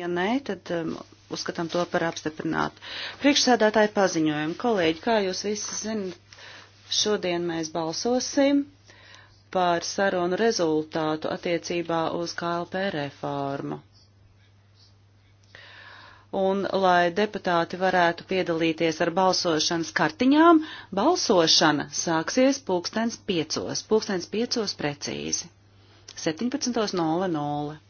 Ja nē, tad um, uzskatām to par apstiprinātu. Priekšsēdētāji paziņojumi. Kolēģi, kā jūs visi zinat, šodien mēs balsosim par sarunu rezultātu attiecībā uz KLP reformu. Un, lai deputāti varētu piedalīties ar balsošanas kartiņām, balsošana sāksies pulkstens piecos, pulkstens piecos precīzi, 17.00.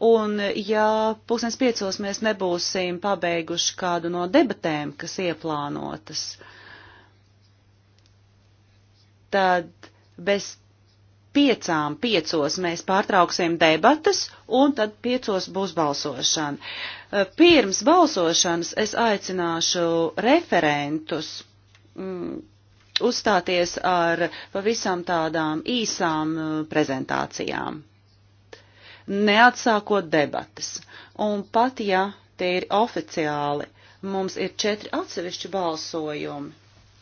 Un ja pusnes piecos mēs nebūsim pabeiguši kādu no debatēm, kas ieplānotas, tad bez piecām piecos mēs pārtrauksim debatas un tad piecos būs balsošana. Pirms balsošanas es aicināšu referentus mm, uzstāties ar pavisam tādām īsām mm, prezentācijām neatsākot debatas. Un pat ja tie ir oficiāli, mums ir četri atsevišķi balsojumi,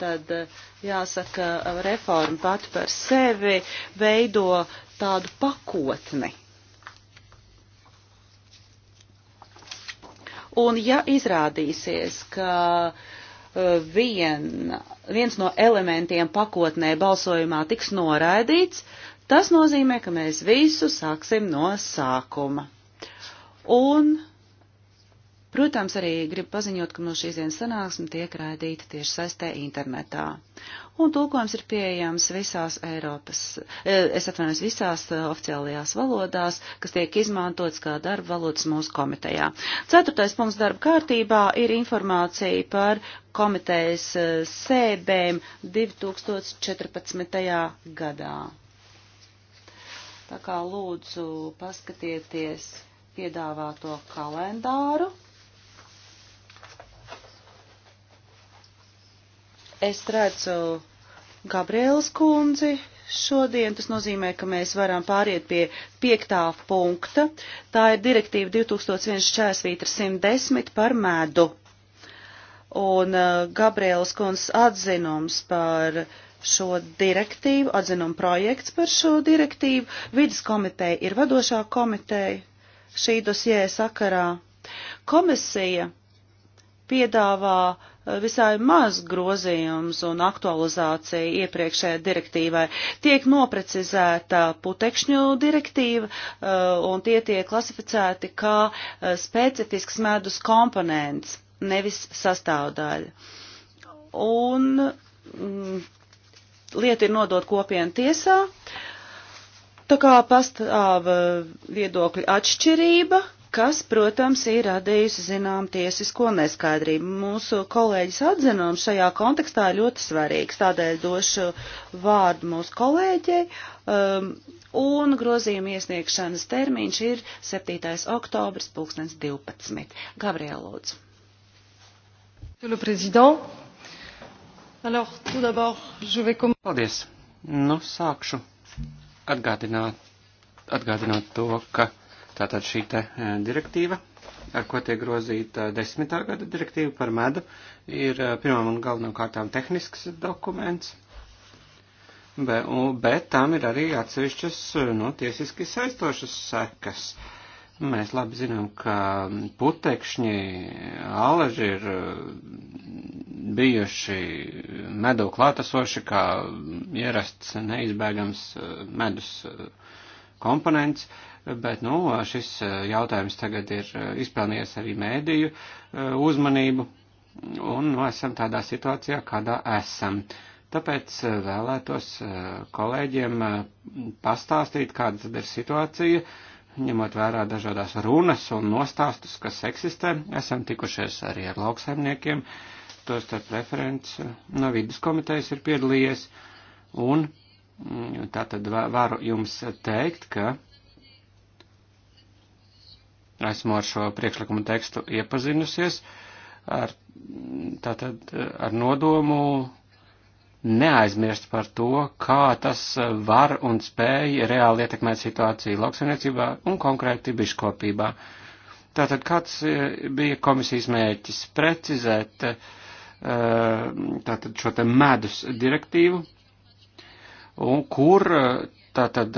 tad eh, jāsaka, reforma pati par sevi veido tādu pakotni. Un ja izrādīsies, ka eh, vien, viens no elementiem pakotnē balsojumā tiks noraidīts, Tas nozīmē, ka mēs visu sāksim no sākuma. Un, protams, arī gribu paziņot, ka mūsu šīs dienas sanāksme tiek raidīta tieši saistē internetā. Un tulkojums ir pieejams visās Eiropas, e, es atvainojos, visās e, oficiālajās valodās, kas tiek izmantots kā darba valodas mūsu komitejā. Ceturtais punkts darba kārtībā ir informācija par komitejas e, sēbēm 2014. gadā. Tā kā lūdzu paskatieties piedāvāto kalendāru. Es redzu Gabrielas kundzi šodien, tas nozīmē, ka mēs varam pāriet pie piektā punkta. Tā ir direktīva 2001-110 par medu. Un uh, Gabrielas kundzes atzinums par uh, šo direktīvu, atzinumu projekts par šo direktīvu. Vides komiteja ir vadošā komiteja šī dosjē sakarā. Komisija piedāvā eh, visai maz grozījums un aktualizācija iepriekšējai direktīvai. Tiek noprecizēta putekšņu direktīva eh, un tie tiek klasificēti kā eh, specifisks medus komponents, nevis sastāvdaļa. Un mm, lieta ir nodot kopienu tiesā. Tā kā pastāv e, viedokļu atšķirība, kas, protams, ir radījusi zinām tiesisko neskaidrību. Mūsu kolēģis atzinums šajā kontekstā ir ļoti svarīgs, tādēļ došu vārdu mūsu kolēģei. Um, un grozījuma iesniegšanas termiņš ir 7. oktobris 2012. Gabriela Lūdzu. Paldies. Nu, sākšu atgādināt, atgādināt to, ka tātad šī te e, direktīva, ar ko tiek grozīta desmitā gada direktīva par medu, ir e, pirmām un galvenokārtām tehnisks dokuments, bet, bet tam ir arī atsevišķas, e, nu, tiesiski saistošas sekas. Uh, Mēs labi zinām, ka putekšņi, aleži ir mm, bijuši medu klātesoši kā ierasts neizbēgams mm, medus mm, komponents, bet, nu, šis jautājums tagad ir izpelnījies arī mēdīju uzmanību, un nu, esam tādā situācijā, kādā esam. Tāpēc vēlētos kolēģiem pastāstīt, kāda tad ir situācija ņemot vērā dažādās runas un nostāstus, kas eksistē, esam tikušies arī ar lauksaimniekiem, tostarp referents no vidas komitejas ir piedalījies, un mm, tātad varu jums teikt, ka esmu ar šo priekšlikumu tekstu iepazinusies, ar, tātad ar nodomu neaizmirst par to, kā tas var un spēj reāli ietekmēt situāciju lauksaimniecībā un konkrēti biškopībā. Tātad kāds e, bija komisijas mērķis precizēt e, tātad šo te medus direktīvu, un kur e, tātad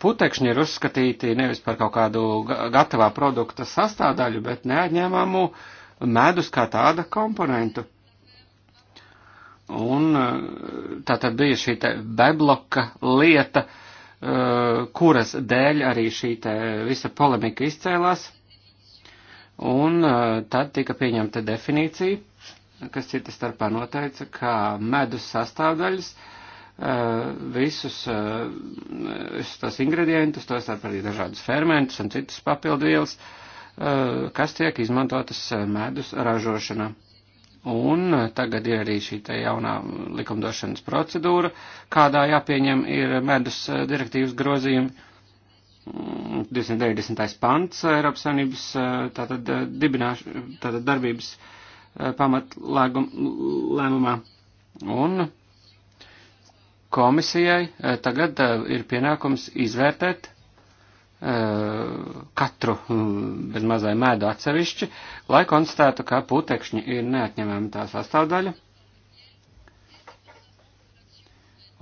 putekšņi ir uzskatīti nevis par kaut kādu gatavā produkta sastāvdaļu, bet neatņēmāmu medus kā tāda komponentu. Un e, tā tad bija šī te bebloka lieta, e, kuras dēļ arī šī te visa polemika izcēlās. Un e, tad tika pieņemta definīcija, kas cita starpā noteica, ka medus sastāvdaļas visus tos ingredientus, tos starp arī dažādus fermentus un citus papildvielas, kas tiek izmantotas medus ražošanā. Un eh, tagad ir arī šī te jaunā likumdošanas procedūra, kādā jāpieņem ir medus eh, direktīvas grozījumi. 290. Mm, pants eh, Eiropas Savienības tātad, dibināš, tātad darbības pamatlēmumā. Un komisijai tagad ir pienākums izvērtēt Eh, katru mm, bez mazai mēdu atsevišķi, lai konstatētu, ka putekšņi ir neatņemama tā sastāvdaļa.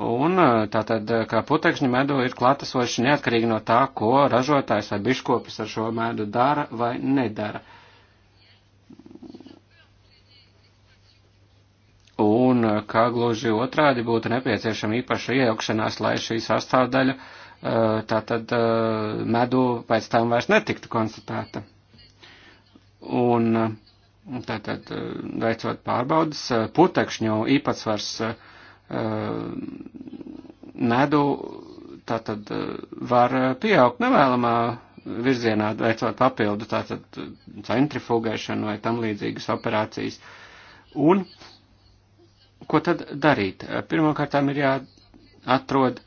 Un eh, tātad, eh, kā putekšņi medu ir klātesoši neatkarīgi no tā, ko ražotājs vai biškopis ar šo medu dara vai nedara. Un kā gluži otrādi būtu nepieciešama īpaša iejaukšanās, lai šī sastāvdaļa uh, Eh, tātad eh, medu pēc tam vairs netiktu konstatēta. Un eh, tātad veicot pārbaudas, putekšņu īpatsvars medu tātad var pieaugt nevēlamā virzienā, veicot papildu tātad centrifugēšanu vai tam līdzīgas operācijas. Un ko tad darīt? Pirmkārtām ir jāatrod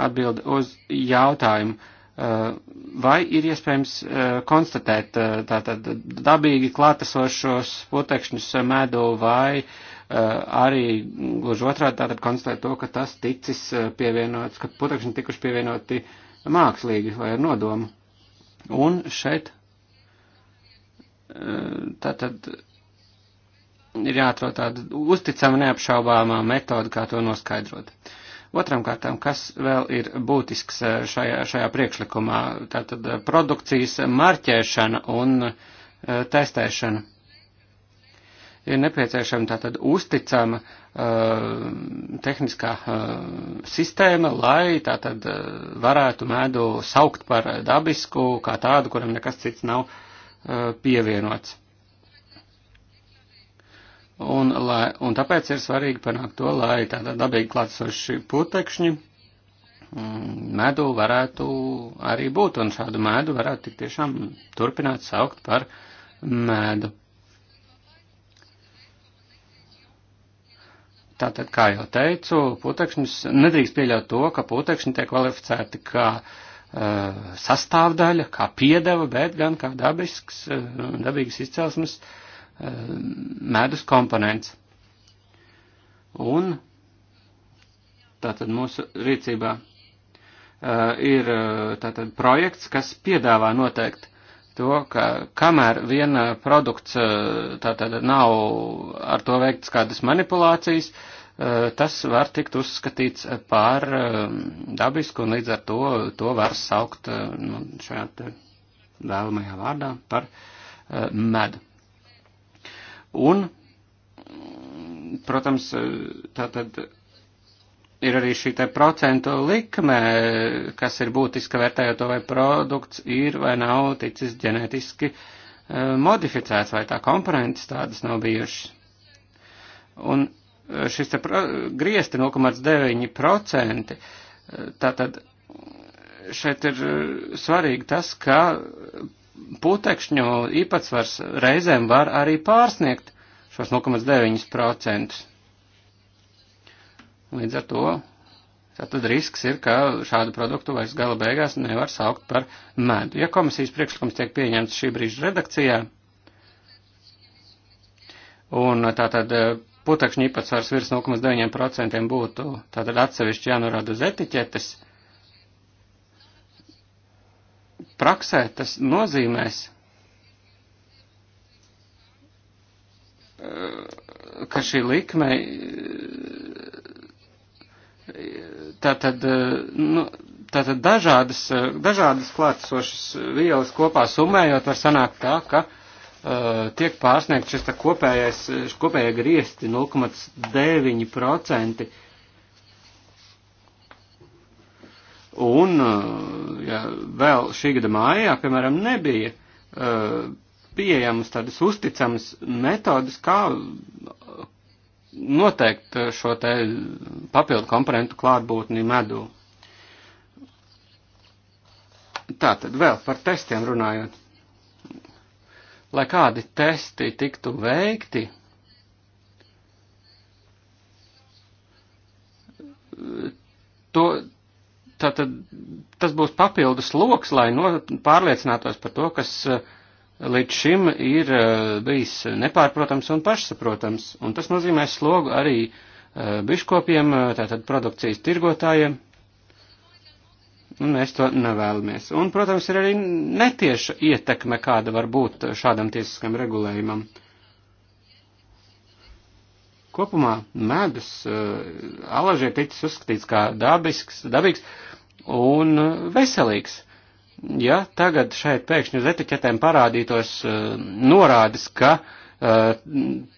atbild uz jautājumu, eh, vai ir iespējams eh, konstatēt eh, tātad dabīgi klātesošos putekšņus medu vai arī gluži otrādi tātad konstatēt to, ka tas ticis pievienots, ka putekšņi tikuši pievienoti mākslīgi vai ar nodomu. Un šeit tātad ir jāatrod tāda uzticama neapšaubāmā metoda, kā to noskaidrot. Uh, Otram kārtām, kas vēl ir būtisks eh, šajā, šajā priekšlikumā, tātad eh, produkcijas marķēšana un eh, testēšana. Ir nepieciešama tātad uzticama uh, tehniskā uh, sistēma, lai tātad uh, varētu medu saukt par dabisku, kā tādu, kuram nekas cits nav uh, pievienots Un, lai, un tāpēc ir svarīgi panākt to, lai tāda dabīgi klātsoši putekšņi mm, medu varētu arī būt, un šādu medu varētu tik tiešām turpināt saukt par medu. Tātad, kā jau teicu, putekšņus nedrīkst pieļaut to, ka putekšņi tiek kvalificēti kā uh, sastāvdaļa, kā piedeva, bet gan kā dabisks, uh, dabīgas izcelsmes uh, Eh, medus komponents. Un tātad mūsu rīcībā eh, ir eh, tātad projekts, kas piedāvā noteikti to, ka kamēr viena produkts tātad nav ar to veikts kādas manipulācijas, tas var tikt uzskatīts par dabisku un līdz ar to to var saukt nu, šajā vēlamajā vārdā par medu. Un, protams, tātad ir arī šī te procentu likme, kas ir būtiska vērtējot to, vai produkts ir vai nav ticis ģenētiski e, modificēts, vai tā komponentes tādas nav bijušas. Un e, šis te griezti 0,9%, e, tātad šeit ir svarīgi tas, ka putekšņu īpatsvars reizēm var arī pārsniegt šos 0,9%. Līdz ar to Tātad risks ir, ka šādu produktu vairs gala beigās nevar saukt par medu. Ja komisijas priekšlikums tiek pieņemts šī brīža redakcijā, un tātad eh, putekšņi īpatsvars virs 0,9% būtu tātad atsevišķi jānorāda uz etiķetes, uh, praksē tas nozīmēs, eh, ka šī likme eh, tātad, eh, nu, tātad dažādas, dažādas klātsošas vielas kopā summējot var sanākt tā, ka uh, tiek pārsniegt šis kopējais, kopējie griesti 0,9% Un eh, ja vēl šī gada mājā, piemēram, nebija uh, pieejamas tādas uzticamas metodas, kā eh, noteikt šo te papildu komponentu klātbūtni medū. Tā tad vēl par testiem runājot. Lai kādi testi tiktu veikti, to, Tātad tas būs papildus loks, lai no, pārliecinātos par to, kas eh, līdz šim ir eh, bijis nepārprotams un pašsaprotams. Un tas nozīmē slogu arī eh, biškopiem, tātad produkcijas tirgotājiem. Un mēs to nevēlamies. Un, protams, ir arī netieša ietekme, kāda var būt šādam tiesiskam regulējumam. Uh, Kopumā medus eh, alaži ir ticis uzskatīts kā dabisks, dabīgs un eh, veselīgs. Ja tagad šeit pēkšņi uz etiķetēm parādītos eh, norādes, ka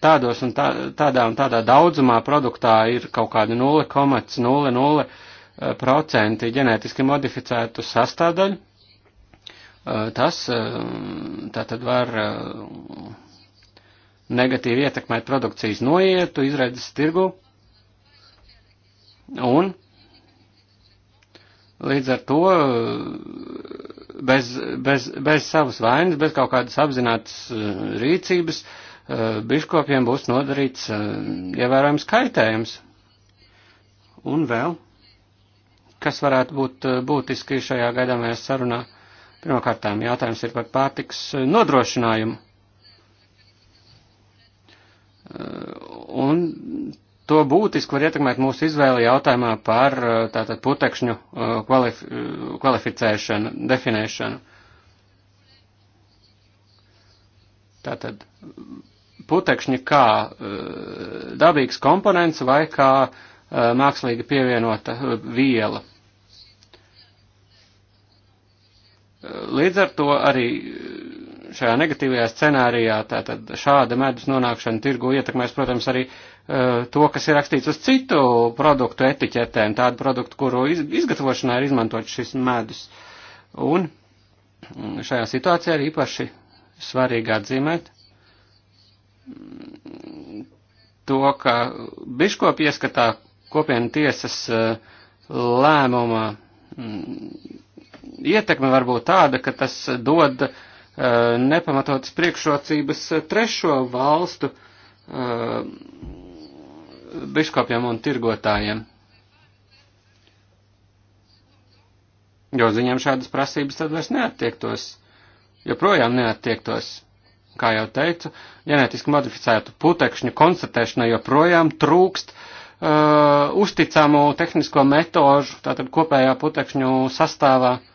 tādos un tā, tādā un tādā daudzumā produktā ir kaut kādi 0,00 procenti ģenētiski modificētu sastāvdaļu, tas tātad var negatīvi ietekmēt produkcijas noietu, izredzes tirgu un līdz ar to eh, bez, bez, bez savas vainas, bez kaut kādas apzinātas eh, rīcības, eh, biškopiem būs nodarīts ievērojams kaitējums. Un vēl, kas varētu būt būtiski šajā gaidāmajā sarunā, pirmkārtām jautājums ir par pārtiks nodrošinājumu. Un to būtiski var ietekmēt mūsu izvēle jautājumā par eh, tātad putekšņu eh, kvalif kvalificēšanu, definēšanu. Tātad putekšņi kā eh, dabīgs komponents vai kā mākslīgi pievienota viela. Līdz ar to arī šajā negatīvajā scenārijā, tātad šāda medus nonākšana tirgu ietekmēs, protams, arī uh, to, kas ir rakstīts uz citu produktu etiķetēm, tādu produktu, kuru iz, izgatavošanā ir izmantot šis medus. Un šajā situācijā ir īpaši svarīgi atzīmēt to, ka biškopi ieskatā kopienu tiesas uh, lēmuma mm, ietekme var būt tāda, ka tas dod uh, Eh, nepamatotas priekšrocības eh, trešo valstu eh, biškopiem un tirgotājiem. Jo ziņām šādas prasības tad vairs neattiektos, joprojām neattiektos. Kā jau teicu, ģenētiski modificētu putekšņu konstatēšanai joprojām trūkst uh, uzticamu tehnisko metožu, tātad kopējā putekšņu sastāvā uh,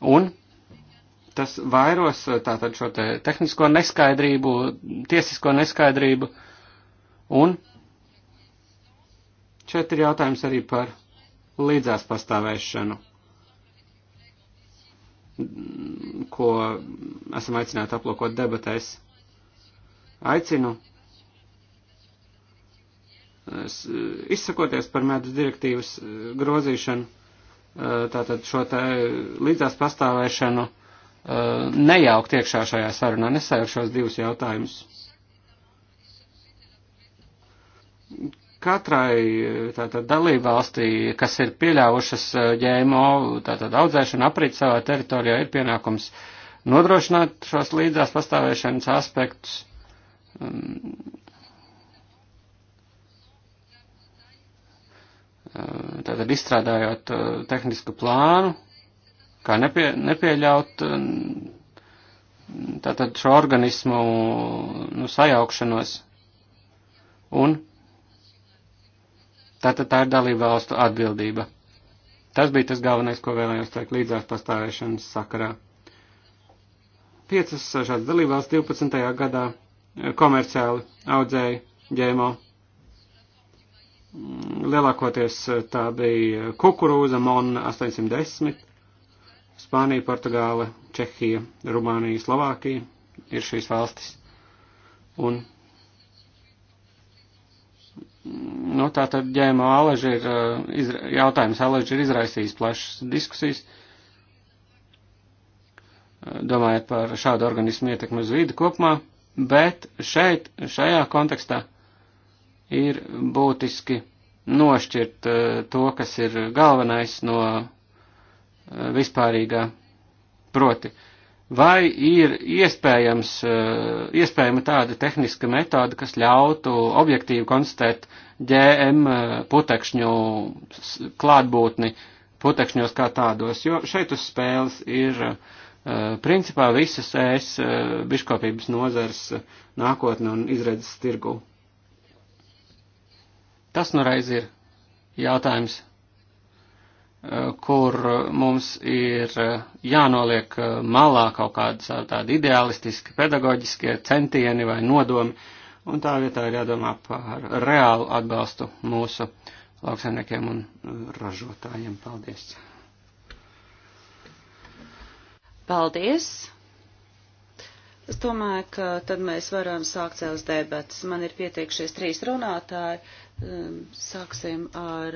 Un tas vairos eh, tātad šo te tehnisko neskaidrību, tiesisko neskaidrību. Un šeit ir jautājums arī par līdzās pastāvēšanu, ko esam aicināti aplūkot debatēs. Aicinu eh, izsakoties par medus direktīvas eh, grozīšanu Eh, tātad šo te līdzās pastāvēšanu eh, nejaukt iekšā šajā sarunā, nesajaukt šos divus jautājumus. Katrai eh, tātad dalībvalstī, kas ir pieļāvušas ģēmo, tātad audzēšanu aprit savā teritorijā, ir pienākums nodrošināt šos līdzās pastāvēšanas aspektus mm, Eh, tātad izstrādājot eh, tehnisku plānu, kā nepie, nepieļaut eh, tātad šo organismu nu, sajaukšanos. Un tātad tā ir dalība valstu atbildība. Tas bija tas galvenais, ko vēlējos teikt līdzās pastāvēšanas sakarā. Piecas šādas dalībvalsts 12. gadā komerciāli audzēja ģēmo Lielākoties eh, tā bija kukurūza, MON 810, Spānija, Portugāla, Čehija, Rumānija, Slovākija ir šīs valstis. Un nu, tā tad ģēmo alaži ir, eh, izra, jautājums alaži ir izraisījis plašas diskusijas. Eh, domājot par šādu organismu ietekmi uz vidi kopumā, bet šeit, šajā kontekstā, ir būtiski nošķirt eh, to, kas ir galvenais no eh, vispārīgā proti. Vai ir iespējams, eh, iespējama tāda tehniska metode, kas ļautu objektīvi konstatēt GM putekšņu klātbūtni putekšņos kā tādos, jo šeit uz spēles ir principā visas ES biškopības nozars nākotne un izredzes tirgu. Tas nu reiz ir jautājums, eh, kur mums ir eh, jānoliek eh, malā kaut kādas tādi ideālistiski, pedagoģiskie centieni vai nodomi, un tā vietā ir jādomā par reālu atbalstu mūsu lauksaimniekiem un ražotājiem. Paldies! Paldies! Es domāju, ka tad mēs varam sākt savus debatas. Man ir pieteikšies trīs runātāji. Um, sāksim ar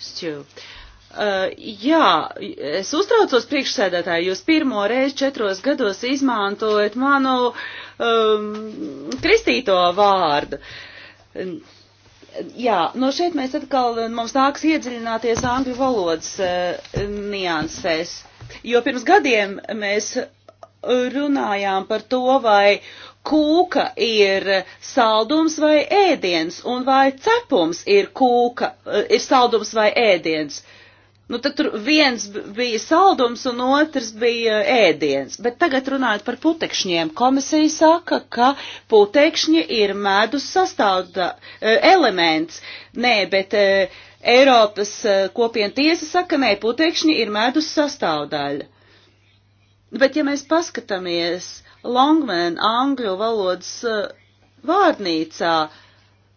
Stu. Uh, jā, es uztraucos priekšsēdētāji, jūs pirmo reizi četros gados izmantojat manu um, kristīto vārdu. Um, jā, no šeit mēs atkal, mums nāks iedziļināties angļu valodas uh, niansēs, jo pirms gadiem mēs runājām par to, vai uh, kūka ir saldums vai ēdiens, un vai cepums ir kūka, eh, ir saldums vai ēdiens. Nu, tad tur viens bija saldums un otrs bija ēdiens. Bet tagad runājot par putekšņiem, komisija saka, ka putekšņi ir medus sastāvda eh, elements. Nē, bet eh, Eiropas kopiena tiesa saka, nē, putekšņi ir medus sastāvdaļa. Bet ja mēs paskatāmies, Longman angļu valodas uh, vārnīcā,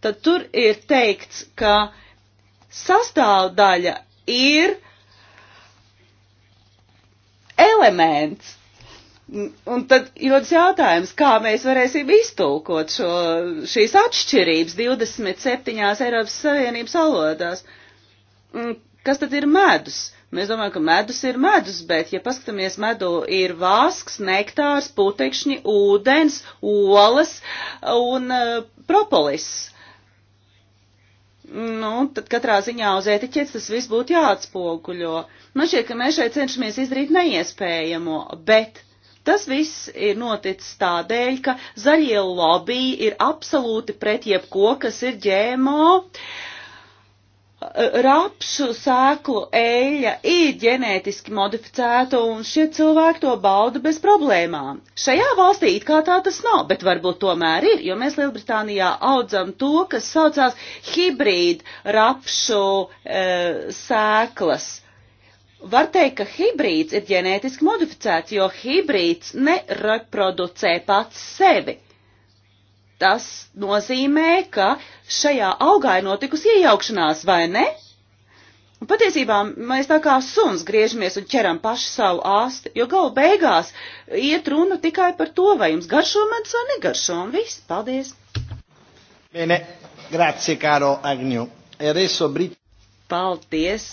tad tur ir teikts, ka sastāvdaļa ir elements. Un tad jodas jautājums, kā mēs varēsim iztulkot šo, šīs atšķirības 27. Eiropas Savienības valodās. Kas tad ir medus? Mēs domājam, ka medus ir medus, bet, ja paskatāmies medu, ir vasks, nektārs, putekšņi, ūdens, olas un uh, propolis. Nu, tad katrā ziņā uz etiķetes tas viss būtu jāatspoguļo. Man šķiet, ka mēs šeit cenšamies izdarīt neiespējamo, bet Tas viss ir noticis tādēļ, ka zaļie lobby ir absolūti pret jebko, kas ir ģēmo. Uh, rapsu sēklu eļļa ir ģenētiski modificēta un šie cilvēki to bauda bez problēmām. Šajā valstī it kā tā tas nav, bet varbūt tomēr ir, jo mēs Lielbritānijā audzam to, kas saucās hibrīd rapšu e, sēklas. Var teikt, ka hibrīds ir ģenētiski modificēts, jo hibrīds nereproducē pats sevi. Tas nozīmē, ka šajā augā ir notikusi iejaukšanās, vai ne? Un patiesībā mēs tā kā suns griežamies un ķeram paši savu āsti, jo galu beigās iet runa tikai par to, vai jums garšo medus vai negaršo, un viss, paldies. Bene, grazie, caro Agņu. E adesso Brit... Paldies,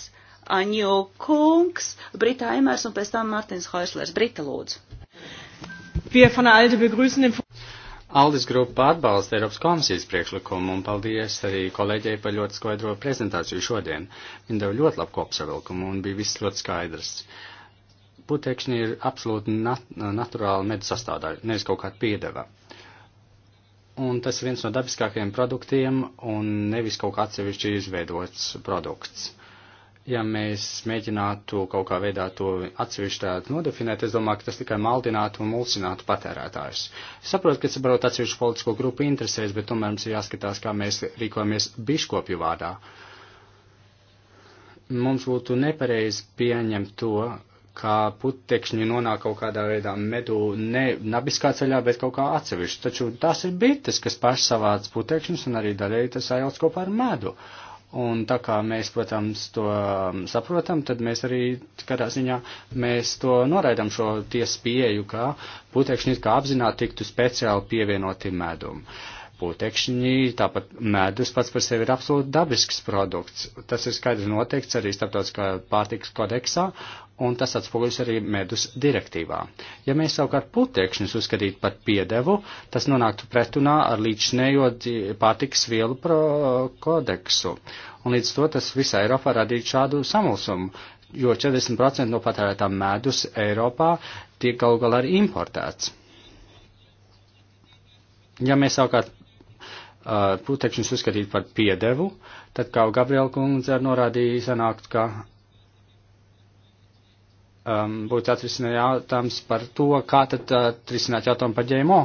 Aņu kungs, Brita Emers un pēc tam Martins Haislers. Brita, lūdzu. Wir von ALDE begrüßen den Aldis grupa atbalsta Eiropas komisijas priekšlikumu un paldies arī kolēģei par ļoti skaidro prezentāciju šodien. Viņa deva ļoti labu kopsavilkumu un bija viss ļoti skaidrs. Putekšņi ir absolūti nat naturāla medus sastāvdaļa, nevis kaut kāda piedeva. Un tas ir viens no dabiskākajiem produktiem un nevis kaut kā atsevišķi izveidots produkts ja mēs mēģinātu kaut kā veidā to atsevišķi tādu nodefinēt, es domāju, ka tas tikai maldinātu un mulsinātu patērētājus. Es saprotu, ka tas varbūt atsevišķu politisko grupu interesēs, bet tomēr mums ir jāskatās, kā mēs rīkojamies biškopju vārdā. Mums būtu nepareizi pieņemt to, kā putekšņi nonāk kaut kādā veidā medū, ne nabiskā ceļā, bet kaut kā atsevišķi. Taču tās ir bites, kas pašas savāc putekšņus un arī daļēji tas sajauc kopā ar medu. Un tā kā mēs, protams, to um, saprotam, tad mēs arī kādā ziņā mēs to noraidam šo tiesu pieeju, kā putekšņi it kā apzināti tiktu speciāli pievienoti medum. Putekšņi, tāpat medus pats par sevi ir absolūti dabisks produkts. Tas ir skaidri noteikts arī starptautiskā pārtikas kodeksā, un tas atspoguļas arī medus direktīvā. Ja mēs savukārt putekšņus uzskatītu par piedevu, tas nonāktu pretunā ar līdzinējo pārtiks vielu kodeksu. Un līdz to tas visā Eiropā radītu šādu samulsumu, jo 40% no patērētā medus Eiropā tiek galu galā arī importēts. Ja mēs savukārt uh, putekšņus uzskatītu par piedevu, tad, kā Gabriela kundze norādīja, sanākt, ka um, būtu atrisināt jautājums par to, kā tad atrisināt uh, jautājumu par ģēmo.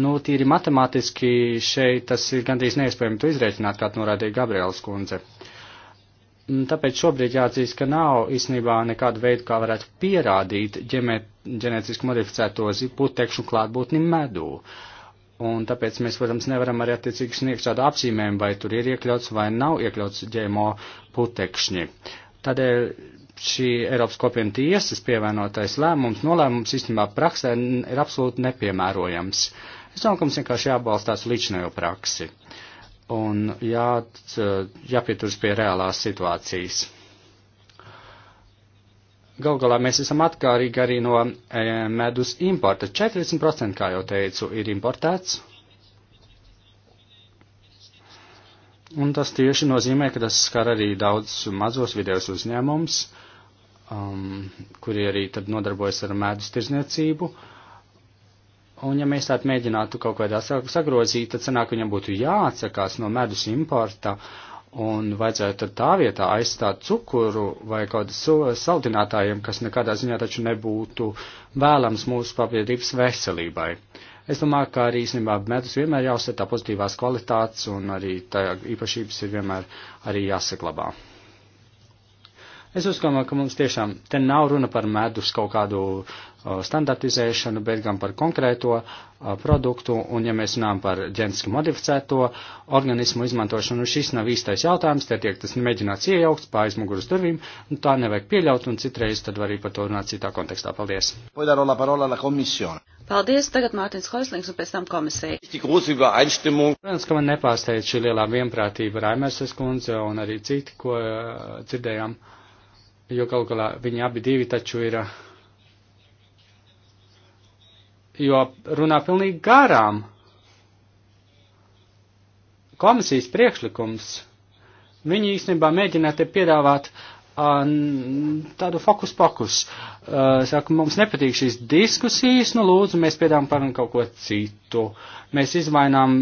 Nu, tīri matemātiski šeit tas ir gandrīz neiespējami to izreikināt, kā norādīja Gabrielas kundze. Mm, tāpēc šobrīd jāatzīst, ka nav īstenībā nekāda veida, kā varētu pierādīt ģenētiski modificēto putekšu klātbūtni medū. Un tāpēc mēs, protams, nevaram arī attiecīgi sniegt šādu apzīmējumu, vai tur ir iekļauts vai nav iekļauts ģēmo putekšņi. Tādēļ šī Eiropas kopiena tiesas pievienotais lēmums, nolēmums īstenībā praksē ir absolūti nepiemērojams. Es domāju, ka mums vienkārši jābalstās līdzinājo praksi un jā, jāpieturas pie reālās situācijas. Gal galā mēs esam atkarīgi arī no e, medus importa. 40%, kā jau teicu, ir importēts. Un tas tieši nozīmē, ka tas skar arī daudz mazos vidējos uzņēmumus. Uh, um, kuri arī tad nodarbojas ar medus tirzniecību. Un ja mēs tādu mēģinātu kaut kādā sagrozīt, tad sanāk, viņam būtu jāatsakās no medus importa un vajadzētu tā vietā aizstāt cukuru vai kaut kādas saldinātājiem, kas nekādā ziņā taču nebūtu vēlams mūsu papiedības veselībai. Es domāju, ka arī īstenībā medus vienmēr jāuzsver tā pozitīvās kvalitātes un arī tā īpašības ir vienmēr arī jāsaglabā. Es uzskatu, ka mums tiešām te nav runa par medus kaut kādu uh, standartizēšanu, bet gan par konkrēto uh, produktu, un ja mēs runājam par ģenetiski modificēto organismu izmantošanu, šis nav īstais jautājums, te tiek tas mēģināts iejaukt pāri muguras durvīm, un nu, tā nevajag pieļaut, un citreiz tad var arī par to runāt citā kontekstā. Paldies! Paldies, tagad Mārtiņš Hoislings un pēc tam komisija. Protams, ka man nepārsteidz šī lielā vienprātība Raimērses kundze un arī citi, ko uh, dzirdējām jo gal galā viņi abi divi taču ir, jo runā pilnīgi garām. Komisijas priekšlikums, viņi īstenībā mēģina te piedāvāt uh, tādu fokus pokus. Uh, saka, mums nepatīk šīs diskusijas, nu lūdzu, mēs piedāvājam par kaut ko citu. Mēs izmainām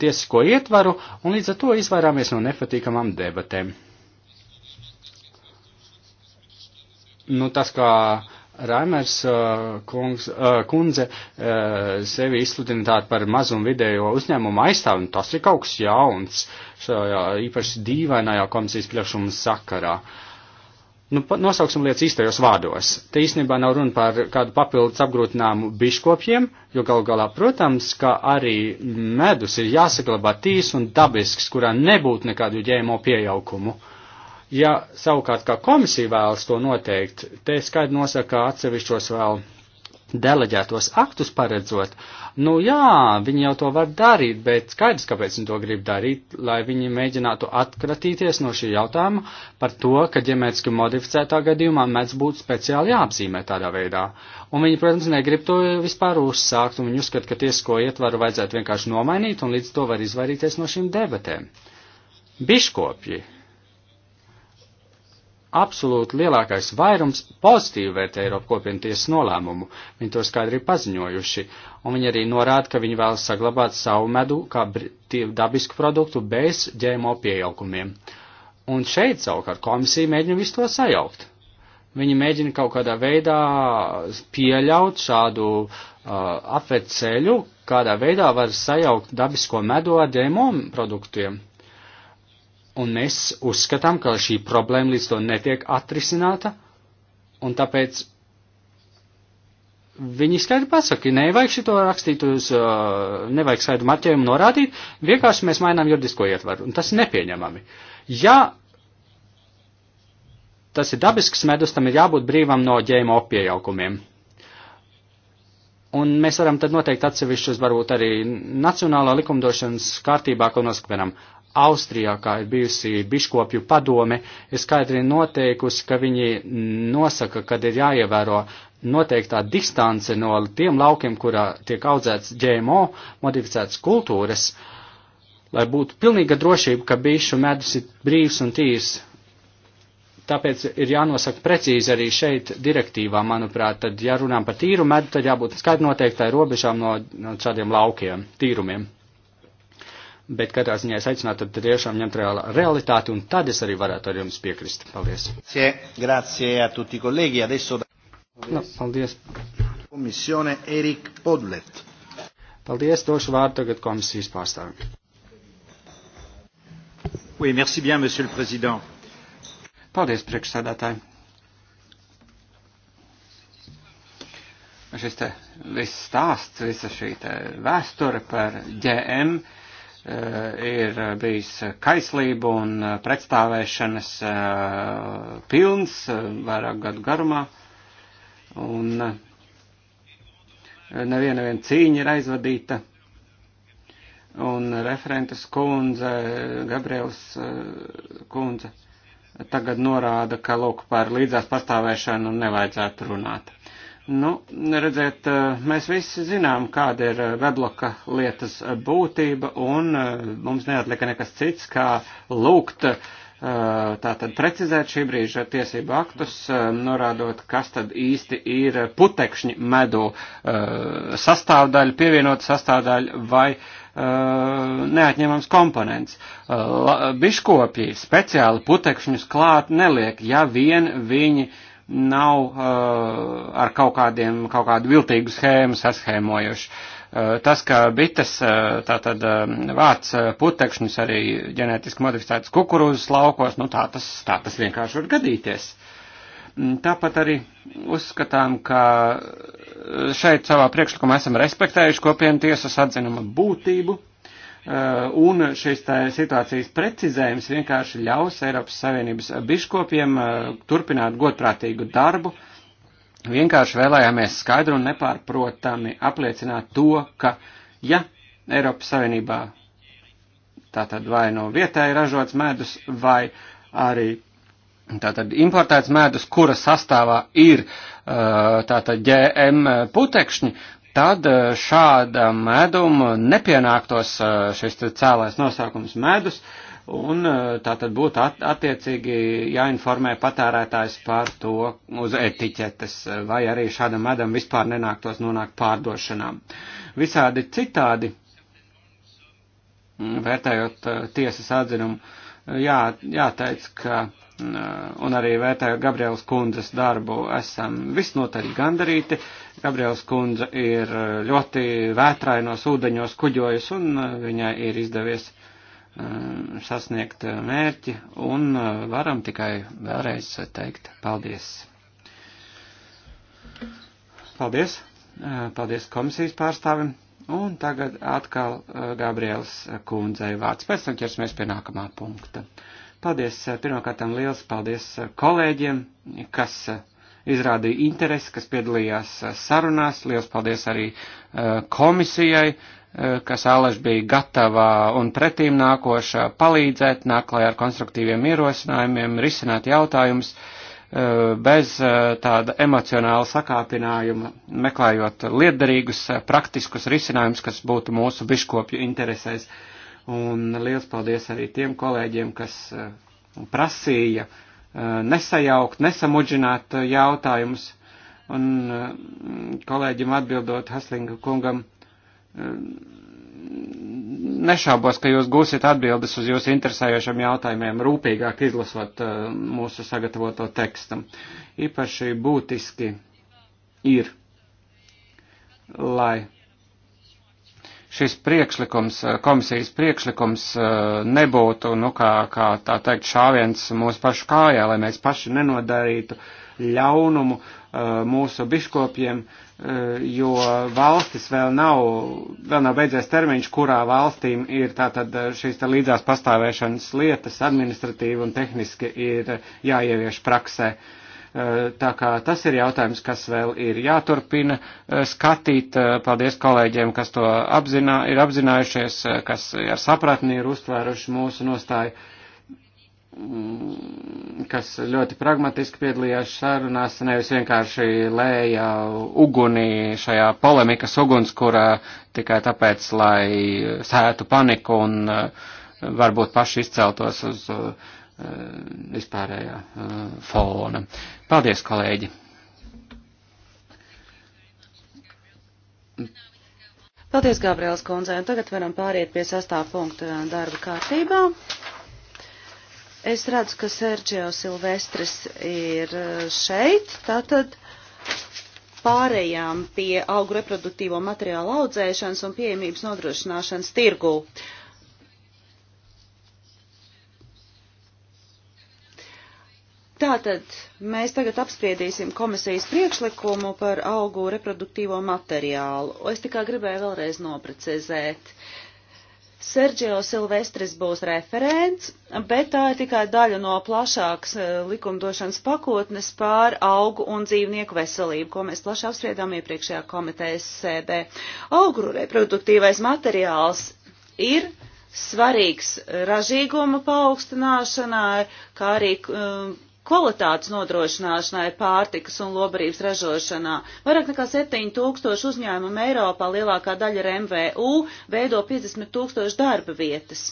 tiesisko ietvaru un līdz ar to izvairāmies no nepatīkamām debatēm. nu, tas, kā Raimers uh, kungs, uh, kundze uh, sevi izsludina tādu par mazu un vidējo uzņēmumu aizstāvi, un nu, tas ir kaut kas jauns šajā īpaši dīvainajā komisijas priekšuma sakarā. Nu, nosauksim lietas īstajos vārdos. Te īstenībā nav runa par kādu papildus apgrūtinājumu biškopiem, jo gal galā, protams, ka arī medus ir jāsaglabā tīs un dabisks, kurā nebūtu nekādu ģēmo pieaukumu. Uh, Ja savukārt kā komisija vēlas to noteikt, te skaidri nosaka atsevišķos vēl deleģētos aktus paredzot, nu jā, viņi jau to var darīt, bet skaidrs, kāpēc viņi to grib darīt, lai viņi mēģinātu atkratīties no šī jautājuma par to, ka ģenētiski modificētā gadījumā mēdz būt speciāli jāapzīmē tādā veidā. Un viņi, protams, negrib to vispār uzsākt, un viņi uzskata, ka tiesisko ietvaru vajadzētu vienkārši nomainīt, un līdz to var izvairīties no šīm debatēm. Biškopji absolūti lielākais vairums pozitīvi vērtē Eiropu kopienu tiesas nolēmumu. Viņi to skaidri ir paziņojuši. Un viņi arī norāda, ka viņi vēlas saglabāt savu medu kā dabisku produktu bez ģēmo pieaukumiem. Un šeit savukārt komisija mēģina visu to sajaukt. Viņi mēģina kaut kādā veidā pieļaut šādu uh, apveceļu, kādā veidā var sajaukt dabisko medu ar ģēmo produktiem. Un mēs uzskatām, ka šī problēma līdz to netiek atrisināta, un tāpēc viņi skaidri pasaka, nevajag šito rakstīt uz, uh, nevajag skaidru marķējumu norādīt, vienkārši mēs mainām juridisko ietvaru, un tas ir nepieņemami. Ja tas ir dabisks medus, tam ir jābūt brīvam no ģēmo piejaukumiem. Un mēs varam tad noteikt atsevišķus, varbūt arī nacionālā likumdošanas kārtībā, ko noskatām. Austrijā, kā ir bijusi biškopju padome, ir skaidri noteikusi, ka viņi nosaka, kad ir jāievēro noteiktā distance no tiem laukiem, kurā tiek audzēts GMO, modificētas kultūras, lai būtu pilnīga drošība, ka bišu medus ir brīvs un tīrs. Tāpēc ir jānosaka precīzi arī šeit direktīvā, manuprāt, tad, ja runām par tīru medu, tad jābūt skaidri noteiktai robežām no, no šādiem laukiem, tīrumiem bet katrā ziņā es aicinātu tad tiešām ņemt reāla realitāti, un tad es arī varētu ar jums piekrist. Paldies. Grazie, grazie a tutti kolēģi. Adesso... No, nu, paldies. Komisione Erik Podlet. Paldies, došu vārdu tagad komisijas pārstāvim. Oui, merci bien, monsieur le président. Paldies, priekšsēdētāji. Šis te viss stāsts, visa šī te vēsture par ģēmu Eh, ir eh, bijis eh, kaislība un pretstāvēšanas pilns vairāk gadu garumā. Un neviena vien cīņa ir aizvadīta. Un referentes kundze, Gabriels kundze, tagad norāda, ka lūk par līdzās pastāvēšanu nevajadzētu runāt. Nu, redzēt, eh, mēs visi zinām, kāda ir eh, vedloka lietas eh, būtība, un mums neatlika nekas cits, kā lūgt tātad precizēt šī brīža tiesību aktus, norādot, kas tad īsti ir putekšņi medu sastāvdaļa, pievienot sastāvdaļa vai neatņemams komponents. Biškopji speciāli putekšņus klāt neliek, ja vien viņi uh, nav uh, ar kaut, kādiem, kaut kādu viltīgu schēmu saschēmojuši. Uh, tas, ka bites, uh, tātad uh, vārds uh, putekšņus arī ģenētiski modificētas kukurūzas laukos, nu tā tas, tā tas vienkārši var gadīties. Mm, tāpat arī uzskatām, ka uh, šeit savā priekšlikumā esam respektējuši kopienu tiesas atzinuma būtību, uh, Uh, un šis situācijas precizējums vienkārši ļaus Eiropas Savienības biškopiem uh, turpināt godprātīgu darbu. Vienkārši vēlējāmies skaidru un nepārprotami apliecināt to, ka ja Eiropas Savienībā tātad vai no nu vietēji ražots medus vai arī tātad importēts medus, kura sastāvā ir uh, tātad GM putekšņi, tad eh, šādam medum nepienāktos eh, šis cēlais nosaukums medus, un eh, tā tad būtu at attiecīgi jāinformē patērētājs par to uz etiķetes, vai arī šādam medam vispār nenāktos nonākt pārdošanām. Visādi citādi, mm, vērtējot tiesas atzinumu, jā, jāteic, ka Eh, un arī vērtēju Gabrielas kundzes darbu, esam visnotaļ gandarīti. Gabrielas kundze ir eh, ļoti vētrainos ūdeņos kuģojusi, un eh, viņai ir izdevies sasniegt mērķi, un varam tikai vēlreiz teikt paldies. Paldies! Paldies komisijas pārstāvim! Un tagad atkal Gabrielas kundzei vārds. Pēc tam ķersimies pie nākamā punkta. Paldies eh, pirmkārtām liels paldies eh, kolēģiem, kas eh, izrādīja interesi, kas piedalījās sarunās. Liels paldies arī komisijai, kas ālaž bija gatava un pretīm nākoša palīdzēt, nāklājā ar konstruktīviem ierosinājumiem, risināt jautājumus bez tāda emocionāla sakāpinājuma, meklējot lietderīgus, praktiskus risinājumus, kas būtu mūsu biškopju interesēs. Un liels paldies arī tiem kolēģiem, kas eh, prasīja eh, nesajaukt, nesamudžināt eh, jautājumus. Un kolēģim atbildot Haslinga kungam, nešaubos, ka jūs gūsiet atbildes uz jūsu interesējošiem jautājumiem, rūpīgāk izlasot mūsu sagatavoto tekstam. Īpaši būtiski ir, lai šis priekšlikums, eh, komisijas priekšlikums eh, nebūtu, nu, kā, kā tā teikt, šāviens mūsu pašu kājā, lai mēs paši nenodarītu ļaunumu eh, mūsu biškopiem, jo valstis vēl nav, vēl nav beidzies termiņš, kurā valstīm ir tātad šīs tā līdzās pastāvēšanas lietas administratīvi un tehniski ir jāievieš praksē. Uh, Eh, tā kā tas ir jautājums, kas vēl ir jāturpina eh, skatīt. Eh, paldies kolēģiem, kas to apzinā, ir apzinājušies, kas ar sapratni ir uztvēruši mūsu nostāju, mm, kas ļoti pragmatiski piedalījās sarunās, nevis vienkārši lēja uguni šajā polemikas ugunskurā tikai tāpēc, lai sētu paniku un varbūt paši izceltos uz. Uh, Eh, vispārējā eh, fona. Paldies, kolēģi! Paldies, Gabriels kundze. Un tagad varam pāriet pie sastā punkta darba kārtībā. Es redzu, ka Sergio Silvestris ir eh, šeit, tātad pārējām pie augu reproduktīvo materiālu audzēšanas un pieejamības nodrošināšanas tirgū. Uh, Tātad mēs tagad apspriedīsim komisijas priekšlikumu par augu reproduktīvo materiālu. Es tikai gribēju vēlreiz noprecizēt. Sergio Silvestris būs referents, bet tā ir tikai daļa no plašākas eh, likumdošanas pakotnes pār augu un dzīvnieku veselību, ko mēs plaši apspriedām iepriekšējā komitejas sēdē. Auguru reproduktīvais materiāls ir svarīgs ražīguma paaugstināšanai, kā arī um, kvalitātes nodrošināšanai pārtikas un lobarības ražošanā. Vairāk nekā 7 tūkstoši uzņēmumu Eiropā, lielākā daļa ir MVU, veido 50 tūkstoši darba vietas.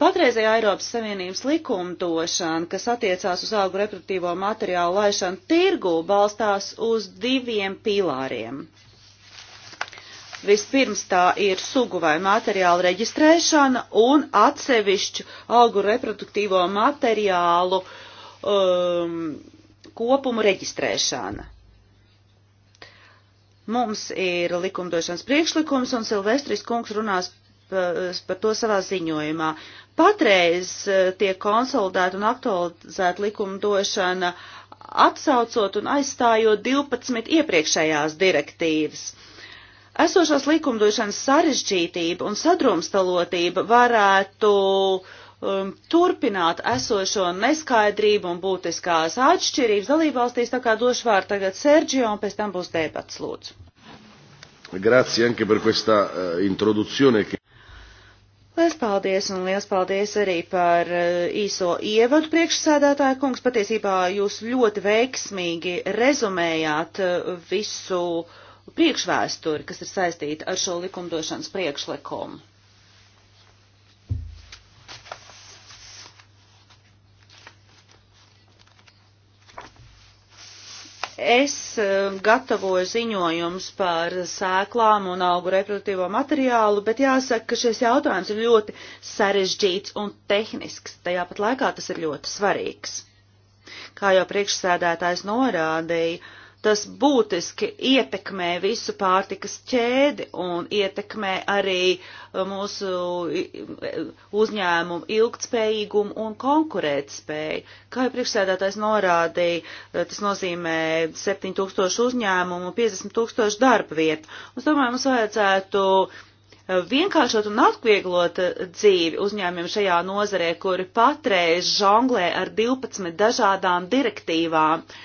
Patreizējā Eiropas Savienības likumdošana, kas attiecās uz augu reproduktīvo materiālu laišanu tirgu, balstās uz diviem pilāriem. Vispirms tā ir sugu vai materiālu reģistrēšana un atsevišķu augu reproduktīvo materiālu uh, um, kopumu reģistrēšana. Mums ir likumdošanas priekšlikums, un Silvestris kungs runās par to savā ziņojumā. Patreiz uh, tiek konsolidēta un aktualizēta likumdošana, atsaucot un aizstājot 12 iepriekšējās direktīvas. Esošās likumdošanas sarežģītība un sadrumstalotība varētu uh, um, turpināt esošo neskaidrību un būtiskās atšķirības dalībvalstīs, tā kā došu vārdu tagad Sergio un pēc tam būs debats, lūdzu. Grazie anche per questa uh, introduzione. Che... Liels paldies un liels paldies arī par eh, īso ievadu priekšsēdētāja kungs. Patiesībā jūs ļoti veiksmīgi rezumējāt eh, visu priekšvēsturi, kas ir saistīta ar šo likumdošanas priekšlikumu. Es eh, gatavoju ziņojums par sēklām un augu reproduktīvo materiālu, bet jāsaka, ka šis jautājums ir ļoti sarežģīts un tehnisks. Tajā pat laikā tas ir ļoti svarīgs. Kā jau priekšsēdētājs norādīja, tas būtiski ietekmē visu pārtikas ķēdi un ietekmē arī uh, mūsu uzņēmumu ilgtspējīgumu un konkurētspēju. Kā jau priekšsēdētājs norādīja, uh, tas nozīmē 7000 uzņēmumu un 50 tūkstošu darba vietu. Es domāju, mums vajadzētu uh, vienkāršot un atvieglot dzīvi uzņēmumiem šajā nozarē, kuri patreiz žonglē ar 12 dažādām direktīvām. Uh,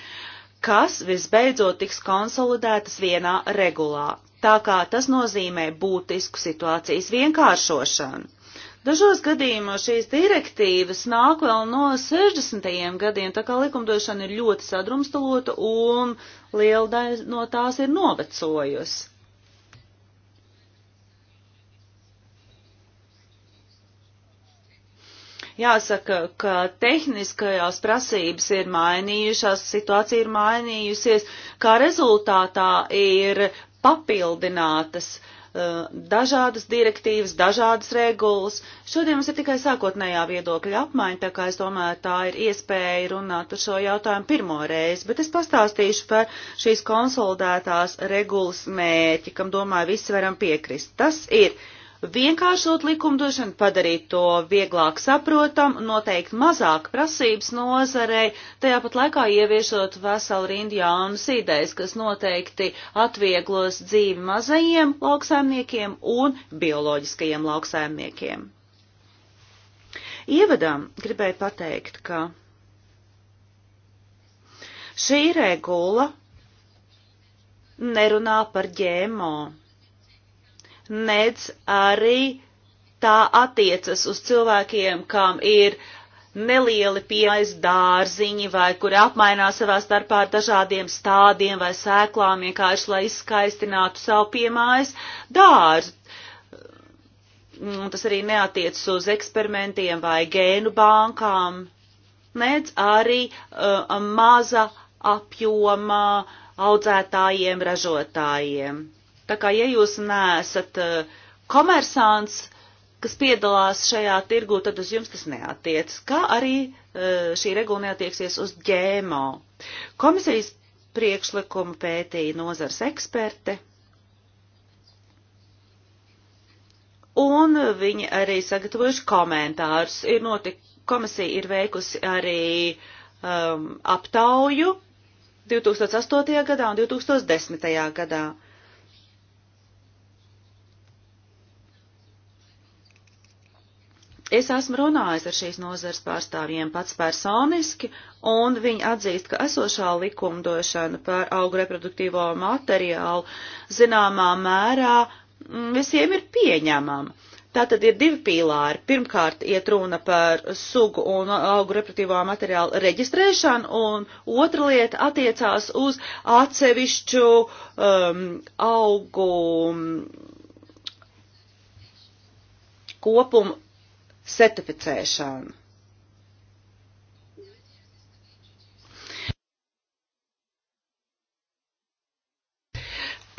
kas visbeidzot tiks konsolidētas vienā regulā, tā kā tas nozīmē būtisku situācijas vienkāršošanu. Dažos gadījumos šīs direktīvas nāk vēl no 60. gadiem, tā kā likumdošana ir ļoti sadrumstalota un liela daļa no tās ir novecojusi. Jāsaka, ka tehniskajās prasības ir mainījušās, situācija ir mainījusies, kā rezultātā ir papildinātas uh, dažādas direktīvas, dažādas regulas. Šodien mums ir tikai sākotnējā viedokļa apmaiņa, tā kā es domāju, tā ir iespēja runāt par šo jautājumu pirmo reizi, bet es pastāstīšu par šīs konsolidētās regulas mēķi, kam domāju visi varam piekrist. Tas ir uh, vienkāršot likumdošanu, padarīt to vieglāk saprotam, noteikt mazāk prasības nozarei, tajā pat laikā ieviešot veselu rindu jaunas idejas, kas noteikti atvieglos dzīvi mazajiem lauksaimniekiem un bioloģiskajiem lauksaimniekiem. Ievadām gribēju pateikt, ka šī regula nerunā par ģēmo nedz arī tā attiecas uz cilvēkiem, kam ir nelieli pieejas dārziņi vai kuri apmainās savā starpā ar dažādiem stādiem vai sēklām vienkārši, lai izskaistinātu savu piemājas dārzu. Un tas arī neatiecas uz eksperimentiem vai gēnu bankām, nedz arī uh, maza apjoma audzētājiem, ražotājiem. Tā kā, ja jūs neesat eh, komersants, kas piedalās šajā tirgu, tad uz jums tas neatiec, kā arī eh, šī regula neatieksies uz ģēmo. Komisijas priekšlikumu pētīja nozars eksperte, un viņi arī sagatavojuši komentārus. Ir notik, komisija ir veikusi arī um, aptauju 2008. gadā un 2010. gadā. Es esmu runājis ar šīs nozares pārstāvjiem pats personiski, un viņi atzīst, ka esošā likumdošana par augu reproduktīvo materiālu zināmā mērā mm, visiem ir pieņemama. Tā tad ir divi pīlāri. Pirmkārt, iet runa par sugu un augu reproduktīvā materiāla reģistrēšanu, un otra lieta attiecās uz atsevišķu um, augu mm, kopumu certificēšanu.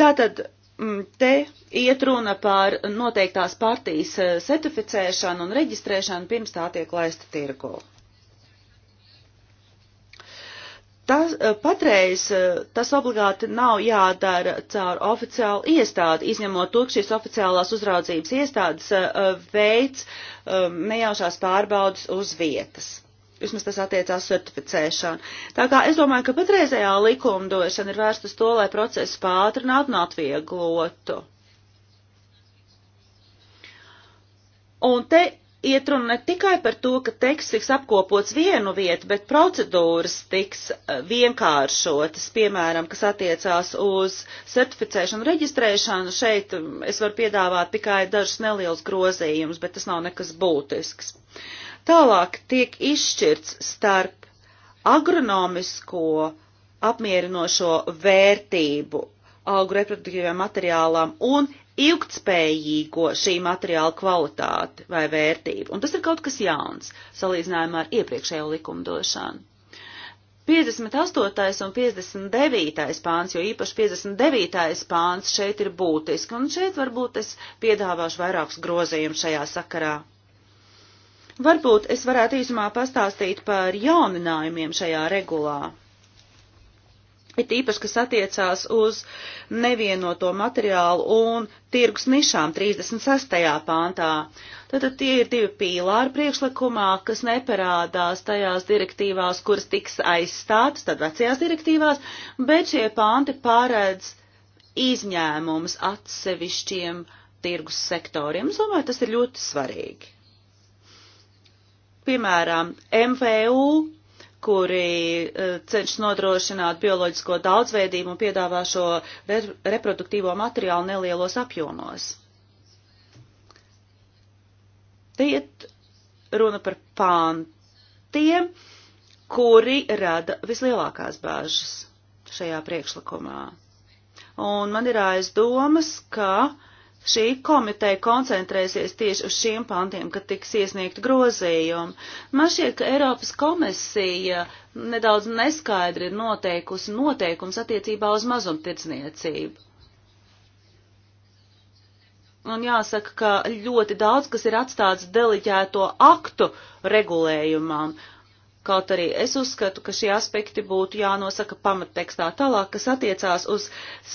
Tātad mm, te iet runa par noteiktās partijas eh, certificēšanu un reģistrēšanu pirms tā tiek laista tirgu. Tas, eh, patreiz eh, tas obligāti nav jādara caur oficiālu iestādi, izņemot to, ka šīs oficiālās uzraudzības iestādes eh, veids nejaušās pārbaudas uz vietas. Vismaz tas attiecās certificēšanu. Tā kā es domāju, ka patreizējā likumdošana ir vērsta uz to, lai procesu pātrinātu un atvieglotu. Un te iet runa ne tikai par to, ka teksts tiks apkopots vienu vietu, bet procedūras tiks eh, vienkāršotas, piemēram, kas attiecās uz certificēšanu, reģistrēšanu. Šeit mm, es varu piedāvāt tikai dažus nelielus grozījumus, bet tas nav nekas būtisks. Tālāk tiek izšķirts starp agronomisko apmierinošo vērtību augu reproduktīviem materiālām un ilgtspējīgo šī materiāla kvalitāti vai vērtību. Un tas ir kaut kas jauns salīdzinājumā ar iepriekšējo likumdošanu. 58. un 59. pāns, jo īpaši 59. pāns šeit ir būtiski, un šeit varbūt es piedāvāšu vairākus grozījumus šajā sakarā. Varbūt es varētu īsumā pastāstīt par jauninājumiem šajā regulā it īpaši, kas attiecās uz nevienoto materiālu un tirgus nišām 36. pāntā. Tātad tie ir divi pīlāri priekšlikumā, kas neparādās tajās direktīvās, kuras tiks aizstātas, tad vecajās direktīvās, bet šie pānti paredz izņēmums atsevišķiem tirgus sektoriem. Es domāju, tas ir ļoti svarīgi. Piemēram, MVU kuri e, cenšas nodrošināt bioloģisko daudzveidību un piedāvā šo reproduktīvo materiālu nelielos apjomos. Te iet runa par pāntiem, kuri rada vislielākās bāžas šajā priekšlikumā. Un man ir aizdomas, ka uh, Šī komiteja koncentrēsies tieši uz šiem pantiem, kad tiks iesniegt grozījumi. Man šķiet, ka Eiropas komisija nedaudz neskaidri ir noteikusi noteikums attiecībā uz mazumtirdzniecību. Un jāsaka, ka ļoti daudz, kas ir atstāts deliģēto aktu regulējumam, Kaut arī es uzskatu, ka šie aspekti būtu jānosaka pamattekstā tālāk, kas attiecās uz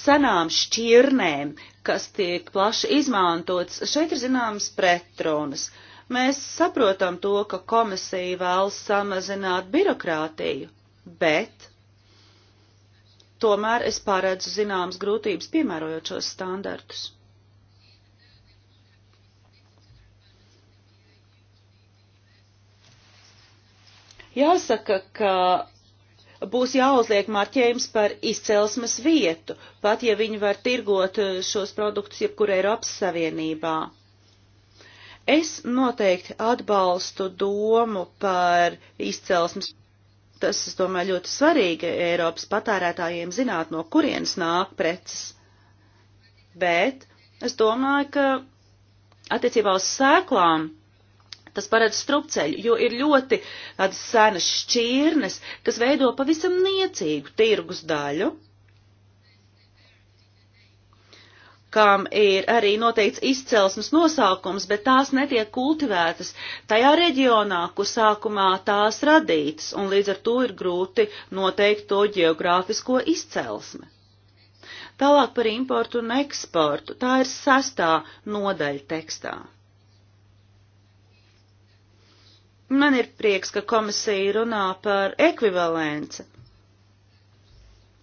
senām šķirnēm, kas tiek plaši izmantots. Šeit ir zināmas pretrunas. Mēs saprotam to, ka komisija vēlas samazināt birokrātiju, bet tomēr es pārēdzu zināmas grūtības piemērojot šos standartus. Jāsaka, ka būs jāuzliek marķējums par izcelsmes vietu, pat ja viņi var tirgot eh, šos produktus jebkur Eiropas Savienībā. Es noteikti atbalstu domu par izcelsmes. Tas, es domāju, ļoti svarīgi Eiropas patērētājiem zināt, no kurienes nāk preces. Bet es domāju, ka attiecībā uz sēklām Tas paredz strupceļu, jo ir ļoti tādas senas šķirnes, kas veido pavisam niecīgu tirgus daļu, kam ir arī noteikts izcelsmes nosaukums, bet tās netiek kultivētas tajā reģionā, kur sākumā tās radītas, un līdz ar to ir grūti noteikt to geogrāfisko izcelsmi. Tālāk par importu un eksportu. Tā ir sastā nodaļa tekstā. Man ir prieks, ka komisija runā par ekvivalenci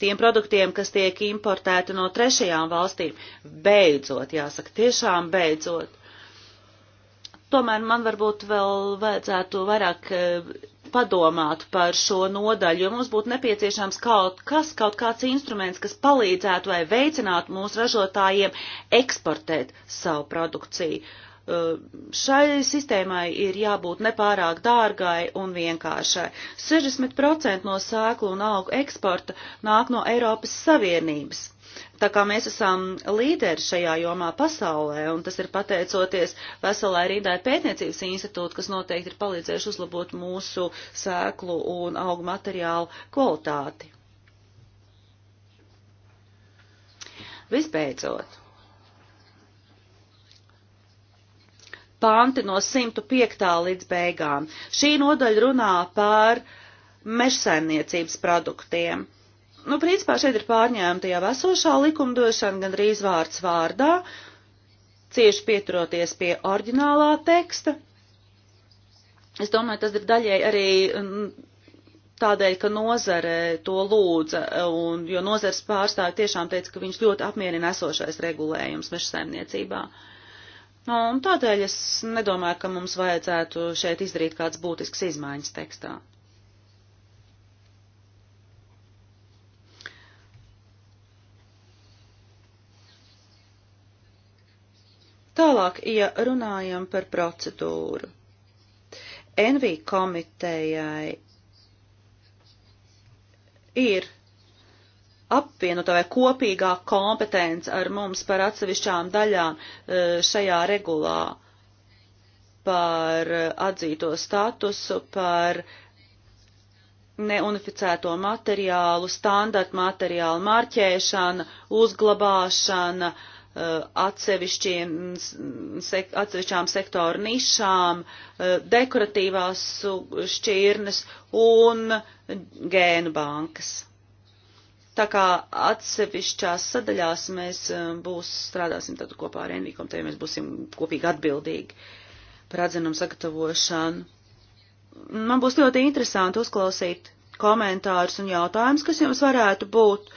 tiem produktiem, kas tiek importēti no trešajām valstīm. Beidzot, jāsaka, tiešām beidzot. Tomēr man varbūt vēl vajadzētu vairāk e, padomāt par šo nodaļu, jo mums būtu nepieciešams kaut kas, kaut kāds instruments, kas palīdzētu vai veicinātu mūsu ražotājiem eksportēt savu produkciju. Uh, Uh, šai sistēmai ir jābūt nepārāk dārgai un vienkāršai. 60% no sēklu un augu eksporta nāk no Eiropas Savienības. Tā kā mēs esam līderi šajā jomā pasaulē, un tas ir pateicoties veselai rindai pētniecības institūtu, kas noteikti ir palīdzējuši uzlabot mūsu sēklu un augu materiālu kvalitāti. Visbeidzot, panti no 105. līdz beigām. Šī nodaļa runā par mežsaimniecības produktiem. Nu, principā šeit ir pārņēmta jau esošā likumdošana gandrīz vārds vārdā, cieši pieturoties pie oriģinālā teksta. Es domāju, tas ir daļai arī tādēļ, ka nozare to lūdza, un, jo nozares pārstāvi tiešām teica, ka viņš ļoti apmierina esošais regulējums mežsaimniecībā. saimniecībā. Nu, un tādēļ es nedomāju, ka mums vajadzētu šeit izdarīt kāds būtisks izmaiņas tekstā. Tālāk, ja runājam par procedūru. NV komitejai ir apvienotā vai kopīgā kompetence ar mums par atsevišķām daļām e, šajā regulā, par e, atzīto statusu, par neunificēto materiālu, standarta materiālu marķēšana, uzglabāšana, e, sek, atsevišķām sektoru nišām, dekoratīvās šķirnes un gēnu bankas. Tā kā atsevišķās sadaļās mēs um, būs, strādāsim tad kopā ar Envīkom, tad mēs būsim kopīgi atbildīgi par atzinumu sagatavošanu. Man būs ļoti interesanti uzklausīt komentārus un jautājumus, kas jums varētu būt.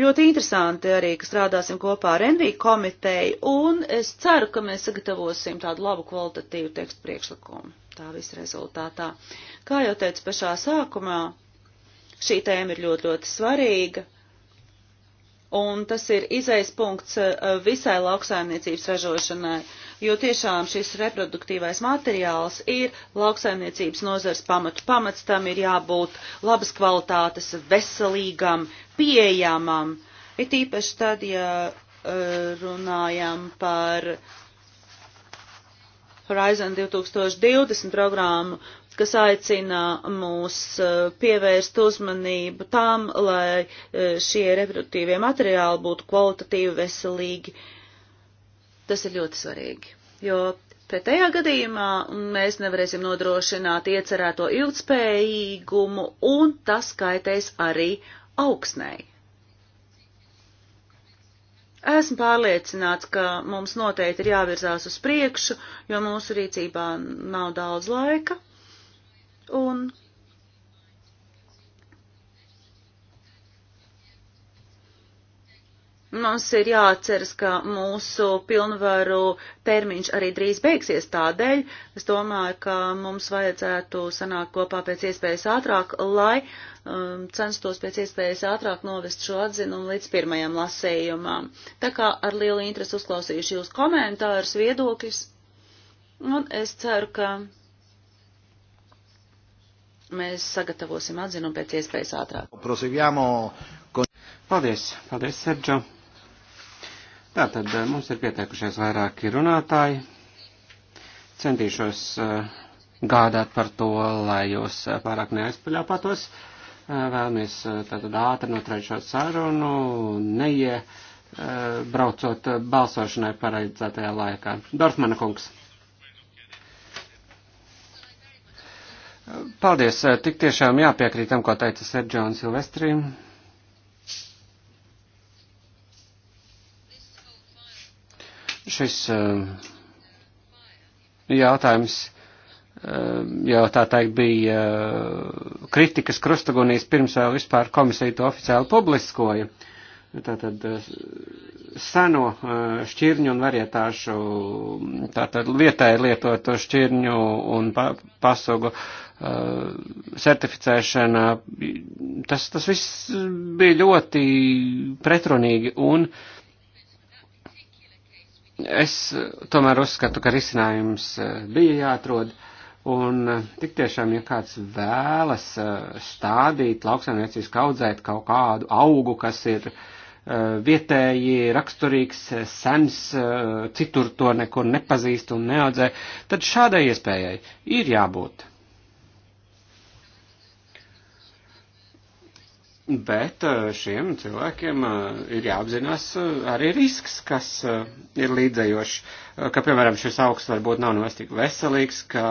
Ļoti interesanti arī, ka strādāsim kopā ar Envīku komiteju, un es ceru, ka mēs sagatavosim tādu labu kvalitatīvu tekstu priekšlikumu tā visa rezultātā. Kā jau teicu pašā sākumā, Šī tēma ir ļoti, ļoti svarīga, un tas ir izais punkts eh, visai lauksaimniecības ražošanai, jo tiešām šis reproduktīvais materiāls ir lauksaimniecības nozars pamatu. Pamats tam ir jābūt labas kvalitātes, veselīgam, pieejamam, it īpaši tad, ja eh, runājam par Horizon 2020 programmu, kas aicina mūs eh, pievērst uzmanību tām, lai eh, šie reproduktīvie materiāli būtu kvalitatīvi veselīgi. Tas ir ļoti svarīgi, jo pretējā gadījumā mēs nevarēsim nodrošināt iecerēto ilgspējīgumu, un tas kaitēs arī augsnēji. Esmu pārliecināts, ka mums noteikti ir jāvirzās uz priekšu, jo mūsu rīcībā nav daudz laika. Un mums ir jāatceras, ka mūsu pilnvaru termiņš arī drīz beigsies tādēļ. Es domāju, ka mums vajadzētu sanākt kopā pēc iespējas ātrāk, lai um, censtos pēc iespējas ātrāk novest šo atzinumu līdz pirmajam lasējumam. Tā kā ar lielu interesi uzklausījuši jūs komentārus, viedokļus, un es ceru, ka mēs sagatavosim atzinu pēc iespējas ātrāk. Proseguiamo. Paldies, paldies, Sergio. Tātad eh, mums ir pieteikušies vairāki runātāji. Centīšos eh, gādāt par to, lai jūs eh, pārāk neaizpaļāpātos. Vēlamies tātad ātri noturēt šo sarunu, neie braucot balsošanai paredzētajā laikā. Dorfmana kungs. Paldies, eh, tik tiešām jāpiekrīt tam, ko teica Sergio un Silvestri. Šis eh, jautājums eh, jau tā teikt bija kritikas krustagunīs pirms vēl vispār komisija to oficiāli publiskoja. Tātad seno šķirņu un varietāšu, tātad vietēji lietotu šķirņu un pasogu Uh, certificēšana, tas, tas viss bija ļoti pretrunīgi un es tomēr uzskatu, ka risinājums uh, bija jāatrod. Un uh, tik tiešām, ja kāds vēlas stādīt lauksaimniecības kaudzēt kaut kādu augu, kas ir vietēji raksturīgs, sens, citur to nekur nepazīst un neaudzē, tad šādai iespējai ir jābūt. Bet uh, šiem cilvēkiem uh, ir jāapzinās uh, arī risks, kas ir līdzējošs, ka, piemēram, šis augsts varbūt nav nemaz tik veselīgs, ka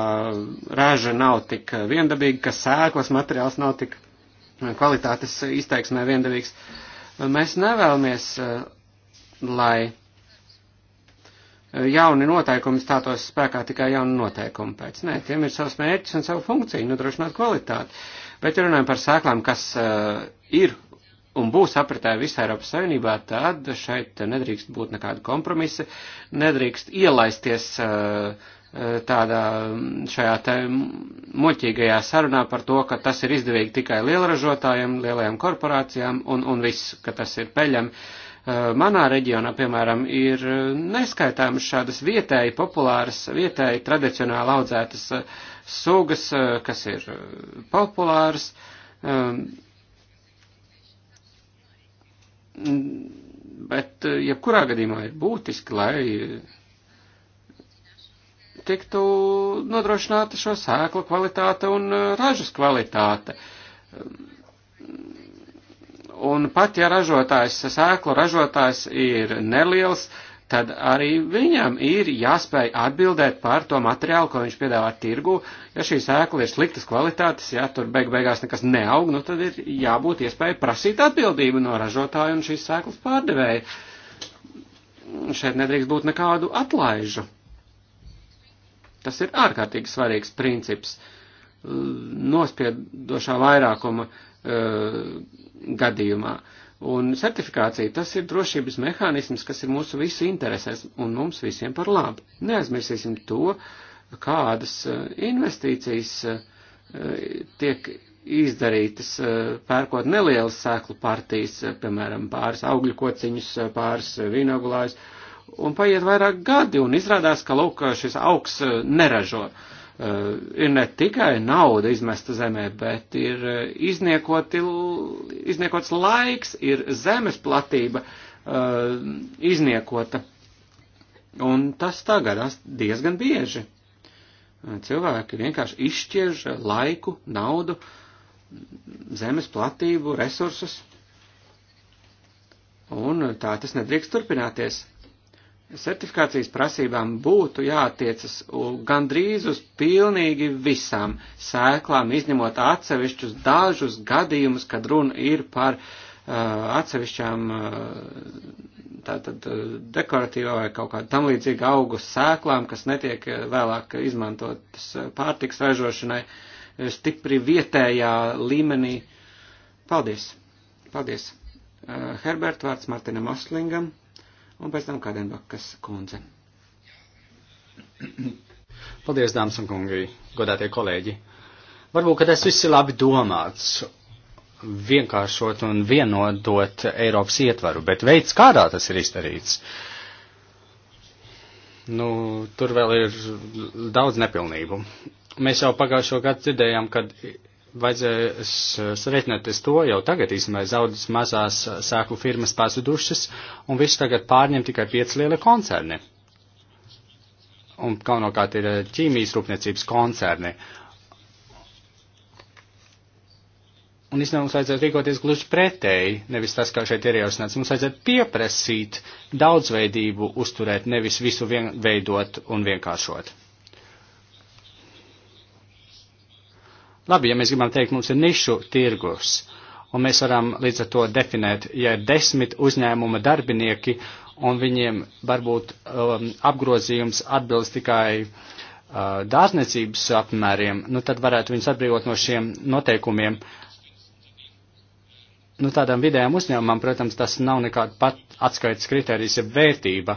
raža nav tik viendabīga, ka sēklas materiāls nav tik kvalitātes izteiksmē viendabīgs. Mēs nevēlamies, lai jauni noteikumi stātos spēkā tikai jauni noteikumi pēc. Nē, tiem ir savs mērķis un savu funkciju, nodrošināt kvalitāti. Bet runājam par sēklām, kas ir un būs apritē visā Eiropas Savienībā, tad šeit nedrīkst būt nekāda kompromisa, nedrīkst ielaisties uh, uh, tādā um, šajā te muļķīgajā sarunā par to, ka tas ir izdevīgi tikai lielražotājiem, lielajām korporācijām un, un viss, ka tas ir peļam. Uh, manā reģionā, piemēram, ir neskaitāmas šādas vietēji populāras, vietēji tradicionāli audzētas sugas, kas ir populāras um, Mm, bet eh, jebkurā gadījumā ir būtiski, lai eh, tiktu nodrošināta šo sēklu kvalitāte un eh, ražas kvalitāte. Mm, un pat ja ražotājs, sēklu ražotājs ir neliels, uh, tad arī viņam ir jāspēj atbildēt par to materiālu, ko viņš piedāvā tirgu. Ja šī sēkla ir sliktas kvalitātes, ja tur beig beigās nekas neaug, nu tad ir jābūt iespēja prasīt atbildību no ražotāja un šīs sēklas pārdevēja. Šeit nedrīkst būt nekādu atlaižu. Tas ir ārkārtīgi svarīgs princips nospiedošā vairākuma uh, gadījumā. Uh, Un certifikācija tas ir drošības mehānisms, kas ir mūsu visu interesēs un mums visiem par labu. Neaizmirsīsim to, kādas eh, investīcijas eh, tiek izdarītas, eh, pērkot nelielas sēklu partijas, piemēram, pāris augļu kociņus, pāris vīnogulājus, un paiet vairāk gadi, un izrādās, ka, lūk, šis augs neražo. Uh, Eh, ir ne tikai nauda izmesta zemē, bet ir eh, izniekoti, izniekots laiks, ir zemes platība eh, izniekota. Un tas tagadās diezgan bieži. Cilvēki vienkārši izšķiež laiku, naudu, zemes platību, resursus. Un tā tas nedrīkst turpināties certifikācijas prasībām būtu jātiecas gandrīz uz pilnīgi visām sēklām, izņemot atsevišķus dažus gadījumus, kad runa ir par uh, atsevišķām uh, tātad uh, dekoratīvā vai kaut kāda tam līdzīga augu sēklām, kas netiek uh, vēlāk izmantotas uh, pārtiks ražošanai stipri vietējā līmenī. Paldies! Paldies! Herbert vārds Martinam Oslingam un pēc tam Kādenbakas kundze. Paldies, dāmas un kungi, godātie kolēģi. Varbūt, ka tas viss ir labi domāts, vienkāršot un vienodot Eiropas ietvaru, bet veids, kādā tas ir izdarīts, nu, tur vēl ir daudz nepilnību. Mēs jau pagājušo gadu dzirdējām, kad vajadzēs eh, sarēķināties to, jau tagad īstenībā zaudz mazās eh, sēklu firmas pazudušas, un viss tagad pārņem tikai pieci lieli koncerni. Un galvenokārt ir eh, ķīmijas rūpniecības koncerni. Un īstenībā mums vajadzētu rīkoties gluži pretēji, nevis tas, kā šeit ir ierosināts. Mums vajadzētu pieprasīt daudzveidību uzturēt, nevis visu vien, veidot un vienkāršot. Labi, ja mēs gribam teikt, mums ir nišu tirgus, un mēs varam līdz ar to definēt, ja ir desmit uzņēmuma darbinieki, un viņiem varbūt um, apgrozījums atbilst tikai uh, dārzniecības apmēriem, nu tad varētu viņus atbrīvot no šiem noteikumiem. Nu, tādam vidējam uzņēmumam, protams, tas nav nekāda pat atskaites kriterijas, ja vērtība.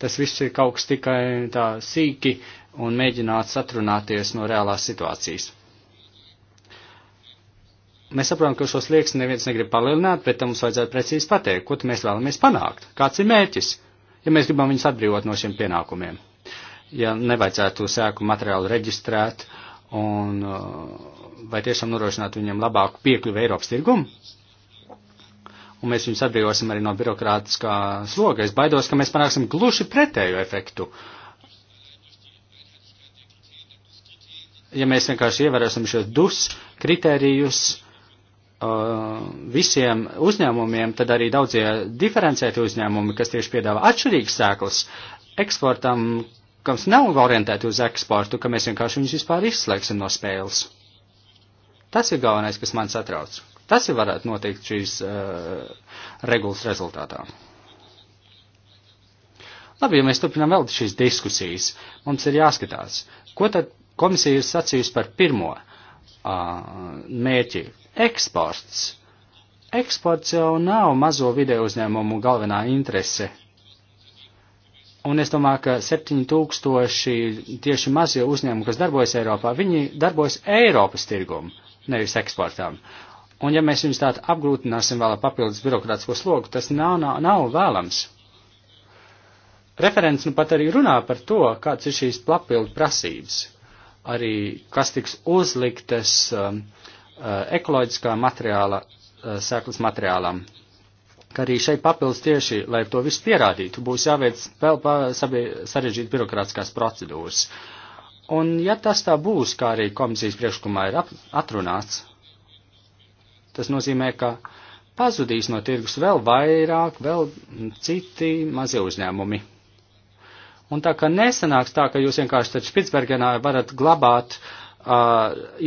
Tas viss ir kaut kas tikai tā sīki un mēģināt satrunāties no reālās situācijas. Mēs saprotam, ka šos liekas neviens negrib palielināt, bet mums vajadzētu precīzi pateikt, ko mēs vēlamies panākt, kāds ir mērķis, ja mēs gribam viņus atbrīvot no šiem pienākumiem. Ja nevajadzētu sēku materiālu reģistrēt un uh, vai tiešām norošināt viņiem labāku piekļuvu Eiropas tirgumu, un mēs viņus atbrīvosim arī no birokrātiskā sloga. Es baidos, ka mēs panāksim gluži pretēju efektu. Ja mēs vienkārši ievērosim šos dus kritērijus, Uh, visiem uzņēmumiem, tad arī daudzie diferencēti uzņēmumi, kas tieši piedāvā atšķirīgas sēklas eksportam, kas nav orientēti uz eksportu, ka mēs vienkārši viņus vispār izslēgsim no spēles. Tas ir galvenais, kas man satrauc. Tas ir varētu notikt šīs uh, regulas rezultātā. Labi, ja mēs turpinām vēl šīs diskusijas, mums ir jāskatās, ko tad komisija ir sacījusi par pirmo uh, mērķi, Eksports. Eksports jau nav mazo video uzņēmumu galvenā interese. Un es domāju, ka 7000 tieši mazie uzņēmumi, kas darbojas Eiropā, viņi darbojas Eiropas tirgumu, nevis eksportām. Un ja mēs viņus tādu apgrūtināsim vēl ar papildus birokrātisko slogu, tas nav, nav, nav vēlams. Referents nu pat arī runā par to, kāds ir šīs papildu prasības, arī kas tiks uzliktas um, Eh, ekoloģiskā materiāla, eh, sēklas materiālam. Ka arī šeit papildus tieši, lai to visu pierādītu, būs jāveic vēl sarežģīt birokrātiskās procedūras. Un ja tas tā būs, kā arī komisijas priekšlikumā ir atrunāts, tas nozīmē, ka pazudīs no tirgus vēl vairāk, vēl citi mazie uzņēmumi. Un tā kā nesanāks tā, ka jūs vienkārši taču Spitsbergenā varat glabāt uh,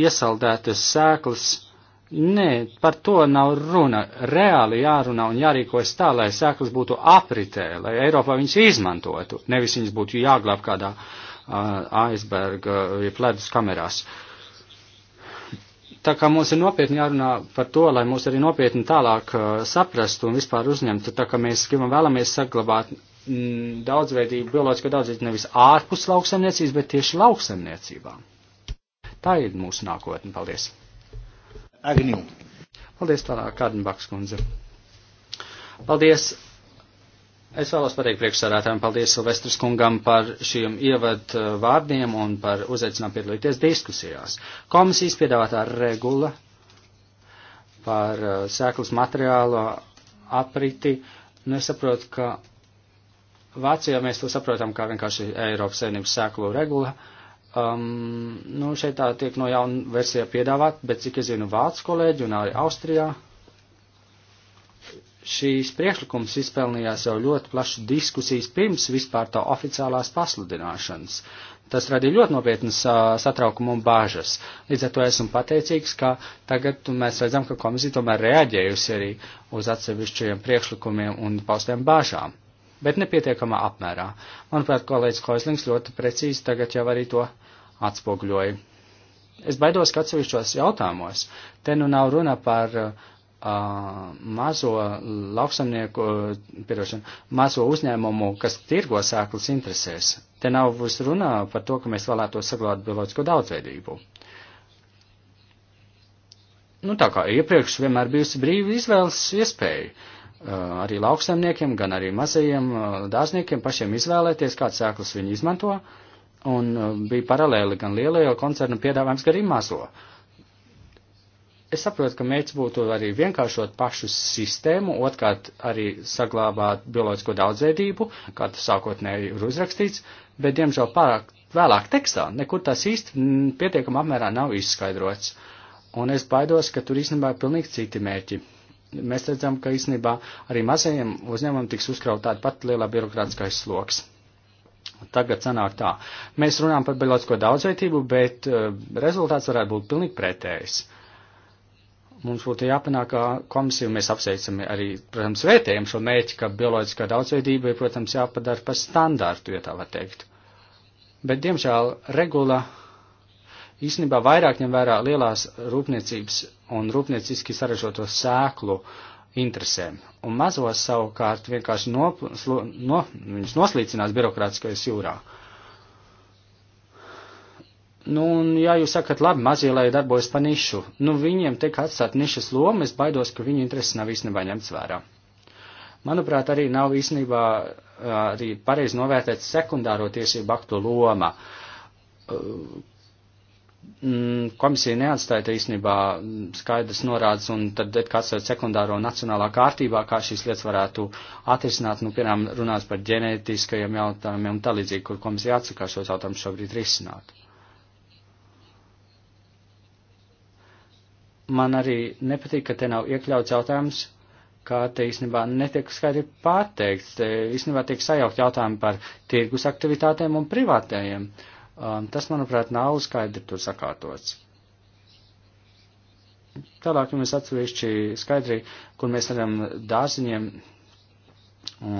iesaldētas sēklas. Nē, par to nav runa. Reāli jārunā un jārīkojas tā, lai sēklas būtu apritē, lai Eiropā viņas izmantotu, nevis viņas būtu jāglāb kādā uh, aizberga vai pledus kamerās. Tā kā mums ir nopietni jārunā par to, lai mūs arī nopietni tālāk uh, saprastu un vispār uzņemtu, tā kā mēs gribam vēlamies saglabāt mm, daudzveidību, bioloģisko daudzveidību nevis ārpus lauksaimniecības, bet tieši lauksaimniecībām. Tā ir mūsu nākotne. Paldies! Agniu. Paldies tālāk, Kārdenbaks kundze. Paldies! Es vēlos pateikt priekšsādātājiem, paldies Silvestris kungam par šiem ievad eh, vārdiem un par uzaicinājumu piedalīties diskusijās. Komisijas piedāvātā regula par eh, sēklas materiālu apriti, nu es saprotu, ka Vācijā mēs to saprotam kā vienkārši Eiropas saimnības sēklu regula, uh, Um, nu, šeit tā tiek no jauna versija piedāvāt, bet cik es zinu Vācu kolēģi un arī Austrijā, šīs priekšlikums izpelnījās jau ļoti plašu diskusijas pirms vispār tā oficiālās pasludināšanas. Tas radīja ļoti nopietnas uh, satraukumu un bāžas. Līdz ar to esmu pateicīgs, ka tagad mēs redzam, ka komisija tomēr reaģējusi arī uz atsevišķajiem priekšlikumiem un paustiem bāžām bet nepietiekamā apmērā. Manuprāt, kolēģis Hoislings ļoti precīzi tagad jau arī to atspoguļoja. Es baidos, ka atsevišķos jautājumos te nu nav runa par uh, mazo lauksamnieku, uh, pirošanu, mazo uzņēmumu, kas tirgo sēklas interesēs. Te nav būs runa par to, ka mēs vēlētos saglabāt bioloģisko daudzveidību. Nu, tā kā iepriekš vienmēr bijusi brīva izvēles iespēja. Uh, arī lauksaimniekiem, gan arī mazajiem dārzniekiem pašiem izvēlēties, kāds sēklas viņi izmanto, un bija paralēli gan lielajā koncernu piedāvājums, gan arī mazo. Es saprotu, ka mērķis būtu arī vienkāršot pašu sistēmu, otrkārt arī saglabāt bioloģisko daudzveidību, kā tas sākotnēji ir uzrakstīts, bet, diemžēl, pārāk vēlāk tekstā nekur tas īsti pietiekam apmērā nav izskaidrots. Un es baidos, ka tur īstenībā ir pilnīgi citi mērķi mēs redzam, ka īstenībā arī mazajiem uzņēmumiem tiks uzkraut tāda pat lielā birokrātiskais sloks. Tagad sanāk tā. Mēs runājam par bioloģisko daudzveitību, bet eh, rezultāts varētu būt pilnīgi pretējs. Mums būtu jāpanāk, ka komisiju mēs apsveicam arī, protams, vērtējam šo mēķi, ka bioloģiskā daudzveidība ir, protams, jāpadara par standārtu, ja tā var teikt. Bet, diemžēl, regula īstenībā vairāk ņem vērā lielās rūpniecības un rūpnieciski saražoto sēklu interesēm, un mazos savukārt vienkārši no, slo, no, viņus noslīcinās birokrātiskais jūrā. Nu, un ja jūs sakat, labi, mazie, lai darbojas pa nišu, nu viņiem tiek atstāt nišas loma, es baidos, ka viņu intereses nav īstenībā ņemts vērā. Manuprāt, arī nav īstenībā arī pareizi novērtēt sekundāro tiesību aktu loma, Mm, komisija neatstāja te īstenībā skaidrs norādes, un tad kāds ar sekundāro nacionālā kārtībā, kā šīs lietas varētu atrisināt, nu, piemēram, runās par ģenētiskajiem jautājumiem un tā līdzīgi, kur komisija atsakās šos jautājumus šobrīd risināt. Man arī nepatīk, ka te nav iekļauts jautājums, kā te īstenībā netiek skaidri pārteikts, te īstenībā tiek sajaukt jautājumi par tirgus aktivitātēm un privātējiem. Uh, Um, tas, manuprāt, nav skaidri tur sakārtots. Tālāk jums atsevišķi skaidri, kur mēs redzam dārziņiem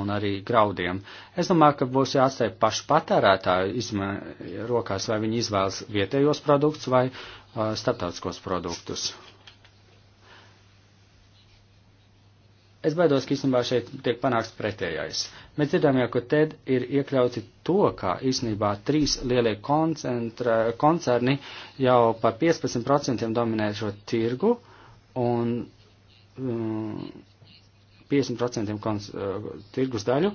un arī graudiem. Es domāju, ka būs jāatstāj pašu patērētāju izmē, rokās, vai viņi izvēlas vietējos produktus vai uh, starptautiskos produktus. Es baidos, ka īstenībā šeit tiek panāks pretējais. Mēs dzirdām jau, ka TED ir iekļauti to, ka īstenībā trīs lielie koncerni jau par 15% dominē šo tirgu un um, 50% uh, tirgus daļu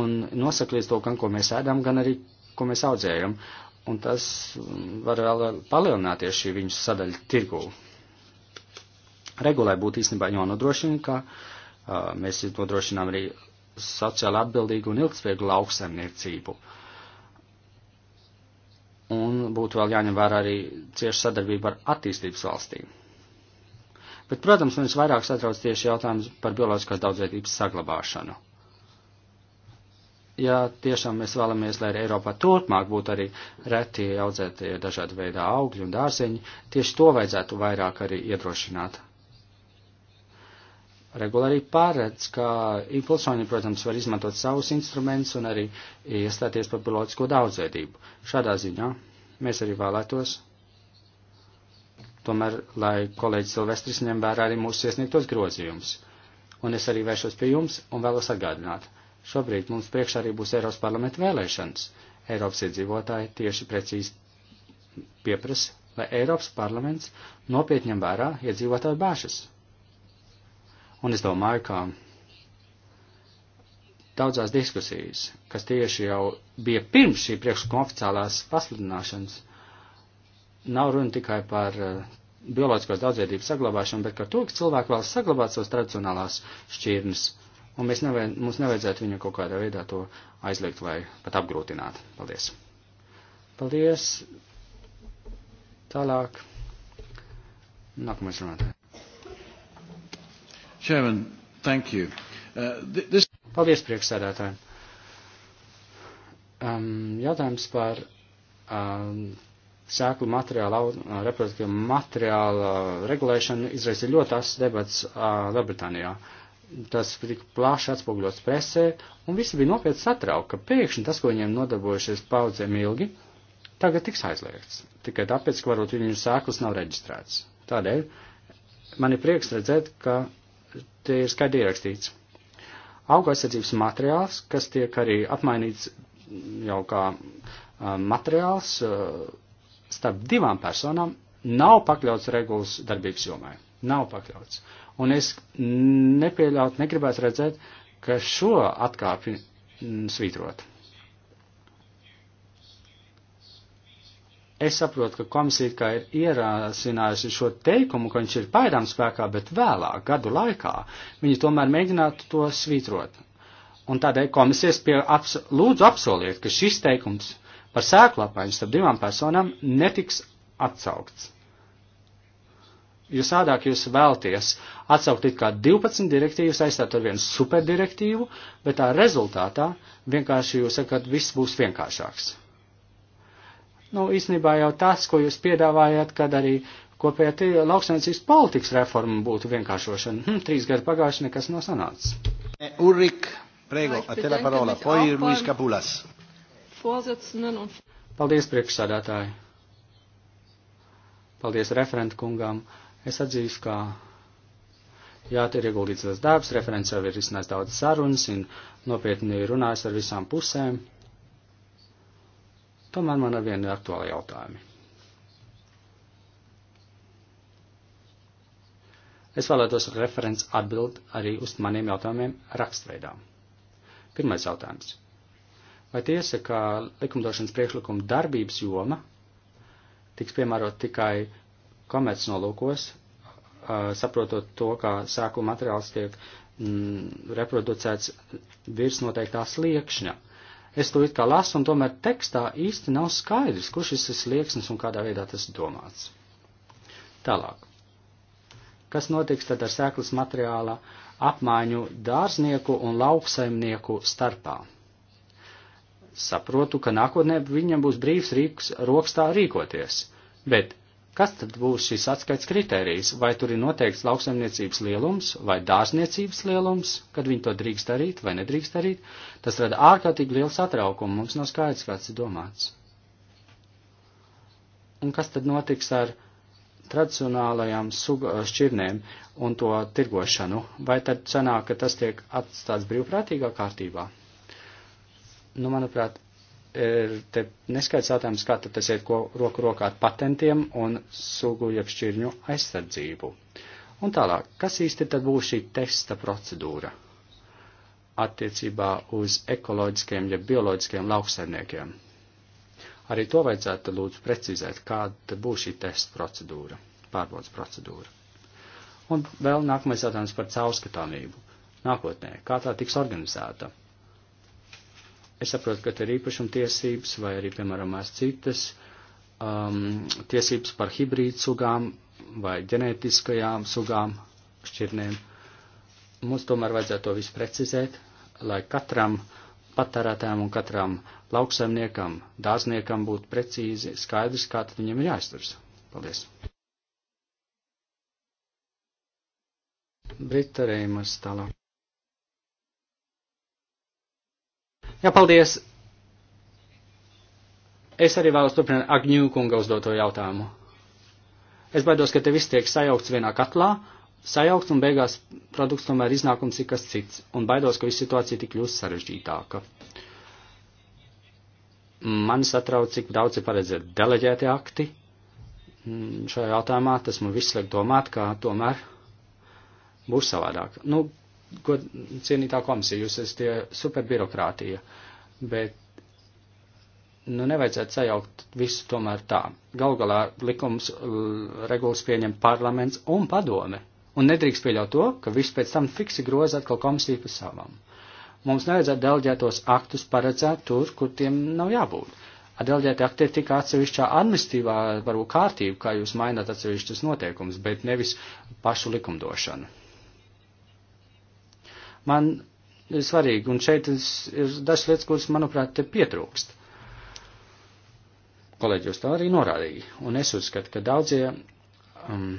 un nosaka līdz to, gan ko mēs ēdam, gan arī ko mēs audzējam. Un tas mm, var vēl palielināties šī viņu sadaļa tirgū. Regulē būtu īstenībā jānodrošina, ka uh, Mēs nodrošinām arī sociāli atbildīgu un ilgspējīgu lauksaimniecību. Un būtu vēl jāņem vērā arī cieša sadarbība ar attīstības valstīm. Bet, protams, manis vairāk satrauc tieši jautājums par bioloģiskās daudzveidības saglabāšanu. Ja tiešām mēs vēlamies, lai Eiropā turpmāk būtu arī reti audzētie dažādi veidā augļi un dārzeņi, tieši to vajadzētu vairāk arī iedrošināt Regula arī pārredz, ka pilsoņi, protams, var izmantot savus instrumentus un arī iestāties par bioloģisko daudzveidību. Šādā ziņā mēs arī vēlētos, tomēr, lai kolēģis Silvestris ņem vērā arī mūsu iesniegtos grozījumus. Un es arī vēršos pie jums un vēlos atgādināt. Šobrīd mums priekšā arī būs Eiropas parlamenta vēlēšanas. Eiropas iedzīvotāji tieši precīzi pieprasa, lai Eiropas parlaments nopietņem vērā iedzīvotāju bāžas. Un es domāju, ka daudzās diskusijas, kas tieši jau bija pirms šī priekšlikuma oficiālās pasludināšanas, nav runa tikai par eh, bioloģiskās daudzveidības saglabāšanu, bet par to, ka cilvēki vēl saglabāt savas tradicionālās šķirnes, un mēs nevajad, mums nevajadzētu viņu kaut kādā veidā to aizliegt vai pat apgrūtināt. Paldies! Paldies! Tālāk. Nākamais runātājs. Chairman, thank you. Uh, th this... Paldies, priekšsēdētājiem. Um, jautājums par um, sēklu materiālu, uh, reproduktīvu materiālu regulēšanu izraisa ļoti asas debats uh, Lielbritānijā. Tas tika plaši atspoguļots presē, un visi bija nopietni satraukti, ka pēkšņi tas, ko viņiem nodarbojušies paudzēm ilgi, tagad tiks aizliegts. Tikai tāpēc, ka varbūt viņu sēklas nav reģistrēts. Tādēļ man ir prieks redzēt, ka te ir skaidri ierakstīts. Auga aizsardzības materiāls, kas tiek arī apmainīts jau kā materiāls starp divām personām, nav pakļauts regulas darbības jomai. Nav pakļauts. Un es nepieļaut, negribētu redzēt, ka šo atkāpi svītrot. Es saprotu, ka komisija kā ir ierāsinājusi šo teikumu, ka viņš ir paidām spēkā, bet vēlāk, gadu laikā, viņi tomēr mēģinātu to svītrot. Un tādēļ komisijas pie aps, lūdzu apsoliet, ka šis teikums par sēklapaiņu starp divām personām netiks atsaukts. Jo sādāk jūs vēlties atsaukt it kā 12 direktīvas, aizstāt ar vienu superdirektīvu, bet tā rezultātā vienkārši jūs sakat, viss būs vienkāršāks. Nu, īstenībā jau tas, ko jūs piedāvājat, kad arī kopējā lauksainicības politikas reforma būtu vienkāršošana. Hm, trīs gadi pagājuši, nekas nav sanācis. Eh, Ulrik, prego, a te la parola, poi oh, Luis Capulas. Paldies, priekšsādātāji. Paldies referentu kungām. Es atzīšu, ka jā, te ir ieguldīts tas darbs, referents jau ir izsnēs daudz sarunas un nopietni runājis ar visām pusēm. Tomēr man ar vienu ir aktuāli jautājumi. Es vēlētos referents atbild arī uz maniem jautājumiem rakstveidā. Pirmais jautājums. Vai tiesa, ka likumdošanas priekšlikuma darbības joma tiks piemērot tikai komerc nolūkos, uh, saprotot to, ka sēklu materiāls tiek mm, reproducēts virs noteiktā sliekšņa? Es to it kā lasu, un tomēr tekstā īsti nav skaidrs, kurš šis ir slieksnis un kādā veidā tas ir domāts. Tālāk. Kas notiks tad ar sēklas materiāla apmaiņu dārznieku un lauksaimnieku starpā? Saprotu, ka nākotnē viņam būs brīvs rīks rokstā rīkoties, bet Kas tad būs šis atskaits kritērijs? Vai tur ir noteikts lauksaimniecības lielums vai dārzniecības lielums, kad viņi to drīkst darīt vai nedrīkst darīt? Tas rada ārkārtīgi lielu satraukumu, mums nav skaidrs, kāds ir domāts. Un kas tad notiks ar tradicionālajām šķirnēm un to tirgošanu? Vai tad sanāk, ka tas tiek atstāts brīvprātīgā kārtībā? Nu, manuprāt, ir e, te neskaidrs jautājums, kā tad tas iet ko, roku rokā ar patentiem un sugu jeb šķirņu aizsardzību. Un tālāk, kas īsti tad būs šī testa procedūra attiecībā uz ekoloģiskiem jeb bioloģiskiem lauksaimniekiem? Arī to vajadzētu lūdzu precizēt, kāda būs šī testa procedūra, pārbaudas procedūra. Un vēl nākamais jautājums par caurskatāmību nākotnē, kā tā tiks organizēta Es saprotu, ka te ir īpašumtiesības vai arī, piemēram, citas um, tiesības par hibrīdu sugām vai ģenētiskajām sugām, šķirnēm. Mums tomēr vajadzētu to visu precizēt, lai katram patērētājam un katram lauksaimniekam, dārzniekam būtu precīzi skaidrs, kā tad viņam ir jāizturas. Paldies! Brita Reimas tālāk. Jā, paldies! Es arī vēlos turpināt Agņū kunga uzdoto jautājumu. Es baidos, ka te viss tiek sajaukts vienā katlā, sajaukts un beigās produkts tomēr iznākums ir kas cits, un baidos, ka viss situācija tik kļūst sarežģītāka. Man satrauc, cik daudz ir paredzēti deleģēti akti. Mm, šajā jautājumā tas man viss liek domāt, ka tomēr būs savādāk. Nu, ko cienītā komisija, jūs esat tie superbirokrātija, bet, nu, nevajadzētu sajaukt visu tomēr tā. Gal galā likums regulas pieņem parlaments un padome, un nedrīkst pieļaut to, ka viss pēc tam fiksi groza atkal komisija pa savām. Mums nevajadzētu delģētos aktus paredzēt tur, kur tiem nav jābūt. Adelģēti akti ir tik atsevišķā administrīvā, varbūt kārtība, kā jūs mainat atsevišķus noteikumus, bet nevis pašu likumdošanu man ir svarīgi, un šeit ir dažas lietas, kuras, manuprāt, te pietrūkst. Kolēģi uz tā arī norādīja, un es uzskatu, ka daudzie um,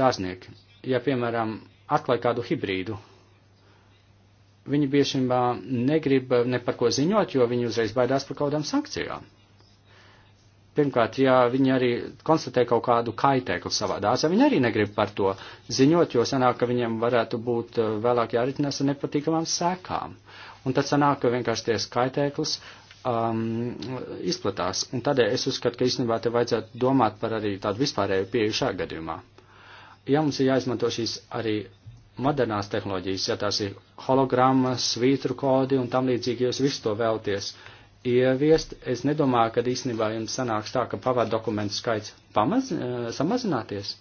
dārznieki, ja, piemēram, atklāja kādu hibrīdu, viņi bieži negrib ne par ko ziņot, jo viņi uzreiz baidās par kaut kādām sankcijām pirmkārt, ja viņi arī konstatē kaut kādu kaitēklu savā dārzā, viņi arī negrib par to ziņot, jo sanāk, ka viņiem varētu būt eh, vēlāk jāritinās ar nepatīkamām sekām. Un tad sanāk, ka vienkārši tie kaitēklus um, izplatās. Un tādēļ es uzskatu, ka īstenībā te vajadzētu domāt par arī tādu vispārēju pieeju šā gadījumā. Ja mums ir jāizmanto šīs arī modernās tehnoloģijas, ja tās ir hologrammas, svītru kodi un tam līdzīgi, jūs visu to vēlties. Uh, ieviest, es nedomāju, ka īstenībā jums sanāks tā, ka pavadu dokumentu skaits pamaz, eh, samazināties.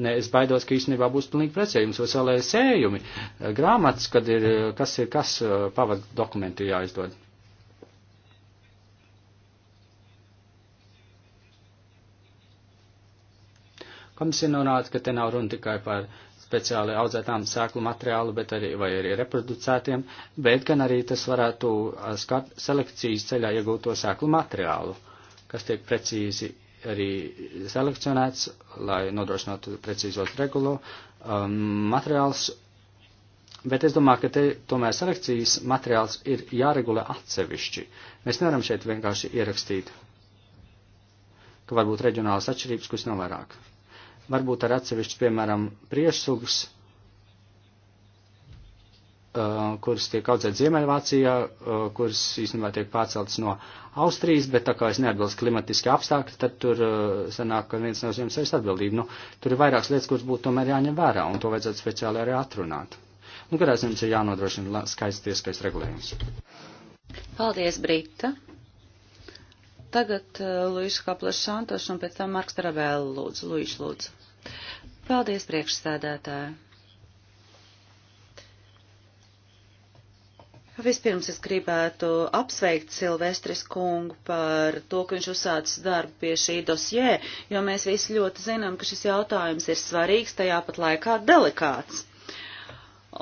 Ne, es baidos, ka īstenībā būs pilnīgi precē, jums būs vēl sējumi, eh, grāmatas, kad ir, eh, kas ir, kas pavadu dokumentu jāizdod. Komisija norāda, ka te nav runa tikai par uh, speciāli audzētām sēklu materiālu, bet arī, vai arī reproducētiem, bet gan arī tas varētu skart selekcijas ceļā iegūto sēklu materiālu, kas tiek precīzi arī selekcionēts, lai nodrošinātu precīzos regulo um, materiāls. Bet es domāju, ka te tomēr selekcijas materiāls ir jāregulē atsevišķi. Mēs nevaram šeit vienkārši ierakstīt, ka varbūt reģionālas atšķirības, kuras nav vairāk varbūt ar atsevišķu, piemēram, priešsugas, Uh, kuras tiek audzēt Ziemeļvācijā, uh, kuras īstenībā tiek pārceltas no Austrijas, bet tā kā es neatbilst klimatiski apstākļi, tad tur uh, sanāk, ka viens no jums ir atbildība. Nu, tur ir vairākas lietas, kuras būtu tomēr jāņem vērā, un to vajadzētu speciāli arī atrunāt. Nu, kādā ziņā mums ir jānodrošina skaists tieskais regulējums. Paldies, Brita. Tagad uh, Luīša Kaplašantoš un pēc tam Marks Tarabēla lūdzu. Luīša lūdzu. Paldies, priekšsēdētāji! Vispirms es gribētu apsveikt Silvestris kungu par to, ka viņš uzsācis darbu pie šī dosjē, jo mēs visi ļoti zinām, ka šis jautājums ir svarīgs, tajā pat laikā delikāts.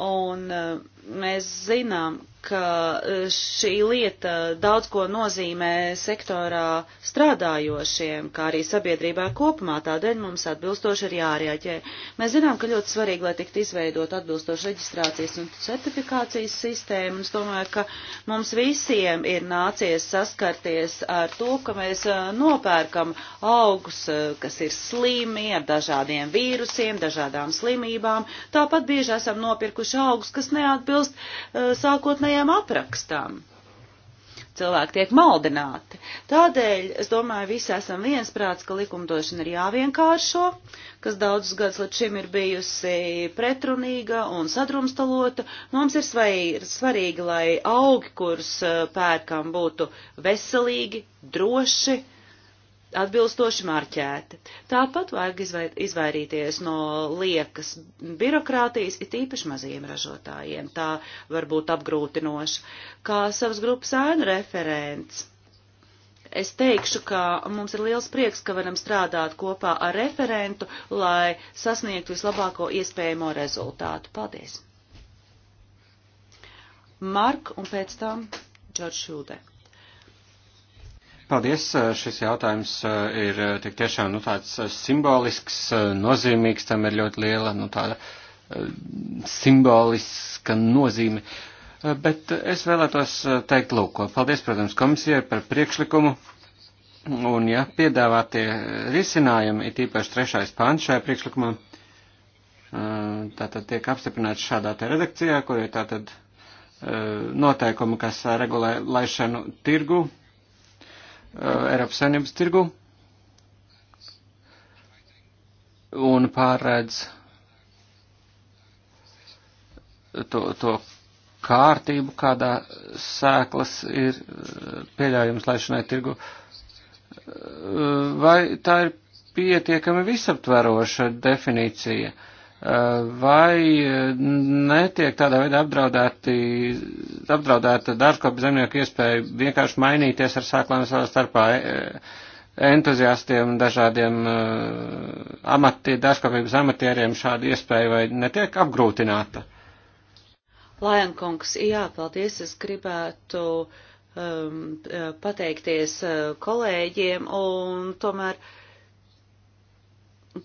Un eh, mēs zinām, ka e, šī lieta daudz ko nozīmē sektorā strādājošiem, kā arī sabiedrībā kopumā, tādēļ mums atbilstoši ir jārēķē. Mēs zinām, ka ļoti svarīgi, lai tiktu izveidot atbilstoši reģistrācijas un certifikācijas sistēmu, un es domāju, ka mums visiem ir nācies saskarties ar to, ka mēs e, nopērkam augus, e, kas ir slimi, ar dažādiem vīrusiem, dažādām slimībām, tāpat bieži esam nopirkuši augus, kas neatbilst uh, sākotnējā sniegtajām aprakstām. Cilvēki tiek maldināti. Tādēļ, es domāju, visi esam viensprāts, ka likumdošana ir jāvienkāršo, kas daudzus gadus līdz šim ir bijusi pretrunīga un sadrumstalota. Mums ir svarīgi, lai augi, kurus eh, pērkam, būtu veselīgi, droši, uh, atbilstoši marķēti. Tāpat vajag izvairīties no liekas birokrātijas, it īpaši mazajiem ražotājiem. Tā var būt apgrūtinoša. Kā savas grupas ēnu referents. Es teikšu, ka mums ir liels prieks, ka varam strādāt kopā ar referentu, lai sasniegtu vislabāko iespējamo rezultātu. Paldies! Mark un pēc tam George Šūde. Paldies, šis jautājums ir tik tiešām nu, tāds simbolisks, nozīmīgs, tam ir ļoti liela nu, tāda simboliska nozīme. Bet es vēlētos teikt lūko. Paldies, protams, komisijai par priekšlikumu. Un, ja piedāvātie risinājumi, ir īpaši trešais pāns šajā priekšlikumā, tātad tiek apstiprināts šādā te redakcijā, kur ir tātad noteikumi, kas regulē laišanu tirgu Uh, Eiropas Savienības tirgu un pārredz to, to kārtību, kādā sēklas ir uh, pieļaujams laišanai tirgu. Uh, vai tā ir pietiekami visaptveroša definīcija? Uh, vai netiek tādā veidā apdraudēta dārzkopu zemnieku iespēja vienkārši mainīties ar sēklām savā starpā e, entuziastiem, dažādiem e, amati, dārzkopības amatieriem šāda iespēja vai netiek apgrūtināta? Lajankungs, jā, paldies, es gribētu um, e, pateikties kolēģiem un tomēr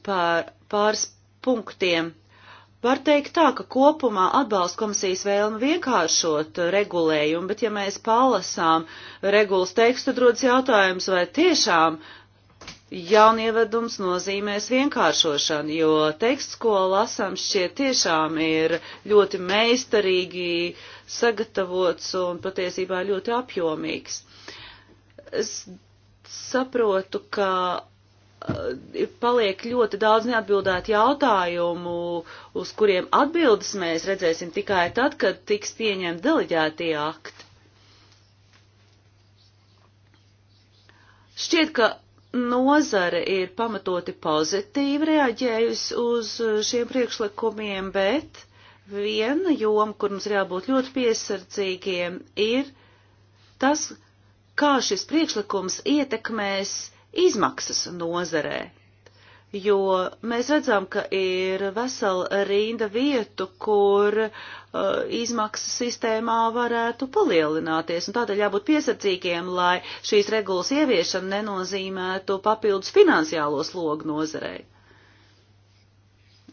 pār, pāris punktiem. Var teikt tā, ka kopumā atbalsta komisijas vēlme vienkāršot regulējumu, bet ja mēs palasām regulas tekstu, tad rodas jautājums, vai tiešām jaunievedums nozīmēs vienkāršošanu, jo teksts, ko lasām, šķiet tiešām ir ļoti meistarīgi sagatavots un patiesībā ļoti apjomīgs. Es saprotu, ka Eh, paliek ļoti daudz neatbildētu jautājumu, uz kuriem atbildes mēs redzēsim tikai tad, kad tiks pieņemti deleģētie akti. Šķiet, ka nozare ir pamatoti pozitīvi reaģējusi uz šiem priekšlikumiem, bet viena joma, kur mums ir jābūt ļoti piesardzīgiem, ir tas, kā šis priekšlikums ietekmēs izmaksas nozerē, jo mēs redzam, ka ir vesela rinda vietu, kur uh, izmaksas sistēmā varētu palielināties, un tādēļ jābūt piesardzīgiem, lai šīs regulas ieviešana nenozīmētu papildus finansiālo slogu nozarei.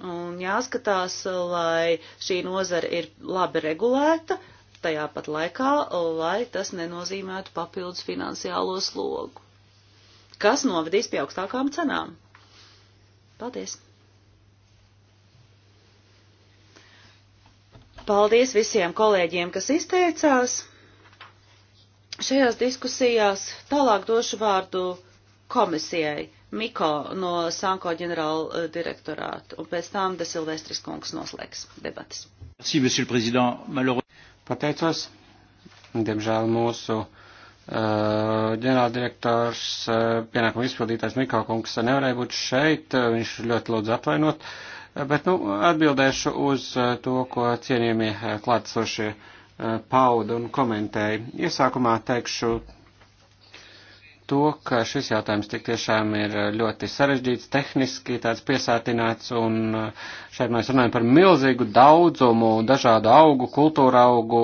Un jāskatās, lai šī nozara ir labi regulēta, tajā pat laikā, lai tas nenozīmētu papildus finansiālo slogu kas novadīs pie augstākām cenām. Paldies! Paldies visiem kolēģiem, kas izteicās. Šajās diskusijās tālāk došu vārdu komisijai Miko no Sanko ģenerāla eh, direktorāta, un pēc tam De Silvestris kungs noslēgs debatas. Pateicos. Diemžēl mūsu Eh, ģenerāldirektors, eh, pienākuma izpildītājs Mikākungs nevarēja būt šeit, eh, viņš ļoti lūdzu atvainot, bet, nu, atbildēšu uz to, ko cienījamie klātsošie pauda un komentēja. Iesākumā teikšu to, ka šis jautājums tik tiešām ir ļoti sarežģīts, tehniski tāds piesātināts, un šeit mēs runājam par milzīgu daudzumu dažādu augu, kultūra augu,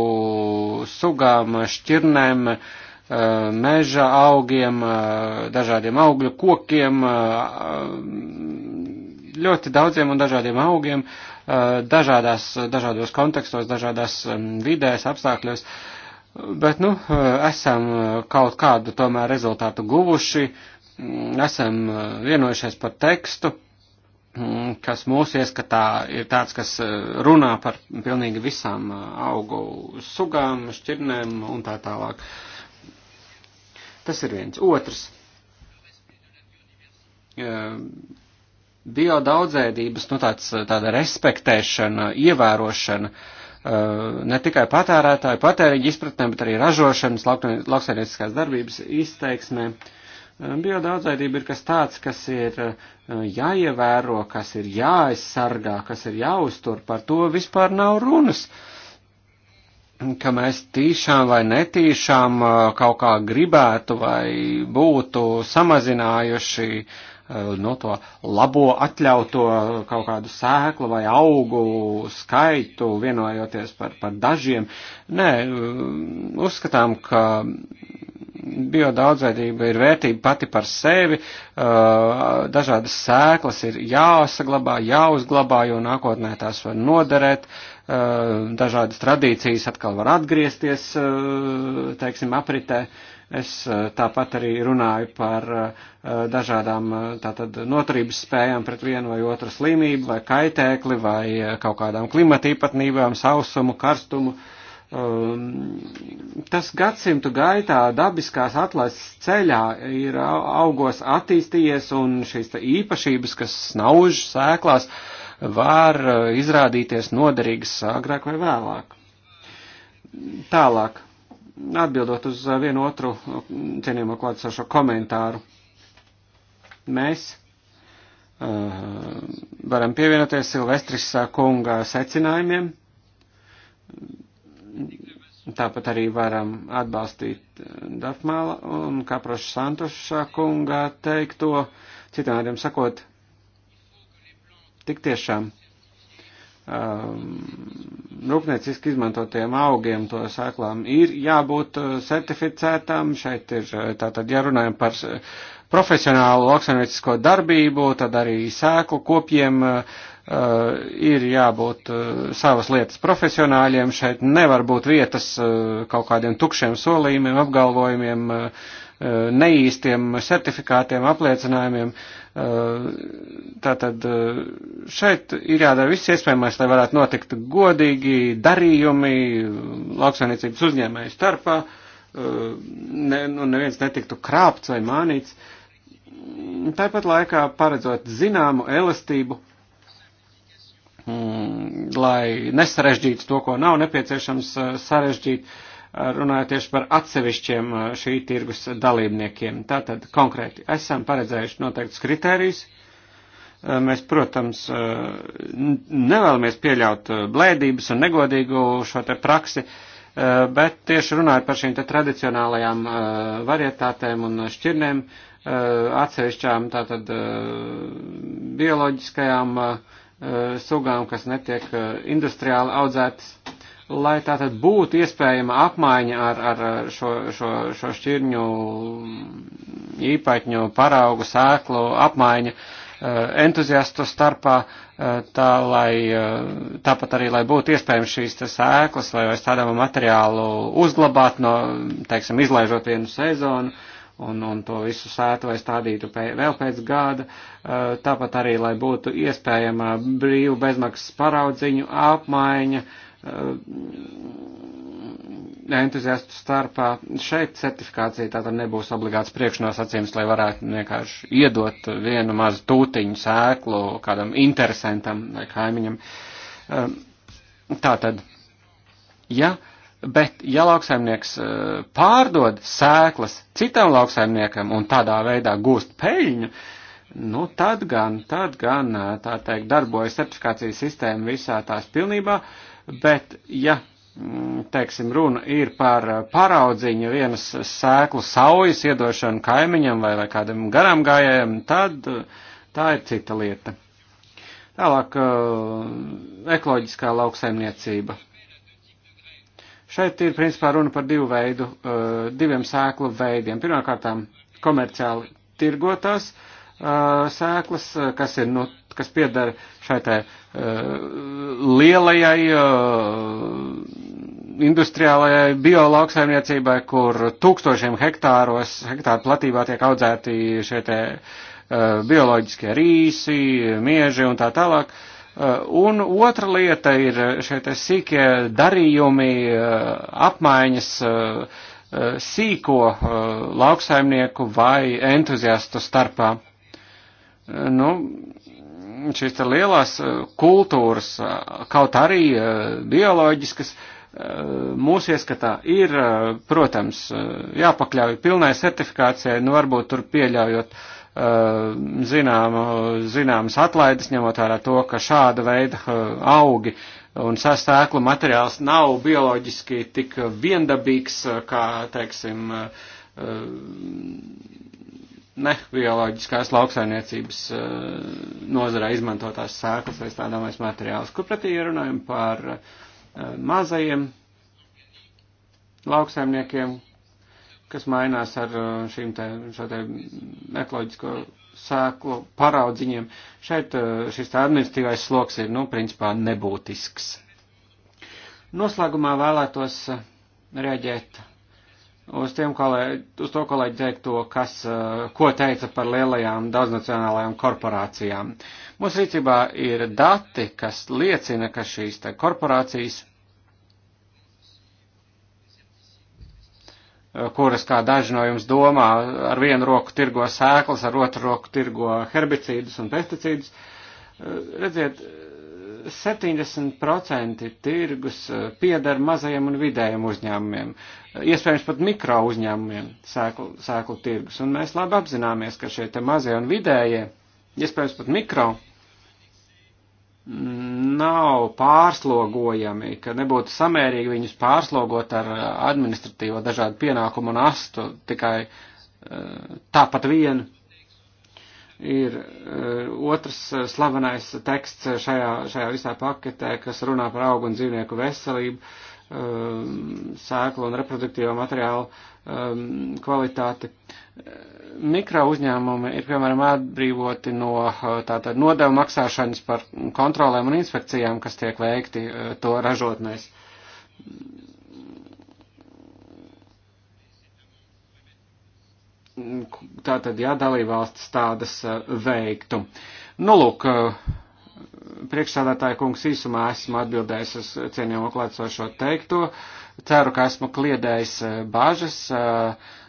sugām, šķirnēm, uh, Eh, meža augiem, eh, dažādiem augļu kokiem, eh, ļoti daudziem un dažādiem augiem, dažādās, dažādos kontekstos, dažādās vidēs, apstākļos. Bet, nu, esam kaut kādu tomēr rezultātu guvuši, mm, esam vienojušies par tekstu, mm, kas mūsu ieskatā ir tāds, kas runā par pilnīgi visām augu sugām, šķirnēm un tā tālāk. Uh, Tas ir viens. Otrs. Ehm, Bio daudzveidības, nu tāds, tāda respektēšana, ievērošana, ehm, ne tikai patērētāju patēriņu izpratnē, bet arī ražošanas, lauksainieciskās darbības izteiksmē. Ehm, Bio daudzveidība ir kas tāds, kas ir jāievēro, kas ir jāaizsargā, kas ir jāuztur, par to vispār nav runas. Uh, ka mēs tīšām vai netīšām uh, kaut kā gribētu vai būtu samazinājuši uh, no nu, to labo atļauto kaut kādu sēklu vai augu skaitu, vienojoties par, par dažiem. Nē, uh, uzskatām, ka bio daudzveidība ir vērtība pati par sevi, dažādas sēklas ir jāsaglabā, jāuzglabā, jo nākotnē tās var noderēt Eh, dažādas tradīcijas atkal var atgriezties, eh, teiksim, apritē. Es eh, tāpat arī runāju par dažādām tātad noturības spējām pret vienu vai otru slimību vai kaitēkli vai kaut kādām klimata īpatnībām, sausumu, karstumu. Um, tas gadsimtu gaitā dabiskās atlases ceļā ir augos attīstījies un šīs īpašības, kas snauž sēklās, uh, var eh, izrādīties noderīgas agrāk vai vēlāk. Tālāk, atbildot uz eh, vienu otru eh, cienījamo klātsošo komentāru, mēs varam pievienoties Silvestris kunga secinājumiem. Tāpat arī varam atbalstīt Dafmāla un Kaproša Santuša kunga teikto, citādiem sakot, Tik tiešām um, rūpnieciski izmantotiem augiem, to sēklām, ir jābūt uh, certificētām. Šeit ir, uh, tātad, ja runājam par uh, profesionālu lauksaimniecisko darbību, tad arī sēklu kopiem ir jābūt savas lietas profesionāļiem. Šeit nevar būt vietas kaut kādiem tukšiem solījumiem, apgalvojumiem, neīstiem certifikātiem, apliecinājumiem. Uh, Tātad šeit ir jādara viss iespējamais, lai varētu notikt godīgi darījumi lauksainiecības uzņēmēju starpā, ne, nu, neviens netiktu krāpts vai mānīts. Tāpat laikā paredzot zināmu elastību, lai nesarežģītu to, ko nav nepieciešams sarežģīt runāju tieši par atsevišķiem uh, šī tirgus dalībniekiem. Tātad konkrēti esam paredzējuši noteiktus kritērijus. Uh, mēs, protams, uh, nevēlamies pieļaut blēdības un negodīgu šo te praksi, bet tieši runājot par šīm te tradicionālajām varietātēm un šķirnēm, atsevišķām tātad bioloģiskajām sugām, kas netiek industriāli audzētas lai tā tad būtu iespējama apmaiņa ar, ar šo, šo, šo šķirņu īpaņu paraugu sēklu apmaiņa eh, entuziastu starpā, eh, tā lai, eh, tāpat arī, lai būtu iespējams šīs sēklas vai vairs tādam materiālu uzglabāt no, teiksim, izlaižot vienu sezonu un, un to visu sētu vai stādītu pē, vēl pēc gada. Tāpat arī, lai būtu iespējama brīvu bezmaksas paraudziņu apmaiņa, uh, Uh, entuziastu starpā. Šeit certifikācija tātad nebūs obligāts priekšnosacījums, lai varētu vienkārši iedot vienu mazu tūtiņu sēklu kādam interesantam vai kaimiņam. Um, tātad, ja, bet ja lauksaimnieks uh, pārdod sēklas citam lauksaimniekam un tādā veidā gūst peļņu, nu tad gan, tad gan, uh, tā teikt, darbojas certifikācijas sistēma visā tās pilnībā. Uh, bet ja, mm, teiksim, runa ir par paraudziņu vienas sēklu saujas iedošanu kaimiņam vai, vai kādam garām gājējam, tad eh, tā ir cita lieta. Tālāk, eh, ekoloģiskā lauksaimniecība. Šeit ir principā runa par divu veidu, eh, diviem sēklu veidiem. Pirmkārtām, komerciāli tirgotās sēklas, kas ir, nu, kas piedara šai tai Uh, lielajai uh, industriālajai biolauksaimniecībai, kur tūkstošiem hektāros, hektāru platībā tiek audzēti šie te uh, bioloģiskie rīsi, mieži un tā tālāk. Un otra lieta ir šie te sīkie darījumi, apmaiņas sīko lauksaimnieku vai entuziastu starpā. Nu, šīs lielās eh, kultūras, eh, kaut arī eh, bioloģiskas, mūsu ieskatā ir, protams, jāpakļauj pilnai certifikācijai, nu varbūt tur pieļaujot zināmu, zināmas atlaides, ņemot vērā to, ka šāda veida augi un sastāklu materiāls nav bioloģiski tik viendabīgs, kā, teiksim, ne bioloģiskās lauksainiecības eh, nozarē izmantotās sēklas vai stādāmais materiāls, kur pretī runājam par eh, mazajiem lauksaimniekiem, kas mainās ar eh, šīm te, šo te ekoloģisko sēklu paraudziņiem. Šeit šis administratīvais sloks ir, nu, principā nebūtisks. Noslēgumā vēlētos reaģēt uz, kolēģi, uz to kolēģi teikto, kas, eh, ko teica par lielajām daudznacionālajām korporācijām. Mūsu rīcībā ir dati, kas liecina, ka šīs te korporācijas, eh, kuras, kā daži no jums domā, ar vienu roku tirgo sēklas, ar otru roku tirgo herbicīdus un pesticīdus, eh, redziet, 70% tirgus eh, piedara mazajiem un vidējiem uzņēmumiem, eh, iespējams pat mikro uzņēmumiem sēklu, sēklu tirgus. Un mēs labi apzināmies, ka šie te mazie un vidējie, iespējams pat mikro, nav pārslogojami, ka nebūtu samērīgi viņus pārslogot ar eh, administratīvo dažādu pienākumu un astu tikai tāpat vienu ir uh, otrs eh, slavenais teksts šajā, šajā visā paketē, kas runā par augu un dzīvnieku veselību, um, sēklu un reproduktīvo materiālu um, kvalitāti. Mikro uzņēmumi ir, piemēram, atbrīvoti no tātad nodevu maksāšanas par kontrolēm un inspekcijām, kas tiek veikti uh, to ražotnēs. tātad, ja dalībvalstis tādas veiktu. Nu, lūk, priekšsādātāja kungs īsumā esmu atbildējis uz cienījamo klātsošo teikto. Ceru, ka esmu kliedējis bāžas.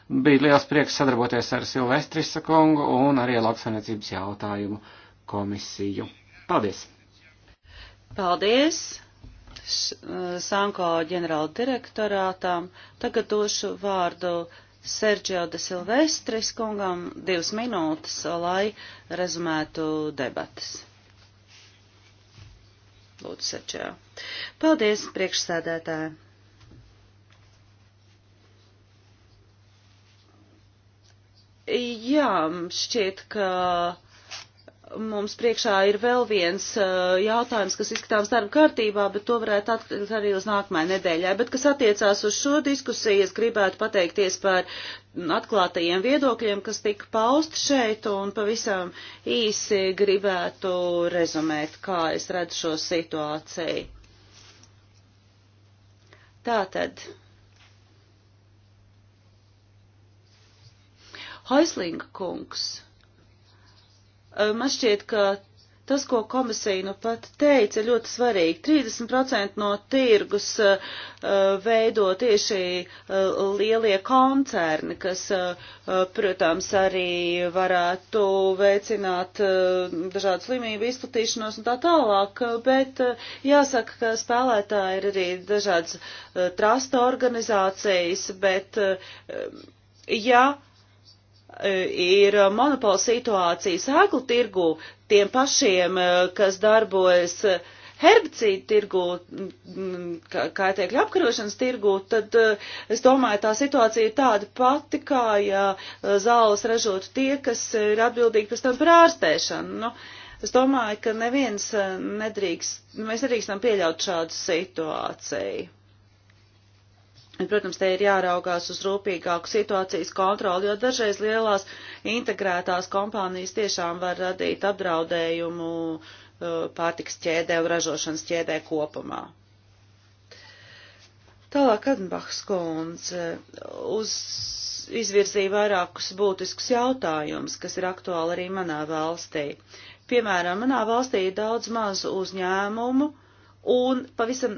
Bija liels prieks sadarboties ar Silvestrisa kungu un arī lauksainiecības jautājumu komisiju. Paldies! Paldies! Sanko ģenerāla direktorātām. Tagad došu vārdu Sergio de Silvestris kungam divas minūtes, lai rezumētu debatas. Lūdzu, Sergio. Paldies, priekšsēdētāji. Jā, šķiet, ka mums priekšā ir vēl viens uh, jautājums, kas izskatāms darba kārtībā, bet to varētu atkrīt arī uz nākamajai nedēļai. Bet, kas attiecās uz šo diskusiju, es gribētu pateikties par atklātajiem viedokļiem, kas tika paust šeit, un pavisam īsi gribētu rezumēt, kā es redzu šo situāciju. Tātad. Haislinga kungs Eh, man šķiet, ka tas, ko komisija nu pat teica, ļoti svarīgi. 30% no tirgus uh, veido tieši uh, lielie koncerni, kas, uh, protams, arī varētu veicināt dažādu slimību izplatīšanos un tā tālāk, bet jāsaka, ka spēlētāji ir arī dažādas trasta organizācijas, bet ja E, ir monopola situācijas ēklu tirgu, tiem pašiem, e, kas darbojas herbicīdu tirgu, kā tiekļu apkarošanas tirgu, tad e, es domāju, tā situācija ir tāda pati, kā ja zāles ražotu tie, kas ir atbildīgi pēc tam par ārstēšanu. Nu, es domāju, ka neviens nedrīkst, mēs nedrīkstam pieļaut šādu situāciju. Protams, te ir jāraugās uz rūpīgāku situācijas kontroli, jo dažreiz lielās integrētās kompānijas tiešām var radīt apdraudējumu uh, pārtiks ķēdē un ražošanas ķēdē kopumā. Tālāk Adenbachs kundze uz izvirzīja vairākus būtiskus jautājumus, kas ir aktuāli arī manā valstī. Piemēram, manā valstī ir daudz mazu uzņēmumu, uh, un pavisam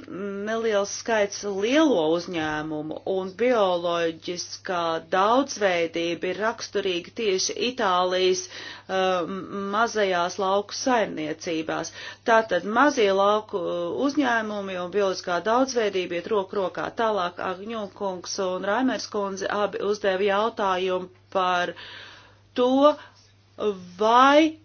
neliels skaits lielo uzņēmumu, un bioloģiskā daudzveidība ir raksturīga tieši Itālijas um, mazajās lauku saimniecībās. Tātad mazie lauku uh, uzņēmumi un bioloģiskā daudzveidība iet roku rokā. Tālāk Agņūkungs un Raimers kundze abi uzdeva jautājumu par to, vai e,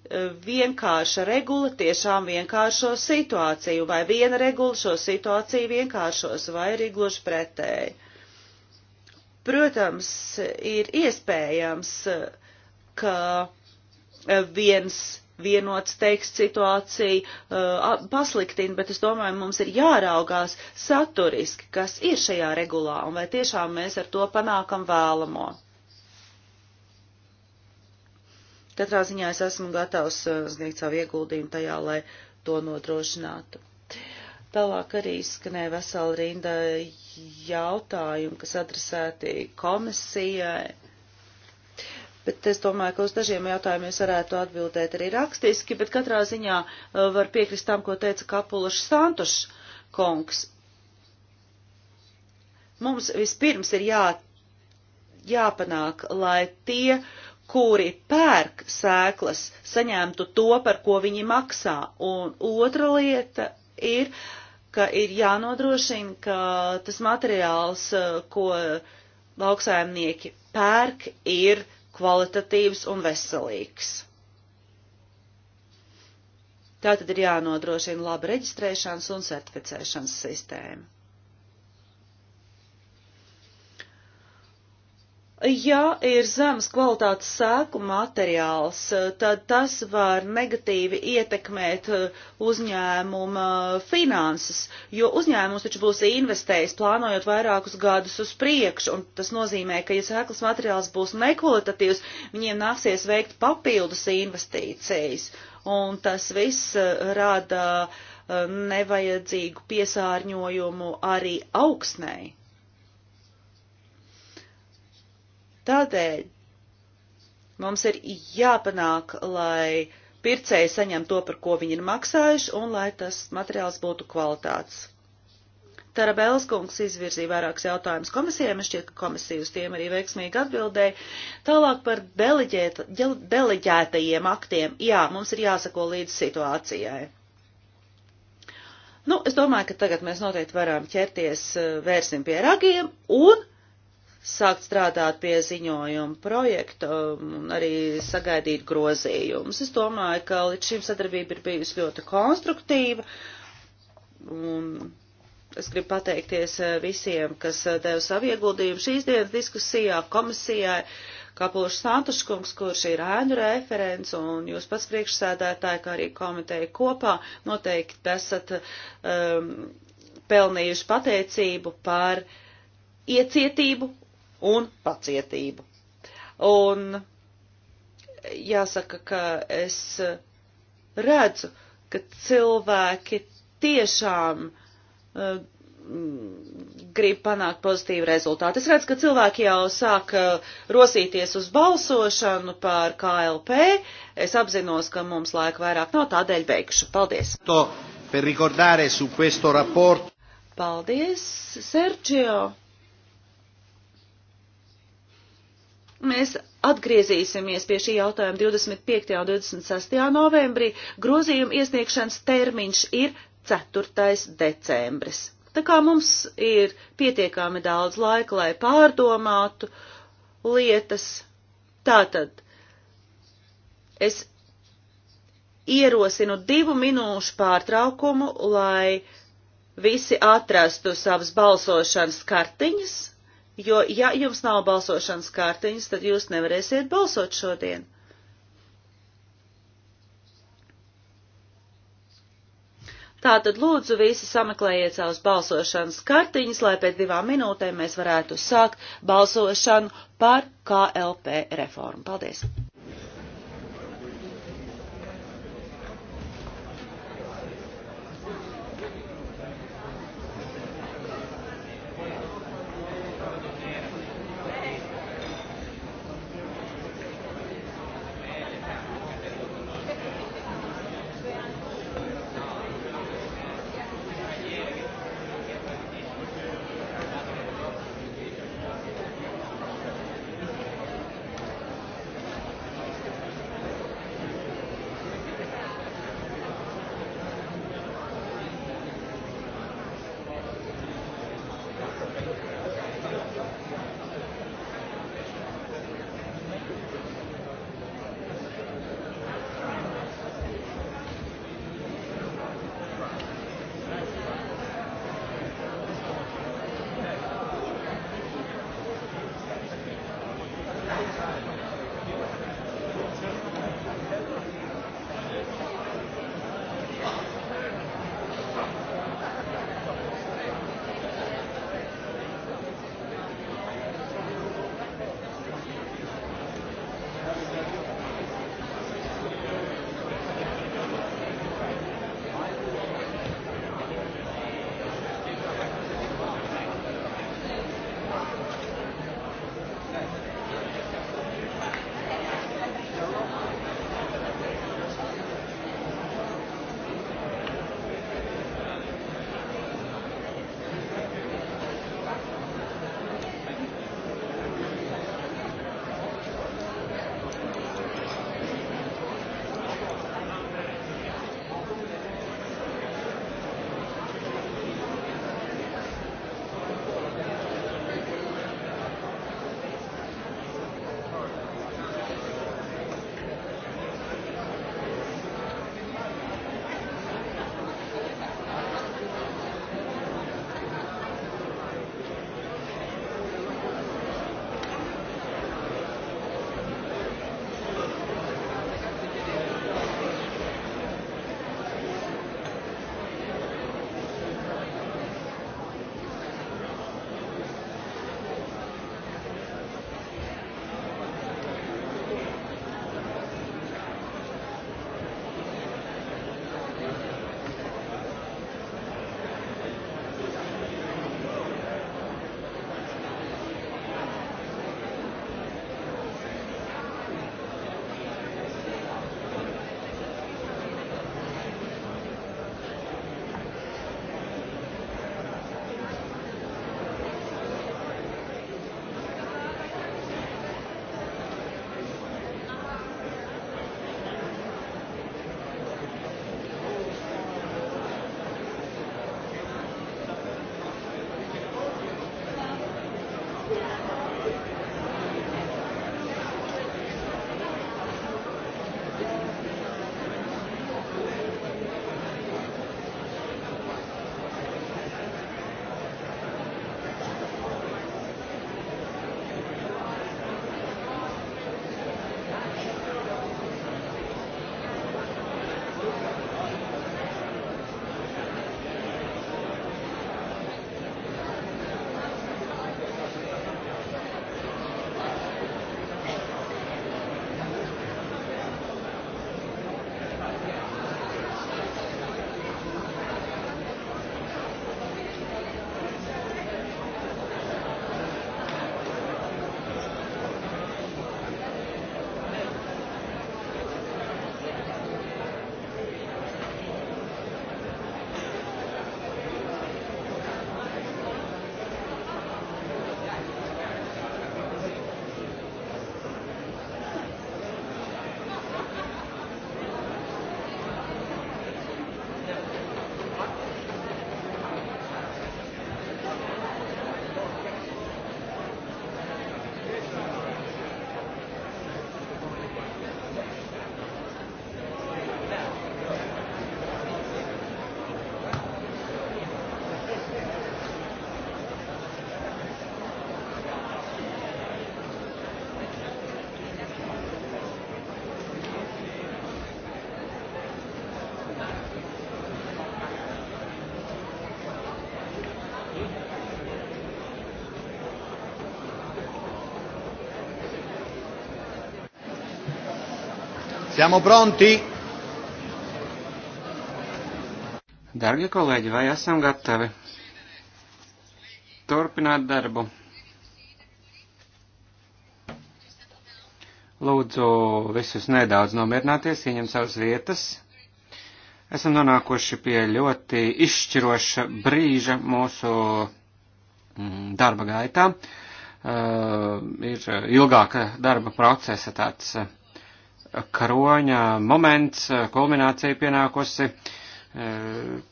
vienkārša regula tiešām vienkāršo situāciju, vai viena regula šo situāciju vienkāršos, vai arī gluži pretēji. Protams, ir iespējams, ka viens vienots teksts situāciju uh, pasliktina, bet es domāju, mums ir jāraugās saturiski, kas ir šajā regulā un vai tiešām mēs ar to panākam vēlamo. Katrā ziņā es esmu gatavs uh, sniegt savu ieguldījumu tajā, lai to nodrošinātu. Tālāk arī skanēja vesela rinda jautājumu, kas adresēti komisijai. Bet es domāju, ka uz dažiem jautājumiem es varētu atbildēt arī rakstiski, bet katrā ziņā uh, var piekrist tam, ko teica Kapulašs Santušs kungs. Mums vispirms ir jā, jāpanāk, lai tie kuri pērk sēklas, saņemtu to, par ko viņi maksā. Un otra lieta ir, ka ir jānodrošina, ka tas materiāls, eh, ko lauksaimnieki pērk, ir kvalitatīvs un veselīgs. Tā tad ir jānodrošina laba reģistrēšanas un certificēšanas sistēma. Ja ir zemes kvalitātes sēku materiāls, tad tas var negatīvi ietekmēt uh, uzņēmuma uh, finanses, jo uzņēmums taču būs investējis, plānojot vairākus gadus uz priekšu, un tas nozīmē, ka, ja sēklas materiāls būs nekvalitatīvs, viņiem nāksies veikt papildus investīcijas, un tas viss uh, rada nevajadzīgu piesārņojumu arī augsnei. Tādēļ mums ir jāpanāk, lai pircēji saņem to, par ko viņi ir maksājuši, un lai tas materiāls būtu kvalitāts. Tarabēlas kungs izvirzīja vairākus jautājumus komisijai, man šķiet, ka komisija uz tiem arī veiksmīgi atbildēja. Tālāk par deleģēt, deleģētajiem aktiem. Jā, mums ir jāsako līdz situācijai. Nu, es domāju, ka tagad mēs noteikti varam ķerties, eh, vērsim pie ragiem un sākt strādāt pie ziņojuma projekta um, un arī sagaidīt grozījumus. Es domāju, ka līdz šim sadarbība ir bijusi ļoti konstruktīva un es gribu pateikties uh, visiem, kas uh, deva savu ieguldījumu šīs dienas diskusijā, komisijā, Kapulšs Santuškungs, kurš ir ēnu referents, un jūs pats priekšsēdētāji, kā arī komiteja kopā, noteikti esat um, pelnījuši pateicību par iecietību un pacietību. Un jāsaka, ka es redzu, ka cilvēki tiešām uh, grib panākt pozitīvu rezultātu. Es redzu, ka cilvēki jau sāk eh, rosīties uz balsošanu par KLP. Es apzinos, ka mums laika vairāk nav, tādēļ beigšu. Paldies! To, Paldies, Sergio! Mēs atgriezīsimies pie šī jautājuma 25. un 26. novembrī. Grozījuma iesniegšanas termiņš ir 4. decembris. Tā kā mums ir pietiekami daudz laika, lai pārdomātu lietas, tātad es ierosinu divu minūšu pārtraukumu, lai visi atrastu savas balsošanas kartiņas jo ja jums nav balsošanas kārtiņas, tad jūs nevarēsiet balsot šodien. Tātad lūdzu visi sameklējiet savus balsošanas kartiņas, lai pēc divām minūtēm mēs varētu sākt balsošanu par KLP reformu. Paldies! Siamo pronti? Dargie kolēģi, vai esam gatavi turpināt darbu? Lūdzu, visus nedaudz nomierināties, ieņem savas vietas. Esam nonākuši pie ļoti izšķiroša brīža mūsu mm, darba gaitā. Uh, ir ilgāka darba procesa tāds. Uh, karoņa moments, kulminācija pienākusi. E,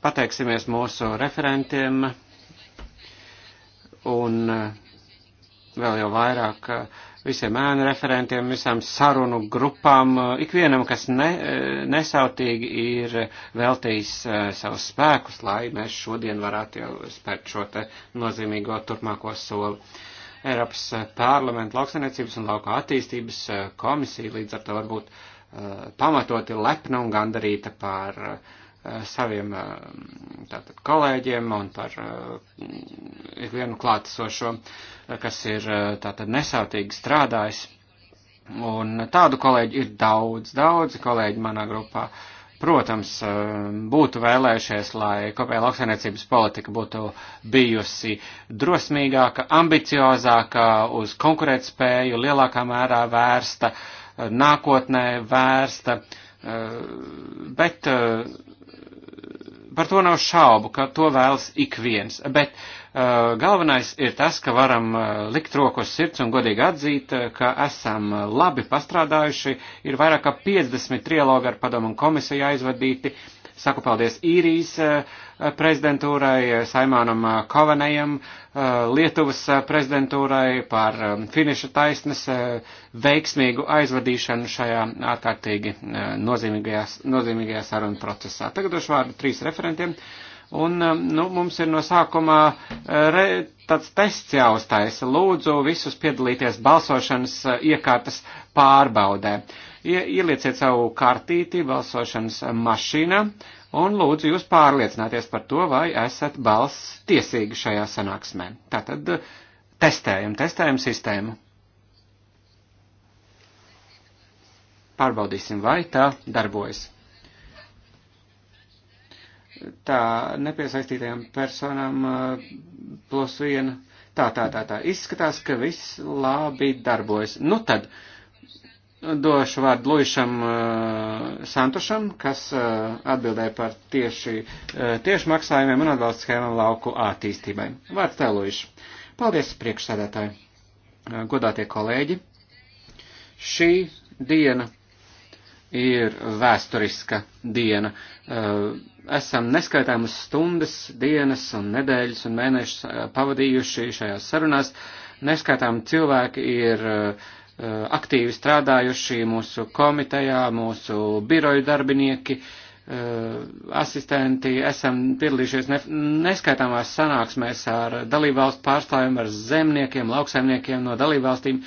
pateiksimies mūsu referentiem un e, vēl jau vairāk e, visiem ēnu referentiem, visām sarunu grupām, ikvienam, kas ne, nesautīgi ir veltījis savus spēkus, lai mēs šodien varētu jau spērt šo te nozīmīgo turpmāko soli. Eiropas eh, parlamenta lauksainiecības un lauka attīstības eh, komisija līdz ar to varbūt eh, pamatoti lepna un gandarīta par saviem tātad, kolēģiem un par ikvienu klātesošo, kas ir tātad nesautīgi strādājis. Un tādu kolēģi ir daudz, daudzi kolēģi manā grupā uh, Protams, eh, būtu vēlējušies, lai kopējā lauksainiecības politika būtu bijusi drosmīgāka, ambiciozāka, uz konkurētspēju lielākā mērā vērsta, eh, nākotnē vērsta, eh, bet par to nav šaubu, ka to vēlas ik viens. Bet Eh, galvenais ir tas, ka varam eh, likt rokos sirds un godīgi atzīt, eh, ka esam labi pastrādājuši. Ir vairāk kā 50 trialogi ar padomu un komisiju aizvadīti. Saku paldies īrijas prezidentūrai, Saimānam Kovanējam, Lietuvas prezidentūrai par finiša taisnes veiksmīgu aizvadīšanu šajā ārkārtīgi nozīmīgajā, nozīmīgajā sarunu procesā. Tagad došu vārdu trīs referentiem. Uh, Un, um, nu, mums ir no sākumā uh, re, tāds tests jāuztaisa. Lūdzu visus piedalīties balsošanas uh, iekārtas pārbaudē. Ie, ielieciet savu kartīti balsošanas mašīnā un lūdzu jūs pārliecināties par to, vai esat balss tiesīgi šajā sanāksmē. Tātad uh, testējam, testējam sistēmu. Pārbaudīsim, vai tā darbojas tā nepiesaistītajām personām uh, plus viena. Tā, tā, tā, tā. Izskatās, ka viss labi darbojas. Nu tad došu vārdu Luišam uh, Santušam, kas uh, atbildēja par tieši, uh, tieši maksājumiem un atbalsta schēmām lauku attīstībai. Vārds tev, Luiš. Paldies, priekšsēdētāji, uh, godātie kolēģi. Šī diena ir vēsturiska diena. Eh, esam neskaitāmas stundas, dienas un nedēļas un mēnešus eh, pavadījuši šajās sarunās. Neskaitām cilvēki ir eh, aktīvi strādājuši mūsu komitejā, mūsu biroju darbinieki, asistenti. Esam piedalījušies neskaitāmās sanāksmēs ar dalībvalstu pārstāvjiem, ar zemniekiem, lauksaimniekiem no dalībvalstīm.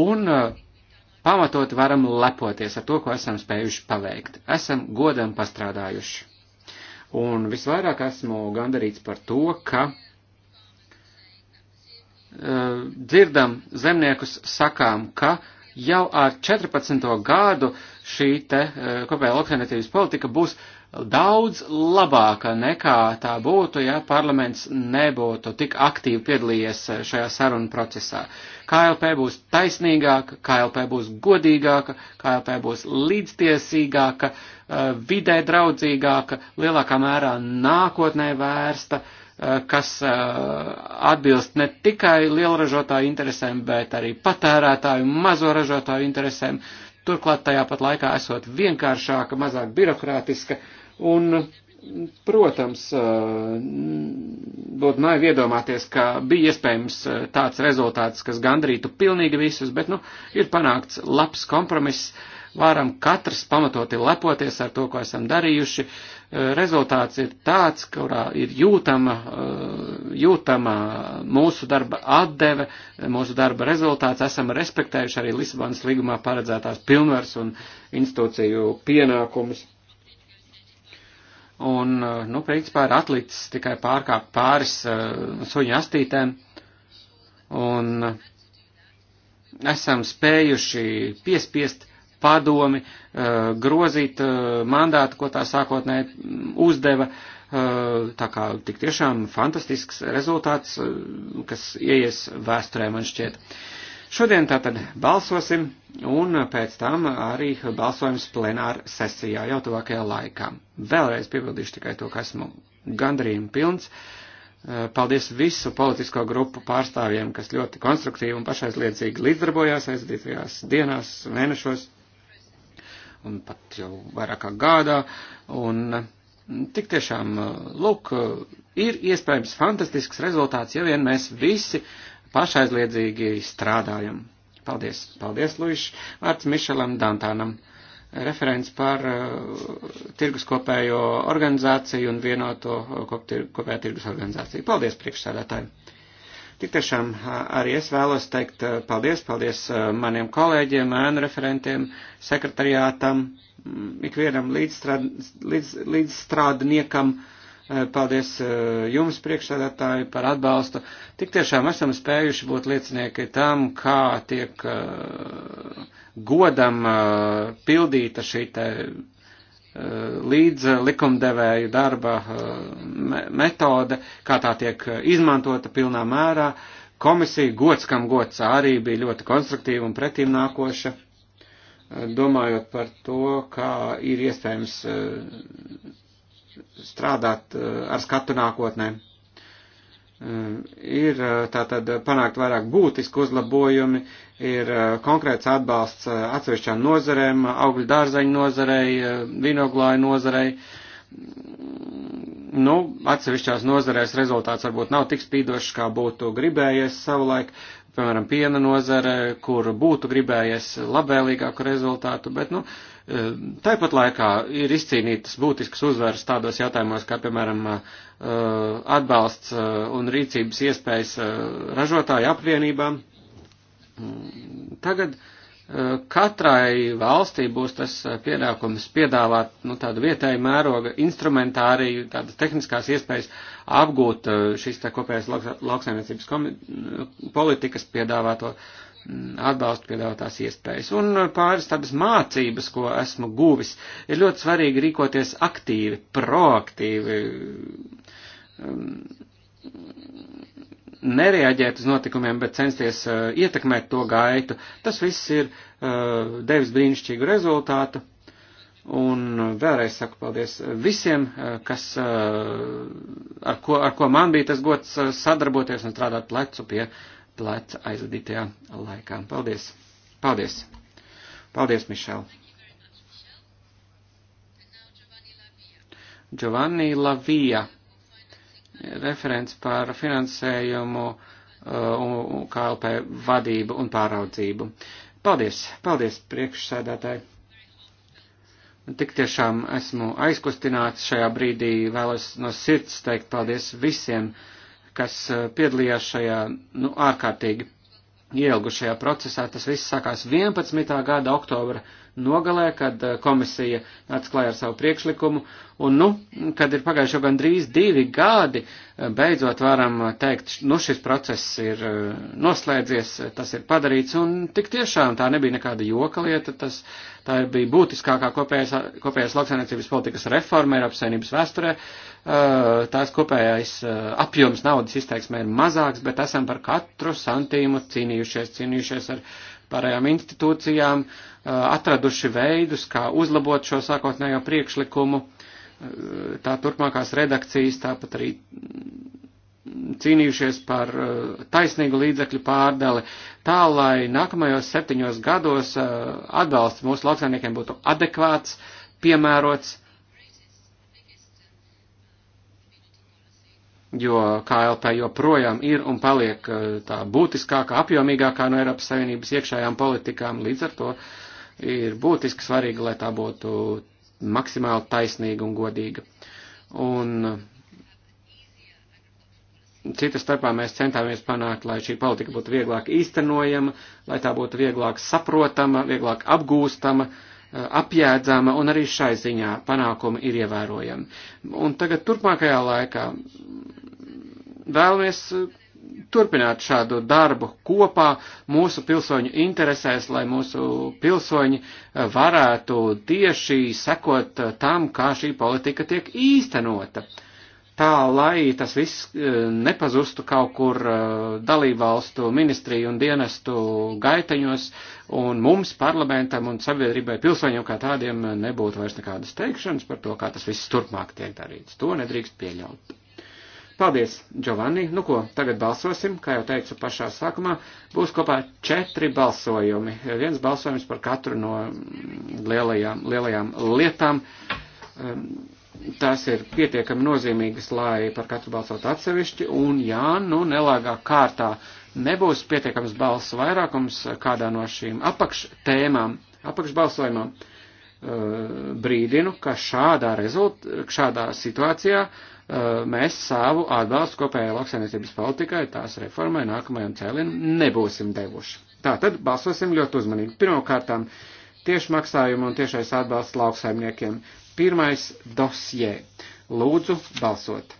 Un uh, pamatot varam lepoties ar to, ko esam spējuši paveikt. Esam godam pastrādājuši. Un visvairāk esmu gandarīts par to, ka uh, dzirdam zemniekus sakām, ka jau ar 14. gadu šī te uh, kopējā lauksainiecības politika būs uh, daudz labāka nekā tā būtu, ja parlaments nebūtu tik aktīvi piedalījies eh, šajā sarunu procesā. KLP būs taisnīgāka, KLP būs godīgāka, KLP būs līdztiesīgāka, eh, vidē draudzīgāka, lielākā mērā nākotnē vērsta, eh, kas atbilst ne tikai lielražotāju interesēm, bet arī patērētāju, mazo ražotāju interesēm. Turklāt tajā pat laikā esot vienkāršāka, mazāk birokrātiska, uh, Un, protams, būtu naivi iedomāties, ka bija iespējams tāds rezultāts, kas gandrītu pilnīgi visus, bet, nu, ir panākts labs kompromiss, varam katrs pamatoti lepoties ar to, ko esam darījuši. Rezultāts ir tāds, kurā ir jūtama, jūtama mūsu darba atdeve, mūsu darba rezultāts. Esam respektējuši arī Lisabonas līgumā paredzētās pilnvars un institūciju pienākumus. Un, eh, nu, principā ir atlicis tikai pārkāpt pāris uh, eh, suņu astītēm. Un uh, esam spējuši piespiest padomi, uh, grozīt uh, mandātu, ko tā sākotnēji mm, uzdeva. Uh, tā kā tik tiešām fantastisks rezultāts, uh, kas ieies vēsturē man šķiet. Uh, Šodien tātad balsosim un pēc tam arī balsojums plenāra sesijā jau tuvākajā laikā. Vēlreiz piebildīšu tikai to, ka esmu gandarījumi pilns. Eh, paldies visu politisko grupu pārstāvjiem, kas ļoti konstruktīvi un pašaizliedzīgi līdzdarbojās aizdītajās dienās, mēnešos un pat jau vairāk kā gādā. Un mm, tik tiešām, eh, lūk, eh, ir iespējams fantastisks rezultāts, ja vien mēs visi uh, pašaizliedzīgi strādājam. Paldies, paldies, Luīš, vārds Mišelam Dantānam, referents par uh, tirgus kopējo organizāciju un vienoto uh, kop, tir, kopējā tirgus organizāciju. Paldies, priekšsēdētāji! Tik tiešām uh, arī es vēlos teikt uh, paldies, paldies maniem kolēģiem, ēnu referentiem, sekretariātam, mm, ikvienam līdzstrād, līdz, līdzstrādniekam. Līdz Eh, paldies eh, jums, priekšsēdētāji, par atbalstu. Tik tiešām esam spējuši būt liecinieki tam, kā tiek eh, godam pildīta šī te līdz likumdevēju darba metode, kā tā tiek izmantota pilnā mērā. Komisija gods, kam gods arī bija ļoti konstruktīva un pretīm nākoša, domājot par to, kā ir iespējams strādāt eh, ar skatu nākotnē. Eh, ir eh, tātad panākt vairāk būtiski uzlabojumi, ir konkrēts atbalsts atsevišķām nozarēm, augļu dārzeņu nozarei, vinoglāju nozarei. Mm, nu, atsevišķās nozarēs rezultāts varbūt nav tik spīdošs, kā būtu gribējies savulaik, piemēram, piena nozare, kur būtu gribējies labvēlīgāku rezultātu, bet, nu, uh, Eh, tāpat laikā ir izcīnītas būtiskas uzvaras tādos jautājumos, kā piemēram eh, atbalsts eh, un rīcības iespējas ražotāju apvienībām. Mm, tagad katrai valstī būs tas pienākums piedāvāt nu, tādu vietēju mēroga instrumentāriju, tādas tehniskās iespējas apgūt šīs kopējās lauksaimniecības politikas piedāvāto uh, atbalstu piedāvātās iespējas. Un pāris tādas mācības, ko esmu guvis, ir ļoti svarīgi rīkoties aktīvi, proaktīvi, um, nereaģēt uz notikumiem, bet censties uh, ietekmēt to gaitu. Tas viss ir uh, devis brīnišķīgu rezultātu. Un uh, vēlreiz saku paldies visiem, kas, ar ko, ar ko man bija tas gods sadarboties un strādāt plecu pie uh, lēc aizvadītajā laikā. Paldies! Paldies! Paldies, Mišel! Giovanni Lavija, referents par finansējumu uh, KLP vadību un pāraudzību. Paldies, paldies priekšsēdētāji. Tik tiešām esmu aizkustināts šajā brīdī, vēlos no sirds teikt paldies visiem uh, kas eh, piedalījās šajā nu, ārkārtīgi ielgušajā procesā. Tas viss sākās 11. gada oktobra nogalē, kad eh, komisija atklāja ar savu priekšlikumu Un, nu, kad ir pagājuši jau gandrīz divi gadi, beidzot varam teikt, nu, šis process ir eh, noslēdzies, tas ir padarīts, un tik tiešām tā nebija nekāda joka lieta, tas, tā bija būtiskākā kopējās, kopējās lauksainiecības politikas reforma Eiropas saimnības vēsturē. Eh, tās kopējais eh, apjoms naudas izteiksmē ir mazāks, bet esam par katru santīmu cīnījušies, cīnījušies ar pārējām institūcijām, atraduši veidus, kā uzlabot šo sākotnējo priekšlikumu tā turpmākās redakcijas, tāpat arī cīnījušies par uh, taisnīgu līdzekļu pārdali, tā lai nākamajos septiņos gados uh, atbalsts mūsu lauksainiekiem būtu adekvāts, piemērots, jo KLP joprojām ir un paliek uh, tā būtiskākā, apjomīgākā no Eiropas Savienības iekšējām politikām, līdz ar to ir būtiski svarīgi, lai tā būtu maksimāli taisnīga un godīga. Un citas starpā mēs centāmies panākt, lai šī politika būtu vieglāk īstenojama, lai tā būtu vieglāk saprotama, vieglāk apgūstama, eh, apjēdzama, un arī šai ziņā panākumi ir ievērojami. Un tagad turpmākajā laikā vēlamies turpināt šādu darbu kopā mūsu pilsoņu interesēs, lai mūsu pilsoņi eh, varētu tieši sekot eh, tam, kā šī politika tiek īstenota. Tā, lai tas viss eh, nepazustu kaut kur dalībvalstu ministriju un dienestu gaiteņos, un mums, parlamentam un sabiedrībai pilsoņiem kā tādiem nebūtu vairs nekādas teikšanas par to, kā tas viss turpmāk tiek darīts. To nedrīkst pieļaut. Paldies, Giovanni. Nu ko, tagad balsosim, kā jau teicu pašā sākumā, būs kopā četri balsojumi. Viens balsojums par katru no lielajām, lielajām lietām. Ehm, Tās ir pietiekami nozīmīgas, lai par katru balsot atsevišķi, un jā, nu, nelāgā kārtā nebūs pietiekams balsu vairākums kādā no šīm apakštēmām, apakšbalsojumam ehm, brīdinu, ka šādā, rezult, šādā situācijā uh, Eh, mēs savu atbalstu kopējai lauksainiecības politikai, tās reformai, nākamajam cēlienam nebūsim devuši. Tā tad balsosim ļoti uzmanīgi. Pirmkārtām, tieši maksājumu un tiešais atbalsts lauksaimniekiem. Pirmais dosjē. Lūdzu balsot.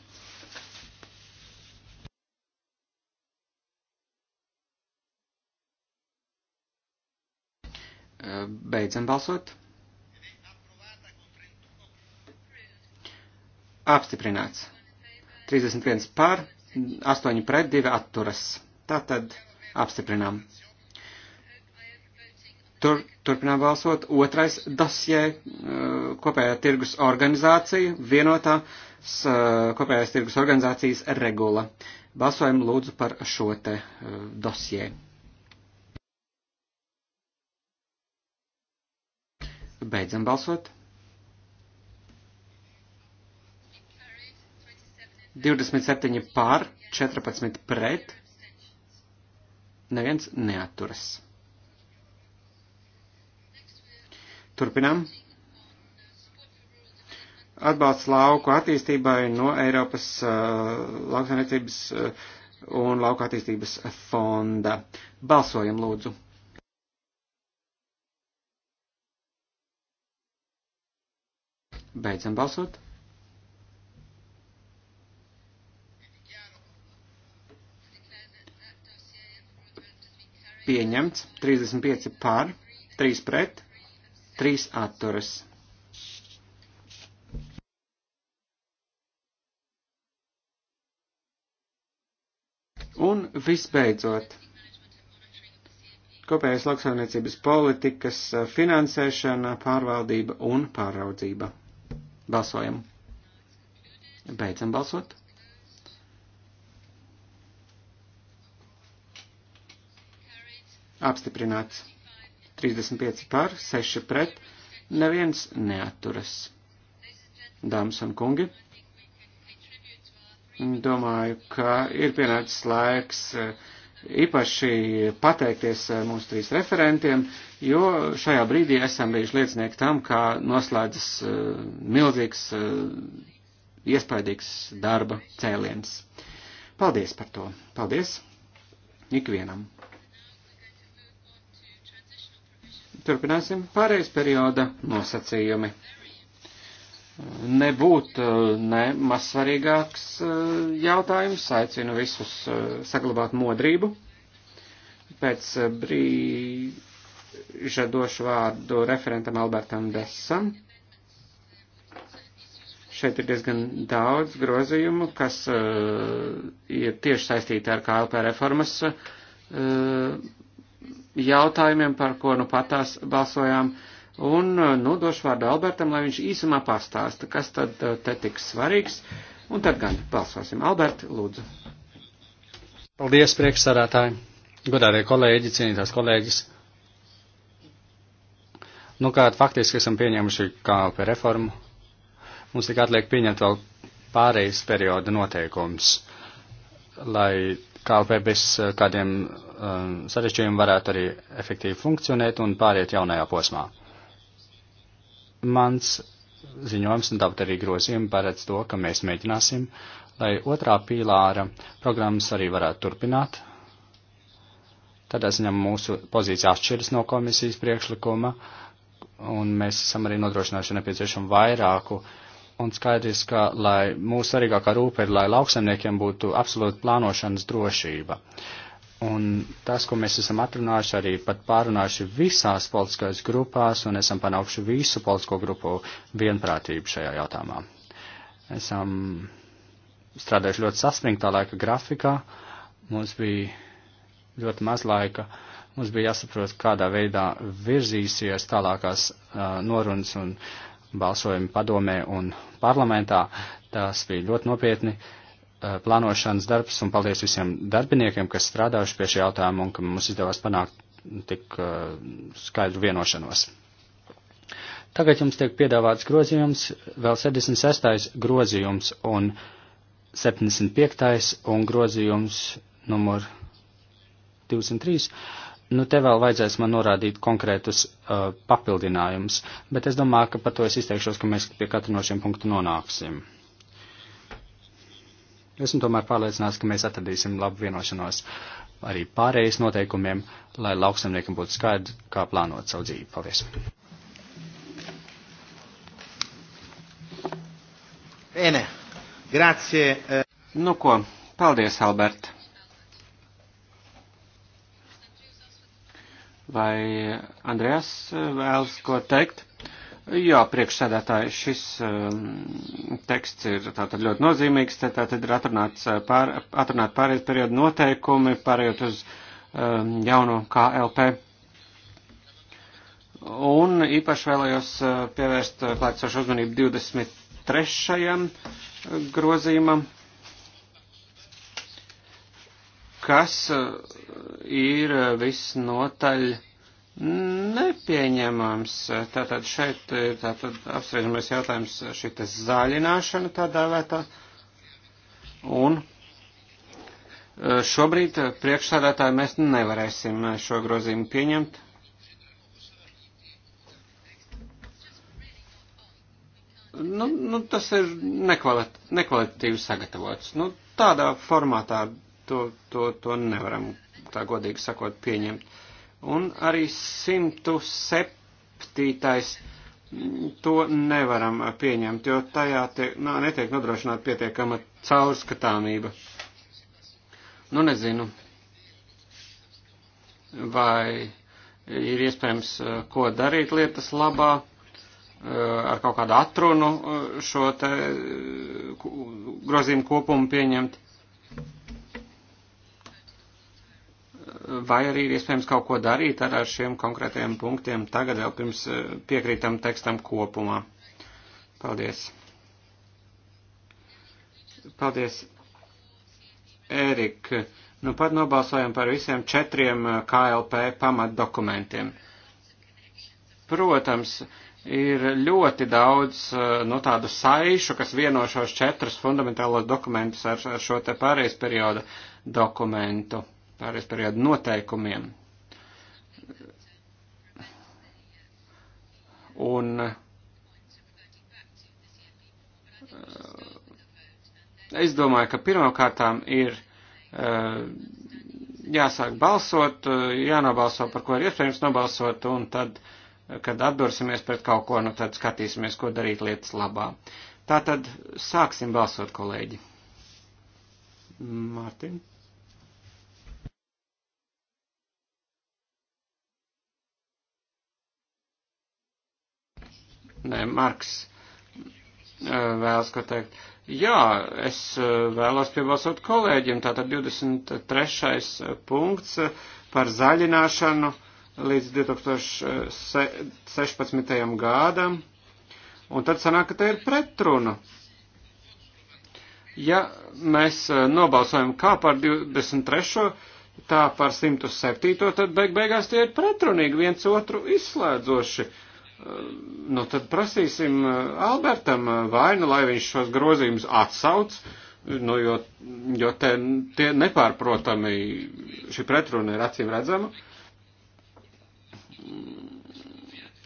Eh, beidzam balsot. Apstiprināts. 31 pār, 8 pret, 2 atturas. Tātad apstiprinām. Tur, turpinām balsot. Otrais dosjē eh, kopējā tirgus organizācija, vienotā eh, kopējās tirgus organizācijas regula. Balsojam lūdzu par šo te eh, dosjē. Beidzam balsot. 27 pār, 14 pret, neviens neaturas. Turpinām. Atbalsts lauku attīstībai no Eiropas uh, lauksaimniecības uh, un lauku attīstības fonda. Balsojam lūdzu. Beidzam balsot. pieņemts, 35 par, 3 pret, 3 atturas. Un visbeidzot, kopējais lauksaimniecības politikas eh, finansēšana, pārvaldība un pāraudzība. Balsojam. Beidzam balsot. Apstiprināts. 35 par, 6 pret, neviens neaturas. Dāmas un kungi, domāju, ka ir pienācis laiks eh, īpaši pateikties eh, mūsu trīs referentiem, jo šajā brīdī esam bijuši liecinieki tam, kā noslēdzas eh, milzīgs, iespaidīgs darba cēliens. Paldies par to! Paldies ikvienam! Turpināsim pārējais perioda nosacījumi. Nebūt eh, ne mazsvarīgāks eh, jautājums, aicinu visus eh, saglabāt modrību. Pēc brīža došu vārdu referentam Albertam Desam šeit ir diezgan daudz grozījumu, kas uh, ir tieši saistīti ar KLP reformas uh, jautājumiem, par ko nu patās balsojām. Un eh, nu, došu vārdu Albertam, lai viņš īsumā pastāsta, kas tad eh, te tiks svarīgs. Un tad gan balsosim. Alberti, lūdzu. Paldies, priekšsarātāji, godārie kolēģi, cienītās kolēģis. Nu, kā faktiski esam pieņēmuši KLP reformu, mums tik atliek pieņemt vēl pārejas perioda noteikums, lai KLP bez eh, kādiem um, sarežģījumi varētu arī efektīvi funkcionēt un pāriet jaunajā posmā. Mans ziņojums un tāpat arī grozījumi paredz to, ka mēs mēģināsim, lai otrā pīlāra programmas arī varētu turpināt. Tādā ziņā mūsu pozīcija atšķiras no komisijas priekšlikuma, un mēs esam arī nodrošinājuši nepieciešamu vairāku uh, un skaidrs, ka lai mūsu svarīgākā rūpe ir, lai lauksaimniekiem būtu absolūta plānošanas drošība. Un tas, ko mēs esam atrunājuši, arī pat pārunājuši visās politiskajās grupās un esam panākuši visu politisko grupu vienprātību šajā jautājumā. Esam strādājuši ļoti saspringtā laika grafikā. Mums bija ļoti maz laika. Mums bija jāsaprot, kādā veidā virzīsies tālākās uh, norunas un balsojumi padomē un parlamentā. Tas bija ļoti nopietni. Uh, Eh, plānošanas darbs, un paldies visiem darbiniekiem, kas strādājuši pie šī jautājuma, un ka mums izdevās panākt tik uh, skaidru vienošanos. Tagad jums tiek piedāvāts grozījums, vēl 76. grozījums un 75. un grozījums numur 203. Nu, te vēl vajadzēs man norādīt konkrētus uh, papildinājumus, bet es domāju, ka par to es izteikšos, ka mēs pie katra no šiem punktu nonāksim. Esmu tomēr pārliecināts, ka mēs atradīsim labu vienošanos arī pārējais noteikumiem, lai lauksamniekam būtu skaidrs, kā plānot savu dzīvi. Paldies! Bene, grazie. Eh. Nu ko, paldies, Albert. Vai Andrejas eh, vēlas ko teikt? Jā, priekšsēdētāji, šis um, teksts ir tātad ļoti nozīmīgs, te tātad ir atrunāts uh, pār, atrunāt pārējais periodu noteikumi, pārējot uz um, jauno KLP. Un īpaši vēlējos uh, pievērst uh, klātsošu uzmanību 23. grozījumam, kas ir visnotaļ nepieņemams. Tātad šeit ir tātad apsveicamais jautājums šitas zāļināšana tādā vētā. Un e, šobrīd priekšsādātāji mēs nevarēsim šo grozījumu pieņemt. Nu, nu, tas ir nekvalit, nekvalitatīvi sagatavots. Nu, tādā formātā to, to, to nevaram, tā godīgi sakot, pieņemt. Uh, un arī 107. to nevaram pieņemt, jo tajā tiek, nā, netiek nodrošināta pietiekama caurskatāmība. Nu, nezinu, vai ir iespējams eh, ko darīt lietas labā eh, ar kaut kādu atrunu eh, šo te grozījumu kopumu pieņemt vai arī ir iespējams kaut ko darīt ar, ar šiem konkrētajiem punktiem tagad vēl pirms eh, piekrītam tekstam kopumā. Paldies. Paldies. Ērika. Nu, pat nobalsojam par visiem četriem eh, KLP pamatdokumentiem. Protams, ir ļoti daudz eh, no nu, tādu saišu, kas vieno šos četrus fundamentālos dokumentus ar, ar šo te pārējais perioda dokumentu pārējais periodu noteikumiem. Un eh, es domāju, ka pirmkārtām ir eh, jāsāk balsot, eh, jānobalso, par ko ir iespējams nobalsot, un tad, kad atdursimies pret kaut ko, nu tad skatīsimies, ko darīt lietas labā. Tātad sāksim balsot, kolēģi. Mārtiņ. Nē, Marks vēlas ko teikt. Jā, es vēlos piebalsot kolēģiem, tātad 23. punkts par zaļināšanu līdz 2016. gadam, un tad sanāk, ka te ir pretruna. Ja mēs nobalsojam kā par 23. tā par 107. tad beig beigās tie ir pretrunīgi, viens otru izslēdzoši. Uh, Ehm, nu tad prasīsim eh, Albertam eh, vainu, lai viņš šos grozījumus atsauc, nu, jo, jo te, tie nepārprotami šī pretruna ir acīm redzama.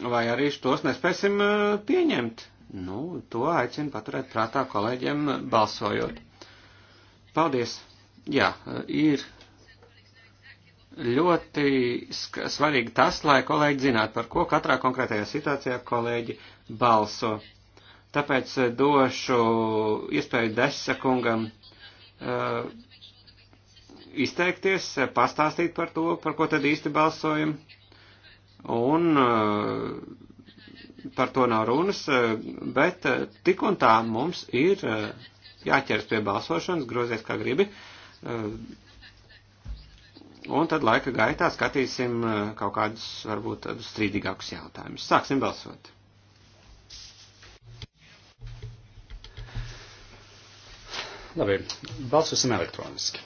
Vai arī tos nespēsim eh, pieņemt? Nu, to aicinu paturēt prātā kolēģiem balsojot. Paldies! Jā, ir ļoti svarīgi tas, lai kolēģi zinātu, par ko katrā konkrētajā situācijā kolēģi balso. Tāpēc eh, došu iespēju desakungam uh, eh, izteikties, eh, pastāstīt par to, par ko tad īsti balsojam. Un uh, par to nav runas, bet uh, tik un tā mums ir jāķers pie balsošanas, grozies kā gribi Un tad laika gaitā skatīsim eh, kaut kādus, varbūt, tādus strīdīgākus jautājumus. Sāksim balsot. Labi, balsosim elektroniski.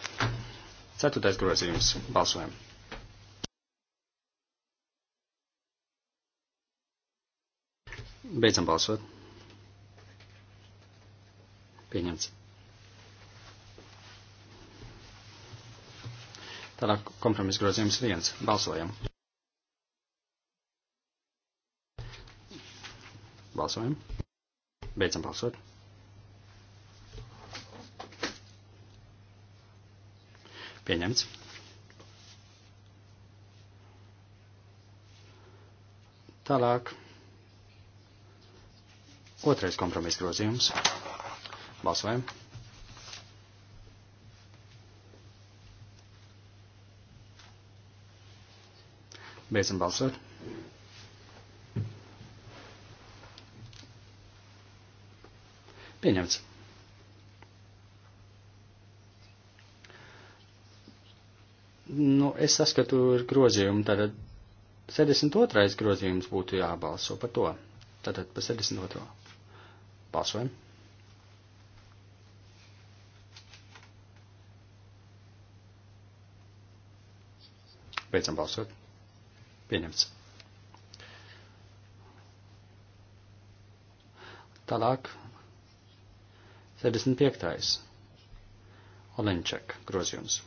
Ceturtais grozījums. Balsojam. Beidzam balsot. Pieņemts. Tālāk kompromisa grozījums viens. Balsojam. Balsojam. Beidzam balsot. Pieņemts. Tālāk. Otrais kompromisa grozījums. Balsojam. Beidzam balsot. Pieņemts. Nu, es saskatu grozījumu, tātad 72. grozījums būtu jābalso par to. Tātad par 72. Balsojam. Beidzam balsot. Pieņemts. Tālāk 75. Olenček grozījums.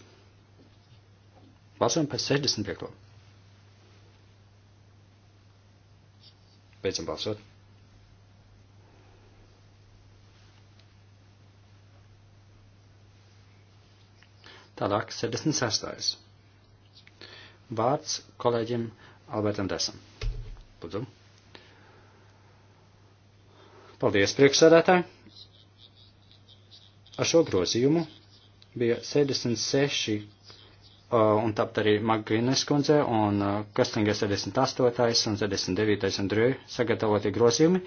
Balsojam par 65. Beidzam balsot. Tālāk 76. Vārds kolēģim Albertam Desam. Lūdzu. Paldies, priekšsēdētāji! Ar šo grozījumu bija 76, uh, un tāpat arī Magvīnes kundze, un uh, Kastinga 78 un 79 un Drē sagatavotie grozījumi,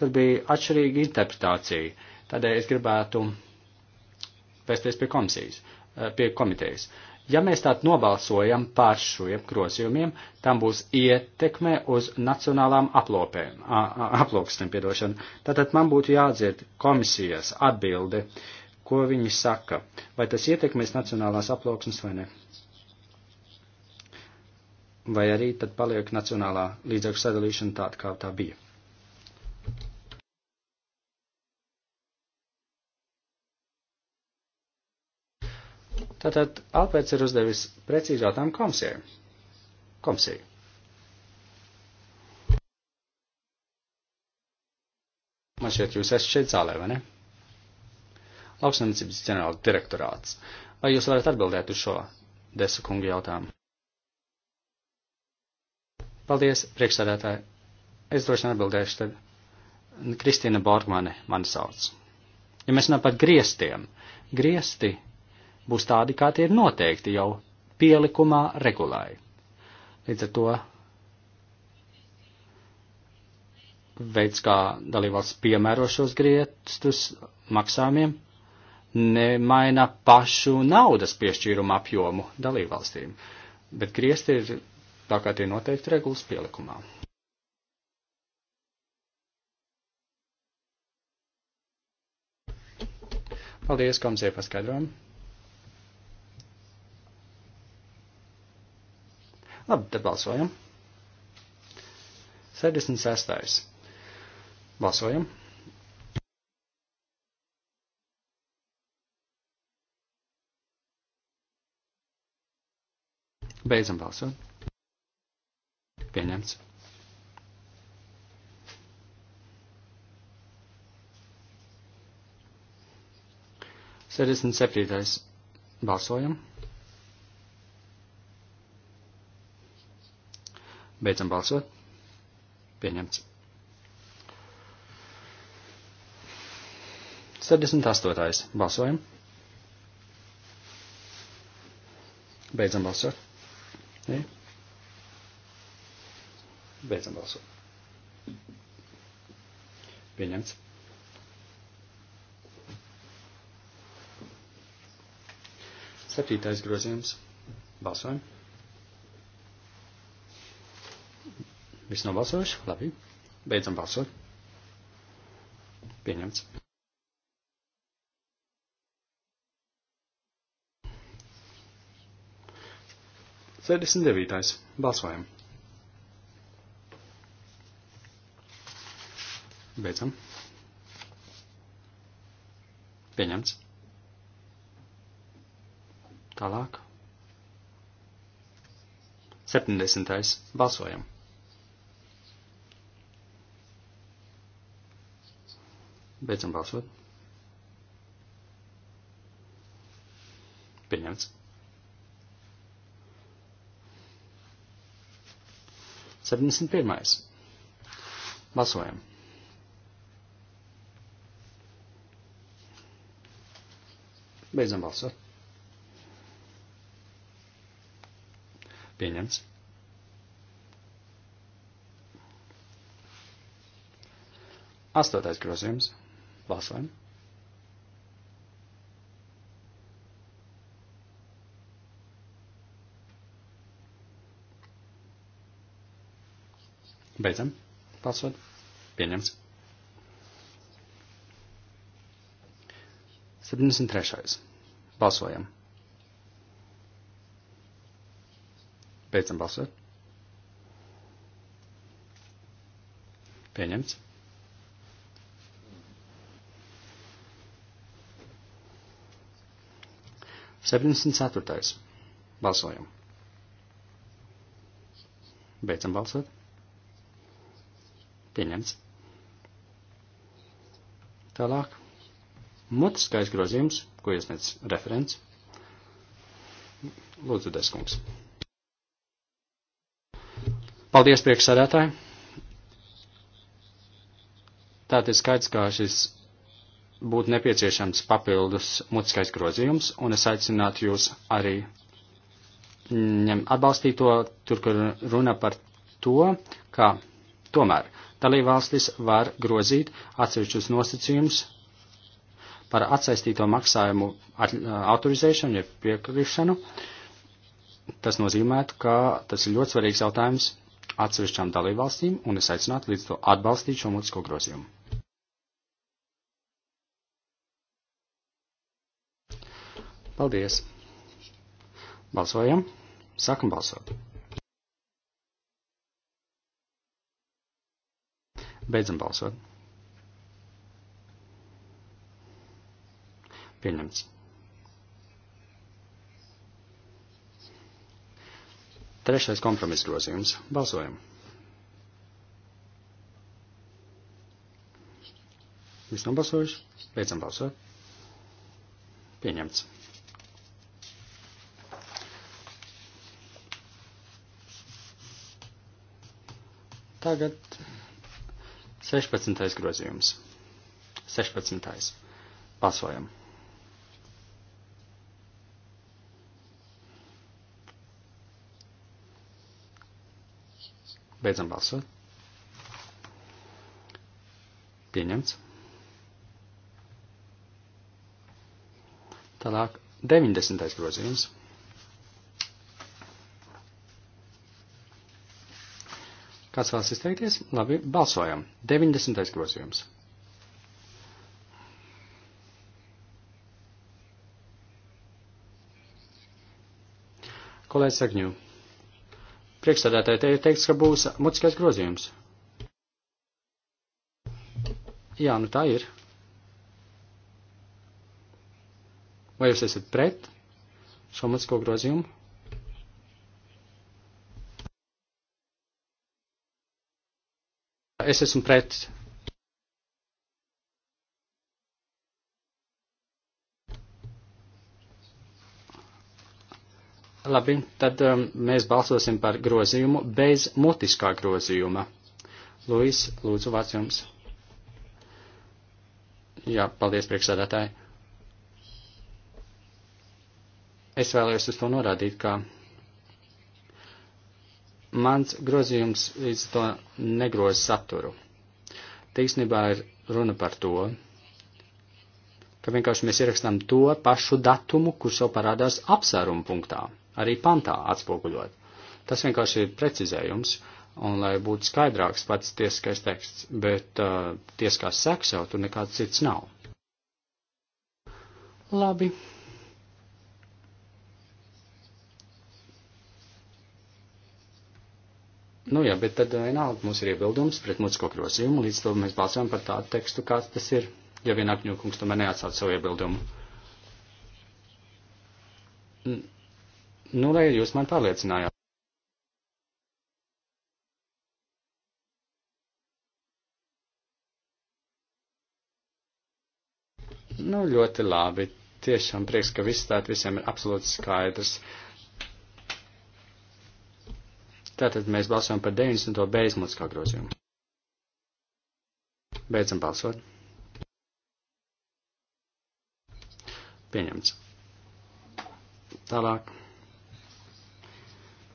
tad bija atšķirīga interpretācija. Tādēļ es gribētu vēsties pie komisijas, uh, pie komitejas. Uh, Ja mēs tātad nobalsojam par šiem grozījumiem, tam būs ietekme uz nacionālām aplopēm, aploksnēm, piedošana. Tātad man būtu jādzird komisijas atbildi, ko viņi saka, vai tas ietekmēs nacionālās aploksnes vai ne. Vai arī tad paliek nacionālā līdzekļu sadalīšana tāda, kā tā bija. Tātad Alpēc ir uzdevis precīzi jautājumu komisijai. Komisija. Man šķiet, jūs esat šeit zālē, vai ne? Lauksaimniecības ģenerāla direktorāts. Vai jūs varat atbildēt uz šo desu kungu jautājumu? Paldies, priekšsādātāji. Es droši vien atbildēšu tad. Kristīna Borgmane man sauc. Ja mēs runājam par griestiem, griesti būs tādi, kā tie ir noteikti jau pielikumā regulāri. Līdz ar to veids, kā dalībvalsts piemēro šos griestus maksājumiem, nemaina pašu naudas piešķīrumu apjomu dalībvalstīm, bet griesti ir tā kā tie noteikti regulas pielikumā. Paldies, komisija, paskaidrojumu. Labi, tad balsojam. 76. Balsojam. Beidzam balsot. Pieņemts. Sēdesmit septītais. Balsojam. Beidzam balsot. Pieņemts. 78. Balsojam. Beidzam balsot. Nē. Beidzam balsot. Pieņemts. Septītais grozījums. Balsojam. Viss nobalsojuši? Labi. Beidzam balsot. Pieņemts. Sēdesmit devītais. Balsojam. Beidzam. Pieņemts. Tālāk. 70. Balsojam. Beidzam balsot. Pieņemts. Septiņdesmit pirmais. Balsojam. Beidzam balsot. Pieņemts. Astotais grozījums. Balsojam. Beidzam. Balsot. Pieņemts. 73. Balsojam. Beidzam balsot. Pieņemts. 74. Balsojam. Beidzam balsot. Pieņemts. Tālāk. Mutiskais grozījums, ko iesniedz referents. Lūdzu, Deskungs. Paldies, priekšsēdētāji. Tātad ir skaidrs, ka šis būtu nepieciešams papildus mutiskais grozījums, un es aicinātu jūs arī ņem, atbalstīt to, tur, kur runa par to, ka tomēr dalībvalstis var grozīt atsevišķus nosacījumus par atsaistīto maksājumu autorizēšanu, ja piekrišanu. Tas nozīmētu, ka tas ir ļoti svarīgs jautājums atsevišķām dalībvalstīm, un es aicinātu līdz to atbalstīt šo mutisko grozījumu. Paldies! Balsojam! Sākam balsot! Beidzam balsot! Pieņemts! Trešais kompromiss grozījums. Balsojam. Viss nobalsojuši? Beidzam balsot. Pieņemts. Tagad 16. grozījums. 16. Pasojam. Beidzam balsot. Pieņemts. Tālāk 90. grozījums. Kāds vēlas izteikties? Labi, balsojam. 90. grozījums. Kolēģis Agņū. Priekšstādātāji te ir teikts, ka būs mutiskais grozījums. Jā, nu tā ir. Vai jūs esat pret šo mutisko grozījumu? Es esmu pret. Labi, tad um, mēs balsosim par grozījumu bez mutiskā grozījuma. Luis, lūdzu, vārds jums. Jā, paldies, priekšsēdētāji. Es vēlējos uz to norādīt, ka. Kā... Mans grozījums līdz to negroz saturu. Tīsnībā ir runa par to, ka vienkārši mēs ierakstām to pašu datumu, kurš jau parādās apsvērumu punktā, arī pantā atspoguļot. Tas vienkārši ir precizējums, un lai būtu skaidrāks pats tiesiskais teksts, bet uh, tieskās seks jau tur nekāds cits nav. Labi. Nu jā, bet tad eh, vienalga mums ir iebildums pret mūsu grozījumu, līdz to mēs balsojam par tādu tekstu, kāds tas ir, ja vien apņūkums tomēr neatsāca savu iebildumu. Nu, lai jūs man pārliecinājāt. Nu, ļoti labi. Tiešām prieks, ka viss tāds visiem ir absolūti skaidrs. Uh, Tātad mēs balsojam par 90. bezmutiskā grozījumu. Beidzam balsot. Pieņemts. Tālāk.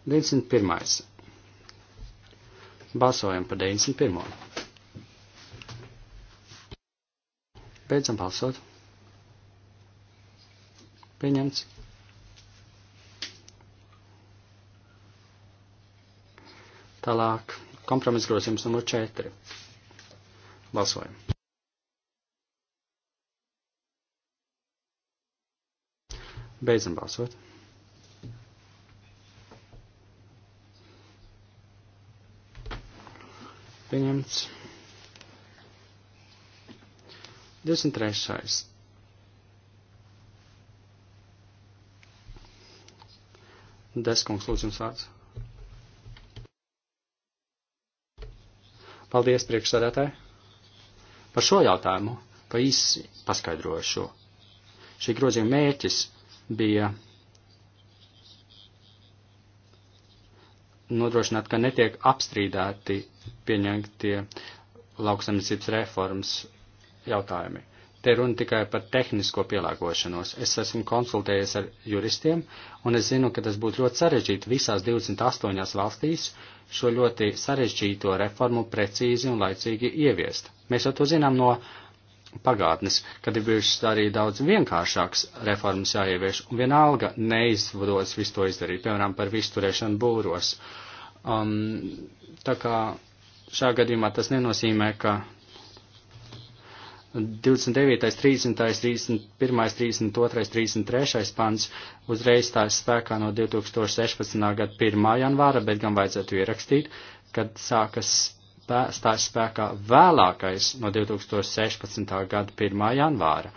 91. Balsojam par 91. Beidzam balsot. Pieņemts. Tālāk kompromisa grozījums numur 4. Balsojam. Beidzam balsot. Pieņemts. 23. Deskungs lūdzu jums vārds. Paldies, priekšsādātāji! Par šo jautājumu pa īsi paskaidrošu. Šī grozījuma mērķis bija nodrošināt, ka netiek apstrīdēti pieņemtie lauksaimniecības reformas jautājumi. Te runa tikai par tehnisko pielāgošanos. Es esmu konsultējies ar juristiem, un es zinu, ka tas būtu ļoti sarežģīti visās 28 valstīs šo ļoti sarežģīto reformu precīzi un laicīgi ieviest. Mēs jau to zinām no pagātnes, kad ir bijušas arī daudz vienkāršākas reformas jāievieš, un vienalga neizvados visu to izdarīt, piemēram, par visturēšanu būros. Um, tā kā šā gadījumā tas nenozīmē, ka 29., 30., 31., 32., 33. pants uzreiz tās spēkā no 2016. gada 1. janvāra, bet gan vajadzētu ierakstīt, kad sākas stājas spēkā vēlākais no 2016. gada 1. janvāra.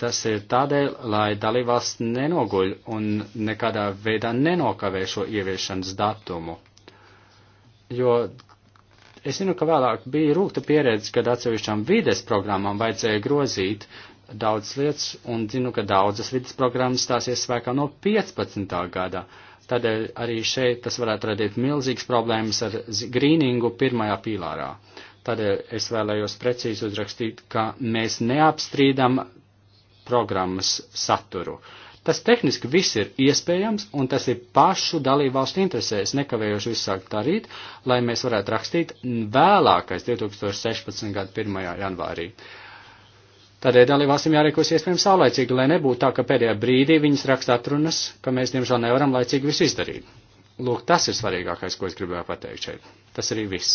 Tas ir tādēļ, lai dalībvalsts nenoguļ un nekādā veidā nenokavē šo ieviešanas datumu. Jo Es zinu, ka vēlāk bija rūkta pieredze, kad atsevišķām vides programmām vajadzēja grozīt daudz lietas, un zinu, ka daudzas vidas programmas stāsies spēkā no 15. gadā. Tādēļ arī šeit tas varētu radīt milzīgas problēmas ar grīningu pirmajā pīlārā. Tādēļ es vēlējos precīzi uzrakstīt, ka mēs neapstrīdam programmas saturu. Uh, Tas tehniski viss ir iespējams, un tas ir pašu dalībvalstu interesēs, nekavējoši uzsākt darīt, lai mēs varētu rakstīt vēlākais 2016. gada 1. janvārī. Tādēļ dalībvalstīm jārīkos iespējams saulēcīgi, lai nebūtu tā, ka pēdējā brīdī viņas raksta atrunas, ka mēs, diemžēl, nevaram laicīgi visu izdarīt. Lūk, tas ir svarīgākais, ko es gribēju pateikt šeit. Tas arī viss.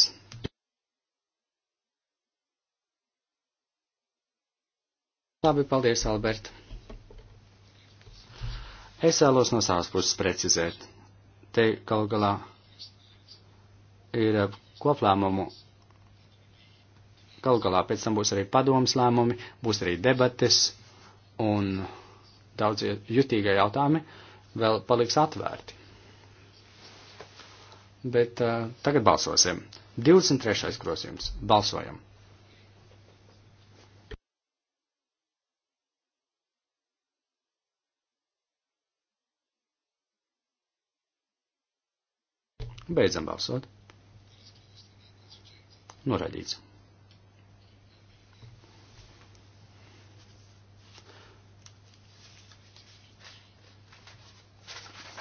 Labi, paldies, Alberta. Es vēlos no savas puses precizēt. Te kaut galā ir eh, koplēmumu. Kaut galā pēc tam būs arī padomas lēmumi, būs arī debates un daudzie jutīgie jautājumi vēl paliks atvērti. Bet uh, tagad balsosim. 23. grozījums. Balsojam. Beidzam balsot. Noraidīts.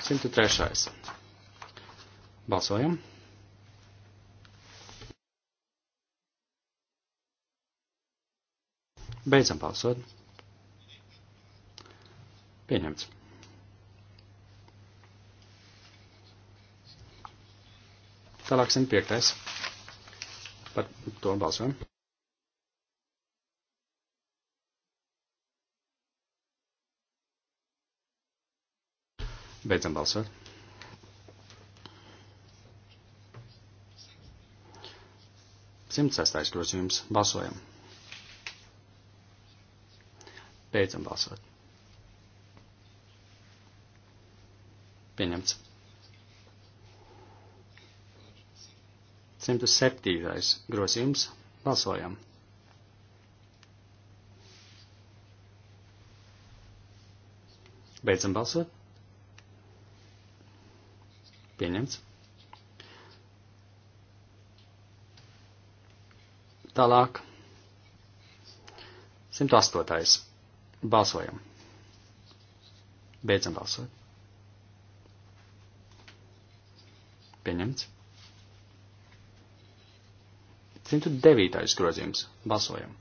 Simtu trešais. Balsojam. Beidzam balsot. Pieņemts. Tālāk 105. Par to balsojam. Beidzam balsot. Simts sestais grozījums. Balsojam. Beidzam balsot. Pieņemts. 107. grozījums. Balsojam! Beidzam balsot. Pieņemts. Tālāk. 108. Balsojam. Beidzam balsot. Pieņemts. 109. grozījums. Balsojam.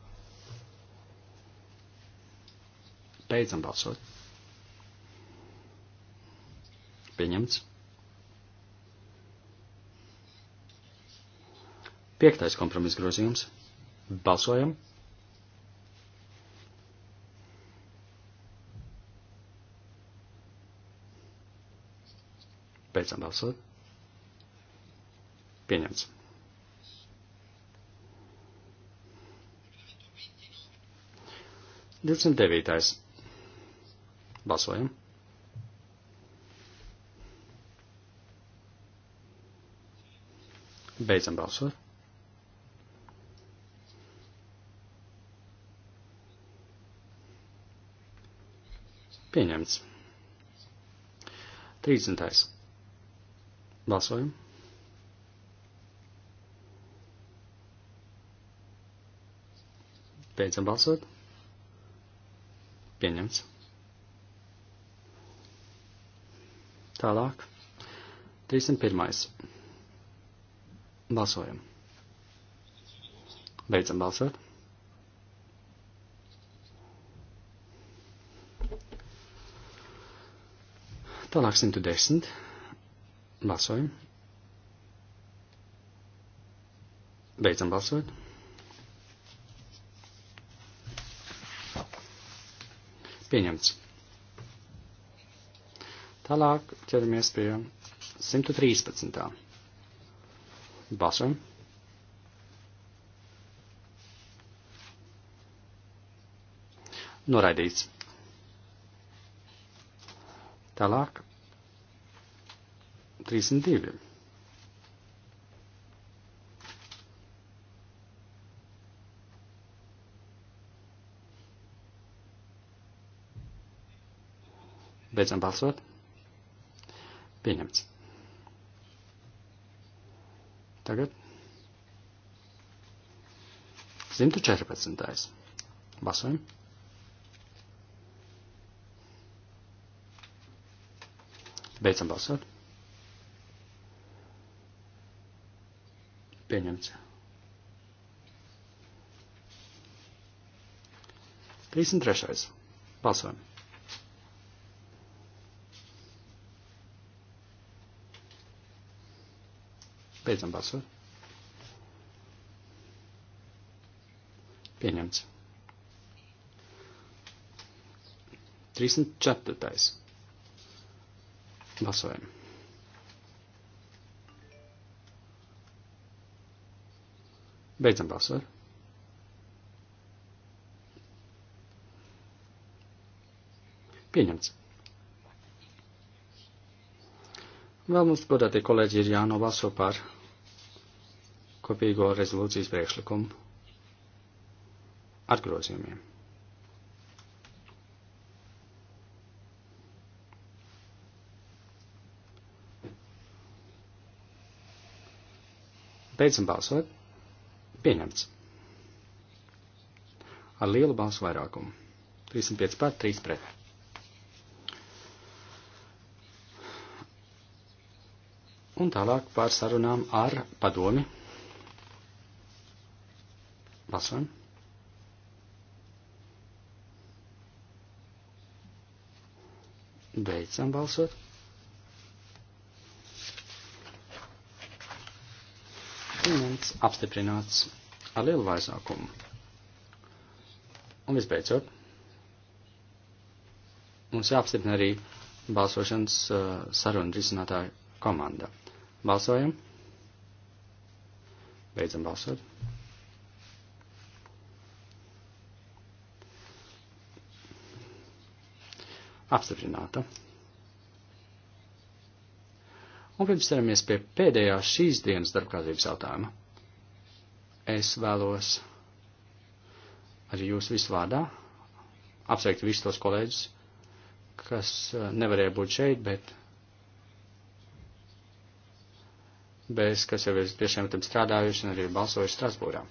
Beidzam balsot. Pieņemts. Piektais kompromiss grozījums. Balsojam. Beidzam balsot. Pieņemts. 29. Balsojam. Beidzam balsot. Pieņemts. 30. Balsojam. Beidzam balsot. Pieņemts. Tālāk. 301. Balsojam. Beidzam balsot. Tālāk 110. Balsojam. Beidzam balsot. Pieņemts. Tālāk ķeramies pie 113. Balsojam. Noraidīts. Tālāk 32. Beidzam balsot. Pieņemts. Tagad 114. Balsojam. Beidzam balsot. Pieņemts. 33. Balsojam. Beidzam balsot. Pieņemts. 34. Balsojam. Beidzam balsot. Pieņemts. Vēl mums, godātie kolēģi, ir jānobalso par kopīgo rezolūcijas priekšlikumu ar grozījumiem. Beidzam balsot. Pieņemts. Ar lielu balsu vairākumu. 35 pār 3 pret. Un tālāk par sarunām ar padomi. Balsojam. Beidzam balsot. Pieņemts, apstiprināts ar lielu vairākumu. Un visbeidzot, mums jāapstiprina arī balsošanas uh, sarunu risinātāju komanda. Balsojam. Beidzam balsot. Apstiprināta. Un pirms ķeramies pie pēdējā šīs dienas darbkārtības jautājuma, es vēlos arī jūs visu vārdā apsveikt visus tos kolēģus, kas eh, nevarēja būt šeit, bet bez, kas jau ir pie šiem tam strādājuši un arī balsojuši Strasbūrā.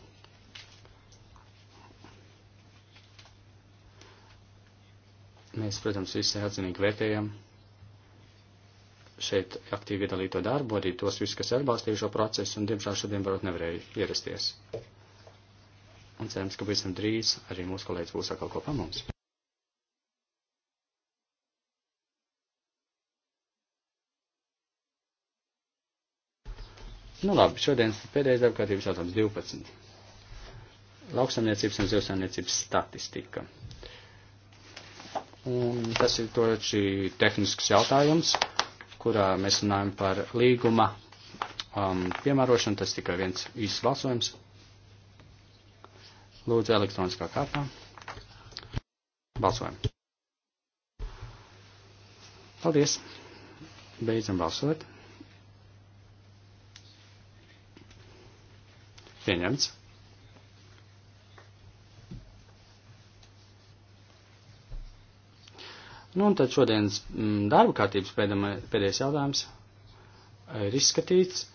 Mēs, protams, visi atzinīgi vērtējam šeit aktīvi iedalīto darbu, arī tos visus, kas atbalstīja šo procesu, un, diemžēl, šodien varbūt nevarēja ierasties. Un cerams, ka pavisam drīz arī mūsu kolēģis būs atkal kopā mums. Nu labi, šodienas pēdējais darba kārtības jautājums 12. Lauksamniecības un zivsamniecības statistika. Un tas ir to šī tehnisks jautājums, kurā mēs runājam par līguma um, piemērošanu. Tas tikai viens īsts balsojums. Lūdzu, elektroniskā kārtā. Balsojam. Paldies. Beidzam balsot. Pieņemts. Nu, un tad šodienas mm, darba kārtības pēdējais jautājums e, ir izskatīts.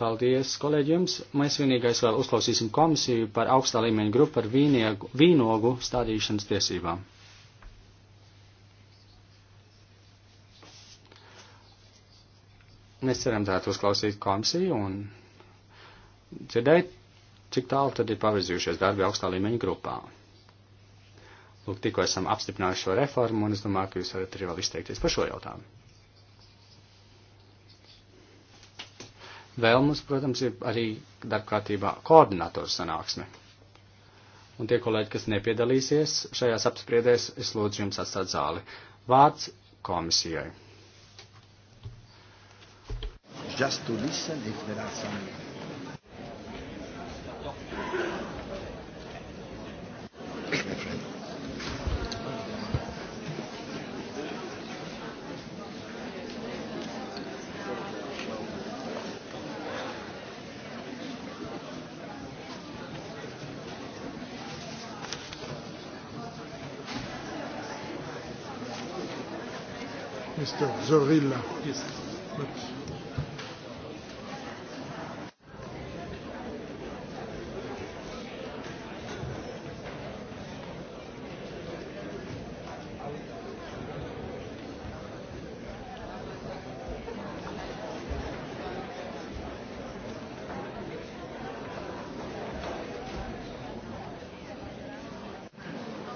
Paldies kolēģiem. Mēs vienīgais vēl uzklausīsim komisiju par augstā līmeņa grupu par vīniegu, vīnogu stādīšanas tiesībām. Mēs ceram, varētu uzklausīt komisiju un dzirdēt, cik tālu tad ir pavirzījušies darbi augstā līmeņa grupā. Lūk, tikko esam apstiprinājuši šo reformu, un es domāju, ka jūs varat arī vēl izteikties par šo jautājumu. Vēl mums, protams, ir arī darbkārtībā koordinatoru sanāksme. Un tie kolēģi, kas nepiedalīsies šajās apspriedēs, es lūdzu jums atstāt zāli. Vārds komisijai. Just to listen if there are some Mr. Zorrilla. Yes.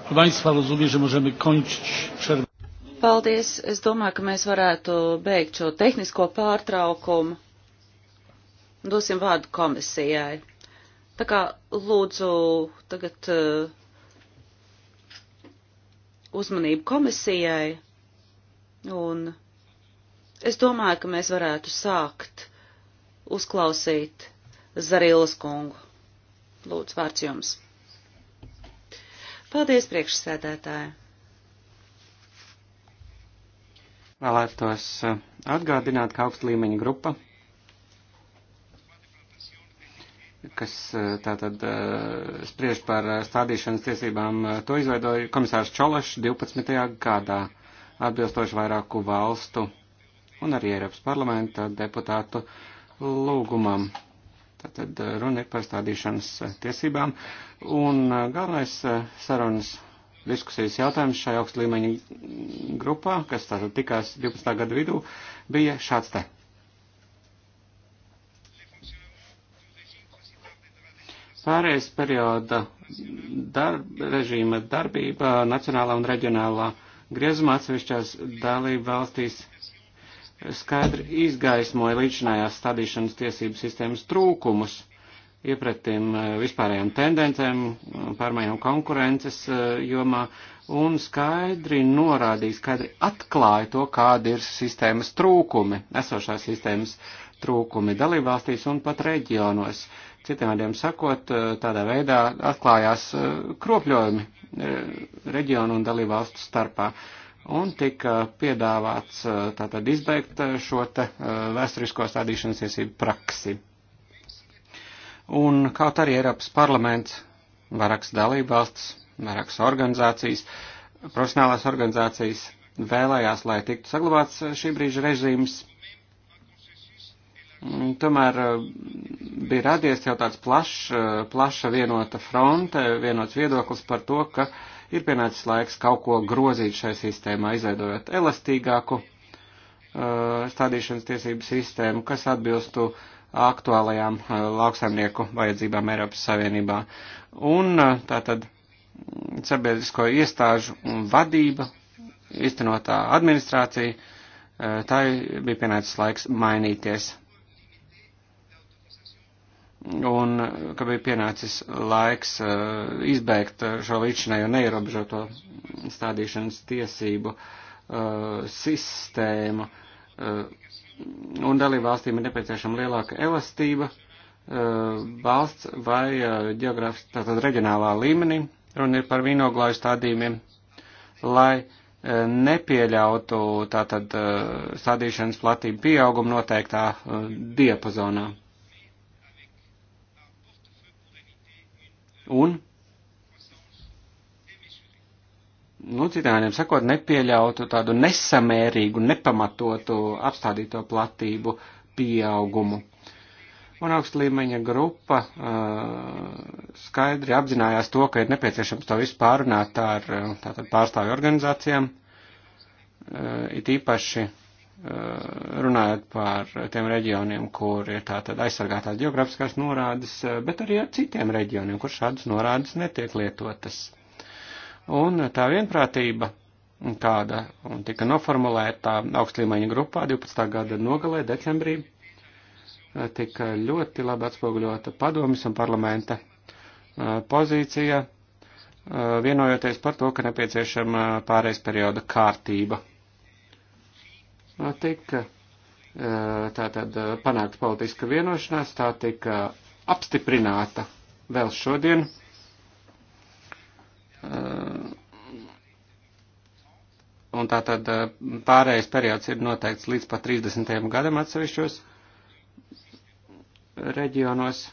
proszę państwa rozumiem że możemy kończyć przerwę. Paldies. Es domāju, ka mēs varētu beigt šo tehnisko pārtraukumu. Dosim vārdu komisijai. Tā kā lūdzu tagad uh, uzmanību komisijai. Un es domāju, ka mēs varētu sākt uzklausīt Zarilas kungu. Lūdzu, vārds jums. Paldies, priekšsēdētāji. Vēlētos eh, atgādināt, ka augsta līmeņa grupa, kas eh, tātad eh, spriež par stādīšanas tiesībām, to izveidoja komisārs Čolešs 12. gadā, atbilstoši vairāku valstu un arī Eiropas parlamenta deputātu lūgumam. Tātad runa ir par stādīšanas tiesībām, un galvenais sarunas diskusijas jautājums šai augst līmeņa grupā, kas tātad tikās 12. gada vidū, bija šāds te. Pārējais perioda darb, režīma darbība nacionālā un reģionālā griezumā atsevišķās dalību valstīs skaidri izgaismoja līdzinājās stādīšanas tiesību sistēmas trūkumus iepratim eh, vispārējām tendencēm, pārmaiņām konkurences eh, jomā un skaidri norādīja, skaidri atklāja to, kādi ir sistēmas trūkumi, esošās sistēmas trūkumi dalībvalstīs un pat reģionos. Citiem vārdiem sakot, eh, tādā veidā atklājās kropļojumi reģionu un dalībvalstu starpā. Un tika piedāvāts tātad izbeigt šo te vēsturisko stādīšanas iesību praksi. Un kaut arī Eiropas parlaments, vairākas dalībvalsts, vairākas organizācijas, profesionālās organizācijas vēlējās, lai tiktu saglabāts šī brīža režīms, tomēr eh, bija radies jau tāds plašs, eh, plaša vienota fronte, vienots viedoklis par to, ka ir pienācis laiks kaut ko grozīt šai sistēmā, izveidojot elastīgāku eh, stādīšanas tiesību sistēmu, kas atbilstu uh, aktuālajām eh, lauksaimnieku vajadzībām Eiropas Savienībā. Un eh, tātad sabiedrisko iestāžu vadība, iztenotā administrācija, eh, tā bija pienācis laiks mainīties. Un ka bija pienācis laiks izbeigt šo līdzinējo neierobežoto stādīšanas tiesību sistēmu un dalību valstīm ir nepieciešama lielāka elastība eh, valsts vai eh, geogrāfiski, tātad reģionālā līmenī, runa ir par vīnoglāju stādījumiem, lai eh, nepieļautu tātad stādīšanas platību pieaugumu noteiktā diapazonā. Un nu, citiem vārdiem sakot, nepieļautu tādu nesamērīgu, nepamatotu apstādīto platību pieaugumu. Un augsta līmeņa grupa uh, skaidri apzinājās to, ka ir nepieciešams to visu pārunāt ar uh, tātad pārstāvju organizācijām, uh, it īpaši uh, runājot par tiem reģioniem, kur ir tātad aizsargātās geogrāfiskās norādes, uh, bet arī ar citiem reģioniem, kur šādas norādes netiek lietotas un tā vienprātība, kāda un tika noformulēta augstlīmeņa grupā 12. gada nogalē, decembrī, tika ļoti labi atspoguļota padomjas un parlamenta pozīcija, vienojoties par to, ka nepieciešama pārējais perioda kārtība. Tika tātad panākt politiska vienošanās, tā tika apstiprināta vēl šodien un tātad eh, pārējais periods ir noteikts līdz pat 30. gadam atsevišķos reģionos.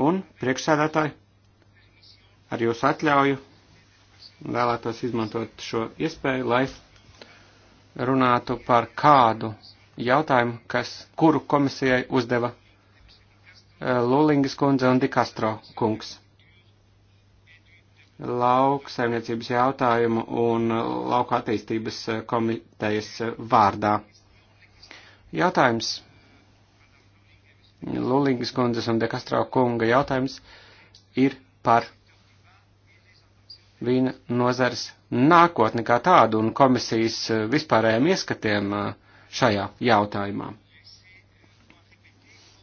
Un priekšsēdētāji, ar jūsu atļauju vēlētos izmantot šo iespēju, lai runātu par kādu jautājumu, kas, kuru komisijai uzdeva eh, Lulingas kundze un Dikastro kungs lauksaimniecības jautājumu un lauka attīstības komitejas vārdā. Jautājums. Lulīgas kundzes un Dekastrā kunga jautājums ir par vīna nozars nākotni kā tādu un komisijas vispārējiem ieskatiem eh, šajā jautājumā.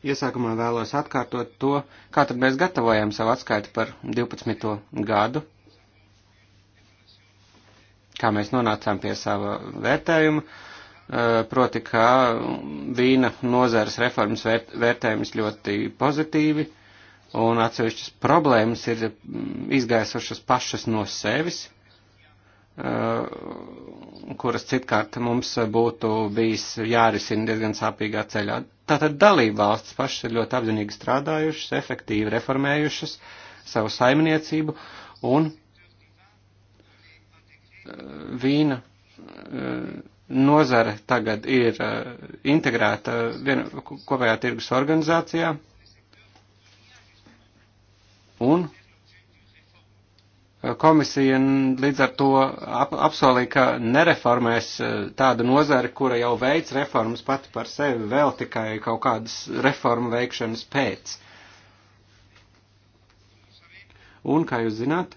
Iesākumā vēlos atkārtot to, kā tad mēs gatavojam savu atskaiti par 12. gadu, kā mēs nonācām pie sava vērtējuma, eh, proti, kā vīna nozares reformas vērt, vērtējums ļoti pozitīvi, un atsevišķas problēmas ir mm, izgaisušas pašas no sevis eh, kuras citkārt mums būtu bijis jārisina diezgan sāpīgā ceļā. Tātad dalībvalstis pašas ir ļoti apzinīgi strādājušas, efektīvi reformējušas savu saimniecību un eh, vīna eh, nozare tagad ir eh, integrēta vien, kopējā tirgus organizācijā un Komisija līdz ar to ap, apsolīja, ka nereformēs eh, tādu nozari, kura jau veids reformas pati par sevi, vēl tikai kaut kādas reformu veikšanas pēc. Un, kā jūs zināt,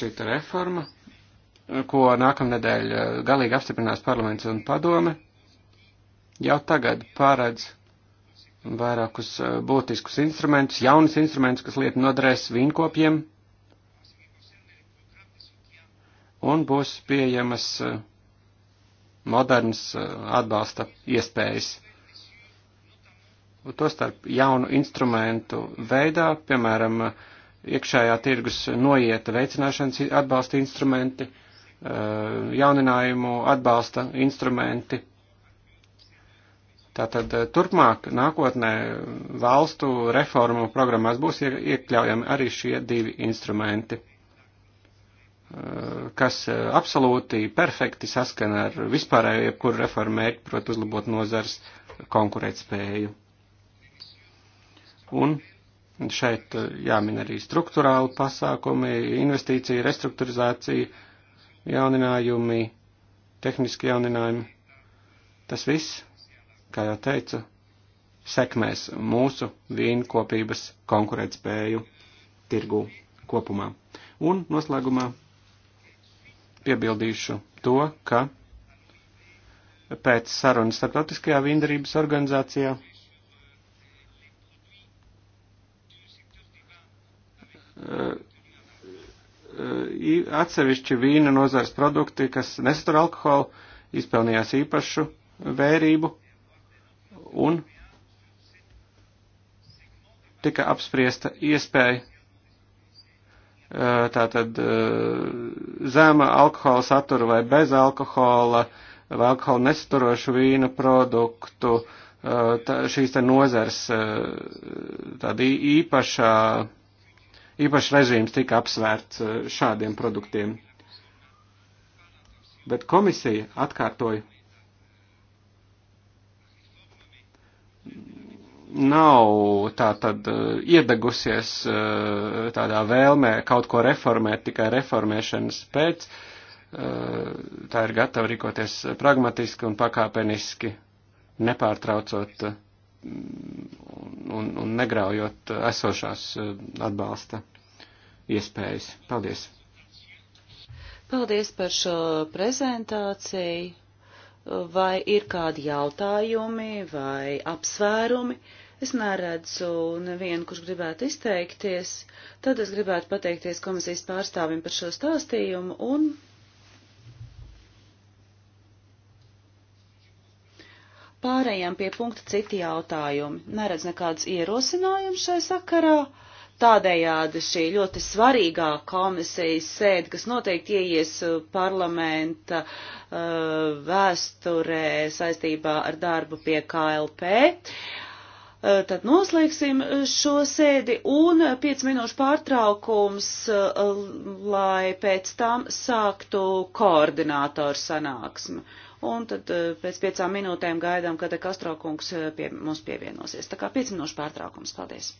šī reforma, ko nākamnedēļ eh, galīgi apstiprinās parlaments un padome, jau tagad paredz vairākus eh, būtiskus instrumentus, jaunus instrumentus, kas liek noderēs vīnkopiem, un būs pieejamas eh, modernas eh, atbalsta iespējas. Tostarp jaunu instrumentu veidā, piemēram, iekšējā tirgus noieta veicināšanas atbalsta instrumenti, jauninājumu atbalsta instrumenti, Tātad eh, turpmāk nākotnē valstu reformu programmās būs iekļaujami arī šie divi instrumenti, eh, kas eh, absolūti perfekti saskana ar vispārējo jebkuru reformu mērķi, proti uzlabot nozars konkurētspēju. Un šeit jāmin arī struktūrāli pasākumi, investīcija, restruktūrizācija, jauninājumi, tehniski jauninājumi. Tas viss kā jau teicu, sekmēs mūsu vīnkopības konkurētspēju tirgu kopumā. Un noslēgumā piebildīšu to, ka pēc sarunas starptautiskajā vīndarības organizācijā atsevišķi vīna nozars produkti, kas nesatur alkoholu, izpelnījās īpašu vērību un tika apspriesta iespēja tātad zema alkohola satura vai bez alkohola vai alkohola nesaturošu vīna produktu, tā, šīs te nozars tāda īpašā, īpašs režīms tika apsvērts šādiem produktiem. Bet komisija atkārtoja nav tā tad eh, iedegusies eh, tādā vēlmē kaut ko reformēt tikai reformēšanas pēc, eh, tā ir gatava rīkoties pragmatiski un pakāpeniski, nepārtraucot un, un negraujot esošās atbalsta iespējas. Paldies! Paldies par šo prezentāciju! Vai ir kādi jautājumi vai apsvērumi? Uh, Es neredzu nevienu, kurš gribētu izteikties, tad es gribētu pateikties komisijas pārstāvim par šo stāstījumu un pārējām pie punkta citi jautājumi. Neredz nekādus ierosinājumus šai sakarā. Tādējādi šī ļoti svarīgā komisijas sēde, kas noteikti ieies uh, parlamenta uh, vēsturē saistībā ar darbu pie KLP, Eh, tad noslēgsim eh, šo sēdi un 5 eh, minūšu pārtraukums, lai pēc tam sāktu koordinātoru sanāksmi. Un tad pēc 5 minūtēm gaidām, kad Kastro kungs pie, mums pievienosies. Tā kā 5 minūšu pārtraukums. Paldies!